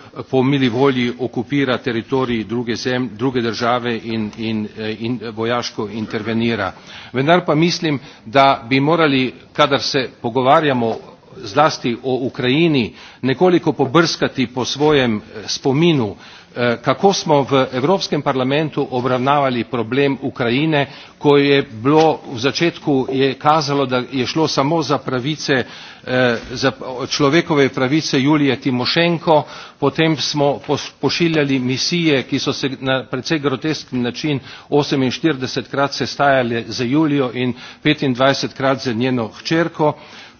po mili volji okupira teritorij druge, zem, druge države in, in, eh, in eh, vojaško intervenira. Vendar pa mislim, da bi morali, kadar se pogovarjamo zlasti o Ukrajini, nekoliko pobrskati po svojem eh, spominu, Eh, kako smo v evropskem parlamentu obravnavali problem ukrajine ko je bilo v začetku je kazalo da je šlo samo za pravice eh, za človekove pravice julije timošenko potem smo pošiljali misije ki so se na precej grotesken način oseminštiridesetkrat sestajale z julijo in petindvajsetkrat z njeno hčerko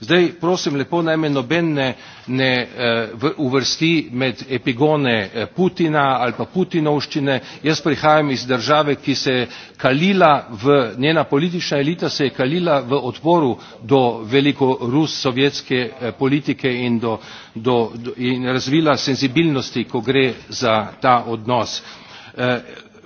Zdaj, prosim lepo, naj me noben ne, ne eh, v, uvrsti med epigone eh, Putina ali pa Putinovščine. Jaz prihajam iz države, ki se je kalila v, njena politična elita se je kalila v odporu do velikorus sovjetske eh, politike in, do, do, do, in razvila senzibilnosti, ko gre za ta odnos. E,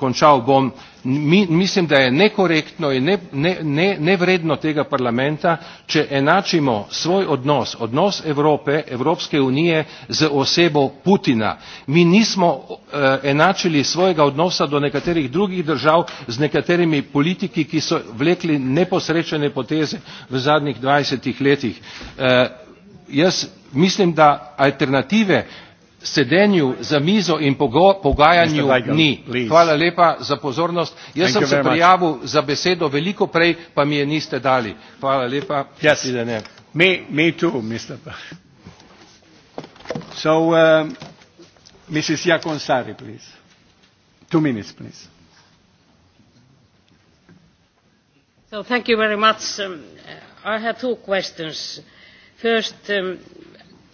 končal bom. Mi, mislim, da je nekorektno in ne, ne, ne, nevredno tega parlamenta, če enačimo svoj odnos, odnos Evrope, Evropske unije z osebo Putina. Mi nismo eh, enačili svojega odnosa do nekaterih drugih držav z nekaterimi politiki, ki so vlekli neposrečene poteze v zadnjih dvajsetih letih. Eh, jaz mislim, da alternative sedenju za mizo in pogajanju Weigel, ni. Please. Hvala lepa za pozornost. Jaz Thank sem se prijavil much. za besedo veliko prej, pa mi je niste dali. Hvala lepa. Yes. Me, me too, Mr. So, um, Mrs.
Yakonsari, please. Two minutes, please.
So, thank you very much. Um, I have two questions. First, um,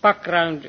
background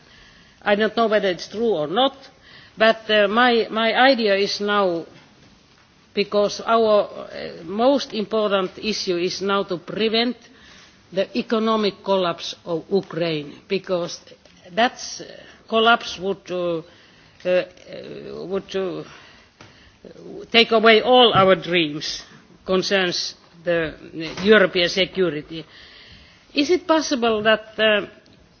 i do not know whether it is true or not but uh, my, my idea is now because our uh, most important issue is now to prevent the economic collapse of ukraine because that uh, collapse would, uh, uh, uh would take away all our dreams concerning european security. is it possible that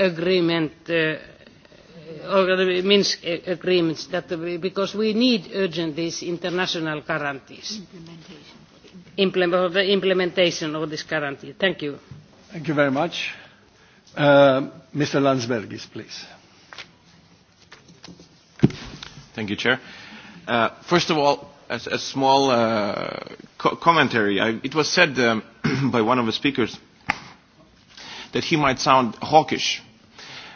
agreement, uh, or the Minsk agreements, that, because we need urgent these international guarantees. Implementation. Imple the implementation of this guarantee. Thank you. Thank you very much.
Uh, Mr.
Landsbergis, please. Thank you, Chair. Uh, first of all, a, a small uh, co commentary. I, it was said um, [CLEARS THROAT] by one of the speakers that he might sound hawkish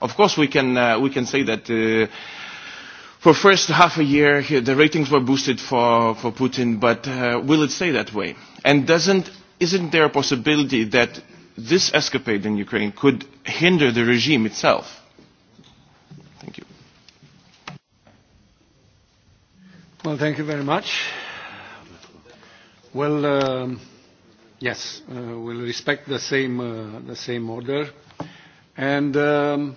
Of course, we can, uh, we can say that uh, for first half a year, the ratings were boosted for, for Putin, but uh, will it stay that way? And doesn't, isn't there a possibility that this escapade in Ukraine could hinder the regime itself? Thank you.
Well, thank you very much. Well, um, yes, uh, we'll respect the same, uh, the same order. And um,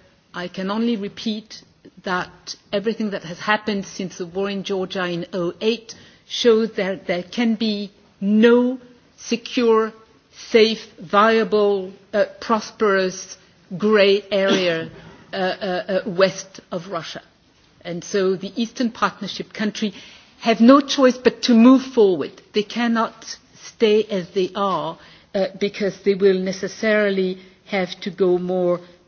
I can only repeat that everything that has happened since the war in Georgia in 08 showed that there can be no secure, safe, viable, uh, prosperous grey area uh, uh, uh, west of Russia. And so the Eastern Partnership country have no choice but to move forward. They cannot stay as they are uh, because they will necessarily have to go more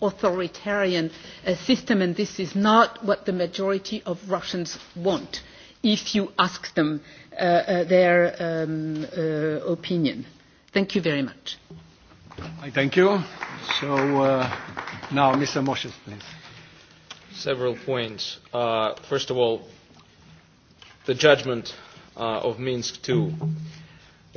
authoritarian uh, system, and this is not what the majority of Russians want if you ask them uh, uh, their um, uh, opinion. Thank you very much.
I thank
you. So uh, now, Mr. Moshes, please.
Several points. Uh, first of all, the judgment uh, of Minsk II. Mm-hmm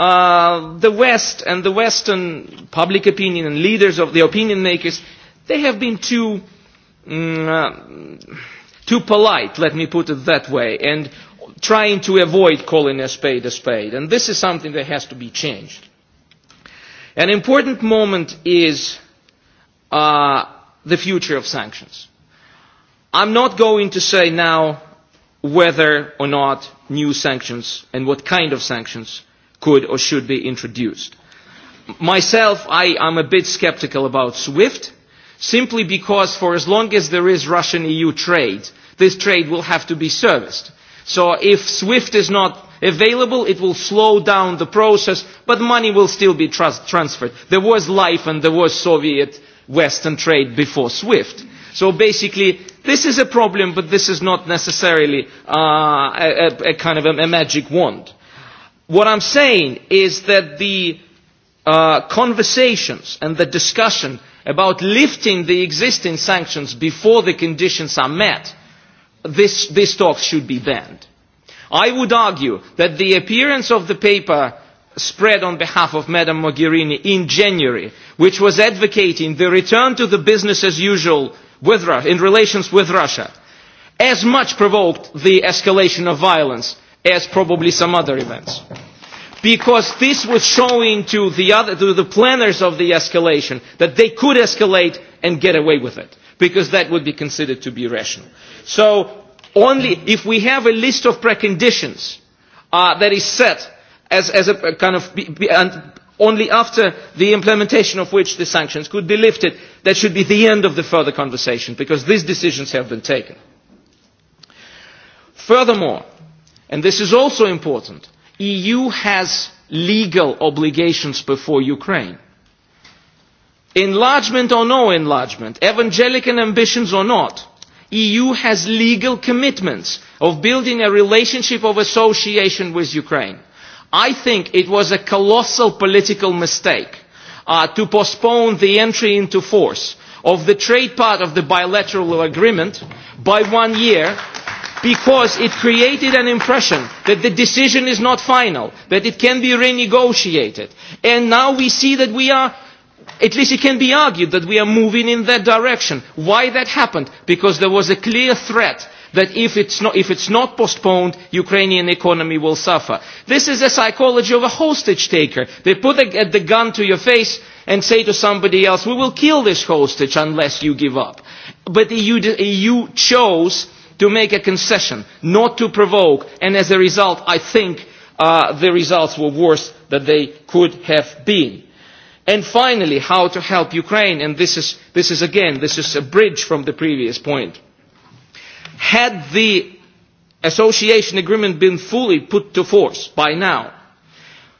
uh, the West and the Western public opinion and leaders of the opinion makers, they have been too, um, uh, too polite, let me put it that way, and trying to avoid calling a spade a spade. And this is something that has to be changed. An important moment is uh, the future of sanctions. I'm not going to say now whether or not new sanctions and what kind of sanctions could or should be introduced. Myself, I am a bit skeptical about SWIFT, simply because for as long as there is Russian-EU trade, this trade will have to be serviced. So if SWIFT is not available, it will slow down the process, but money will still be trans transferred. There was life and there was Soviet Western trade before SWIFT. So basically, this is a problem, but this is not necessarily uh, a, a kind of a, a magic wand. What I'm saying is that the uh, conversations and the discussion about lifting the existing sanctions before the conditions are met, this, this talk should be banned. I would argue that the appearance of the paper spread on behalf of Madame Mogherini in January, which was advocating the return to the business as usual with Russia, in relations with Russia, as much provoked the escalation of violence as probably some other events. Because this was showing to the, other, to the planners of the escalation that they could escalate and get away with it, because that would be considered to be rational. So only if we have a list of preconditions uh, that is set as, as a, a kind of, and only after the implementation of which the sanctions could be lifted, that should be the end of the further conversation, because these decisions have been taken. Furthermore, and this is also important, EU has legal obligations before Ukraine. Enlargement or no enlargement, evangelical ambitions or not, EU has legal commitments of building a relationship of association with Ukraine. I think it was a colossal political mistake uh, to postpone the entry into force of the trade part of the bilateral agreement by one year because it created an impression that the decision is not final, that it can be renegotiated. And now we see that we are, at least it can be argued that we are moving in that direction. Why that happened? Because there was a clear threat that if it's not, if it's not postponed, Ukrainian economy will suffer. This is the psychology of a hostage taker. They put a, the gun to your face and say to somebody else, we will kill this hostage unless you give up. But EU, e EU chose to make a concession, not to provoke, and as a result, I think uh, the results were worse than they could have been. And finally, how to help Ukraine, and this is, this is again, this is a bridge from the previous point. Had the association agreement been fully put to force by now,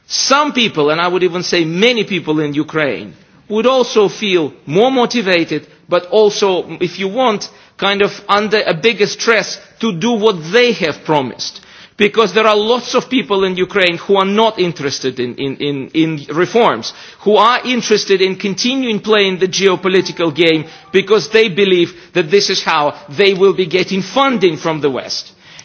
some people, and I would even say many people in Ukraine, would also feel more motivated, but also, if you want, kind of under a bigger stress to do what they have promised. Because there are lots of people in Ukraine who are not interested in, in, in, in reforms, who are interested in continuing playing the geopolitical game because they believe that this is how they will be getting funding from the West.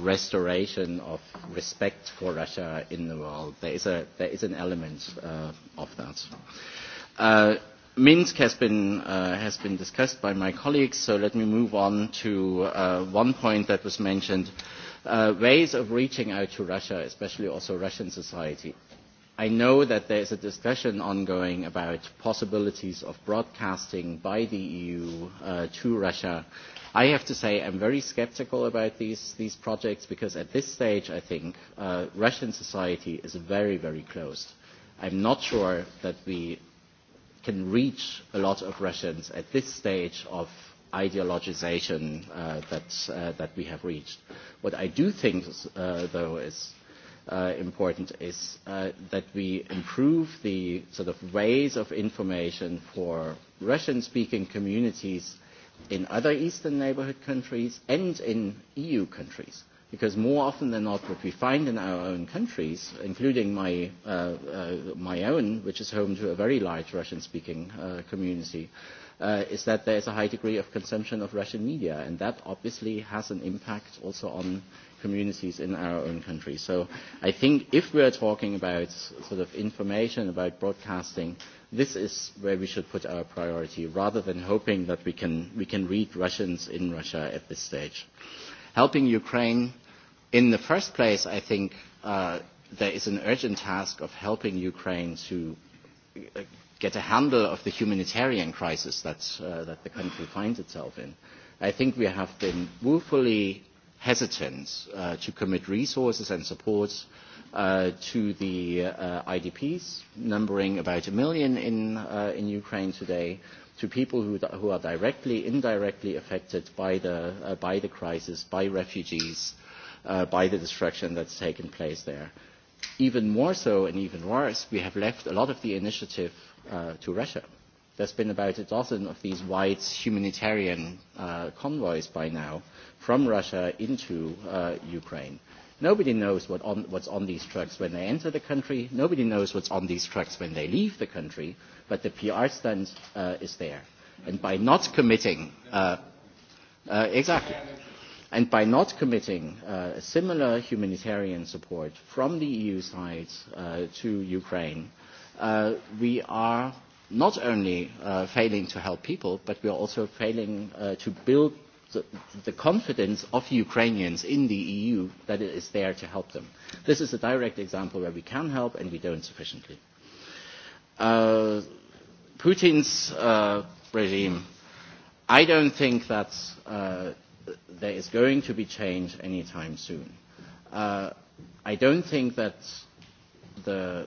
restoration of respect for Russia in the world. There is, a, there is an element uh, of that. Uh, Minsk has been, uh, has been discussed by my colleagues, so let me move on to uh, one point that was mentioned. Uh, ways of reaching out to Russia, especially also Russian society. I know that there is a discussion ongoing about possibilities of broadcasting by the EU uh, to Russia. I have to say I'm very skeptical about these, these projects because at this stage, I think, uh, Russian society is very, very closed. I'm not sure that we can reach a lot of Russians at this stage of ideologization uh, that, uh, that we have reached. What I do think, uh, though, is uh, important is uh, that we improve the sort of ways of information for Russian-speaking communities in other Eastern neighborhood countries and in EU countries. Because more often than not, what we find in our own countries, including my, uh, uh, my own, which is home to a very large Russian-speaking uh, community, uh, uh, is that there is a high degree of consumption of Russian media, and that obviously has an impact also on communities in our own country. So I think if we are talking about sort of information about broadcasting, this is where we should put our priority, rather than hoping that we can, we can read Russians in Russia at this stage. Helping Ukraine, in the first place, I think uh, there is an urgent task of helping Ukraine to uh, get a handle of the humanitarian crisis that's, uh, that the country finds itself in. I think we have been woefully hesitant uh, to commit resources and support uh, to the uh, IDPs, numbering about a million in, uh, in Ukraine today, to people who, who are directly, indirectly affected by the, uh, by the crisis, by refugees, uh, by the destruction that's taken place there. Even more so and even worse, we have left a lot of the initiative uh, uh, to Russia. There's been about a dozen of these wide humanitarian uh, convoys by now from Russia into uh, Ukraine. Nobody knows what on, what's on these trucks when they enter the country. Nobody knows what's on these trucks when they leave the country. But the PR stunt uh, is there. And by not committing, uh, uh, exactly. And by not committing uh, similar humanitarian support from the EU side uh, to Ukraine, uh, we are not only uh, failing to help people, but we are also failing uh, to build the, the confidence of Ukrainians in the EU that it is there to help them. This is a direct example where we can help and we don't sufficiently. Uh, Putin's uh, regime, I don't think that uh, there is going to be change anytime soon. Uh, I don't think that the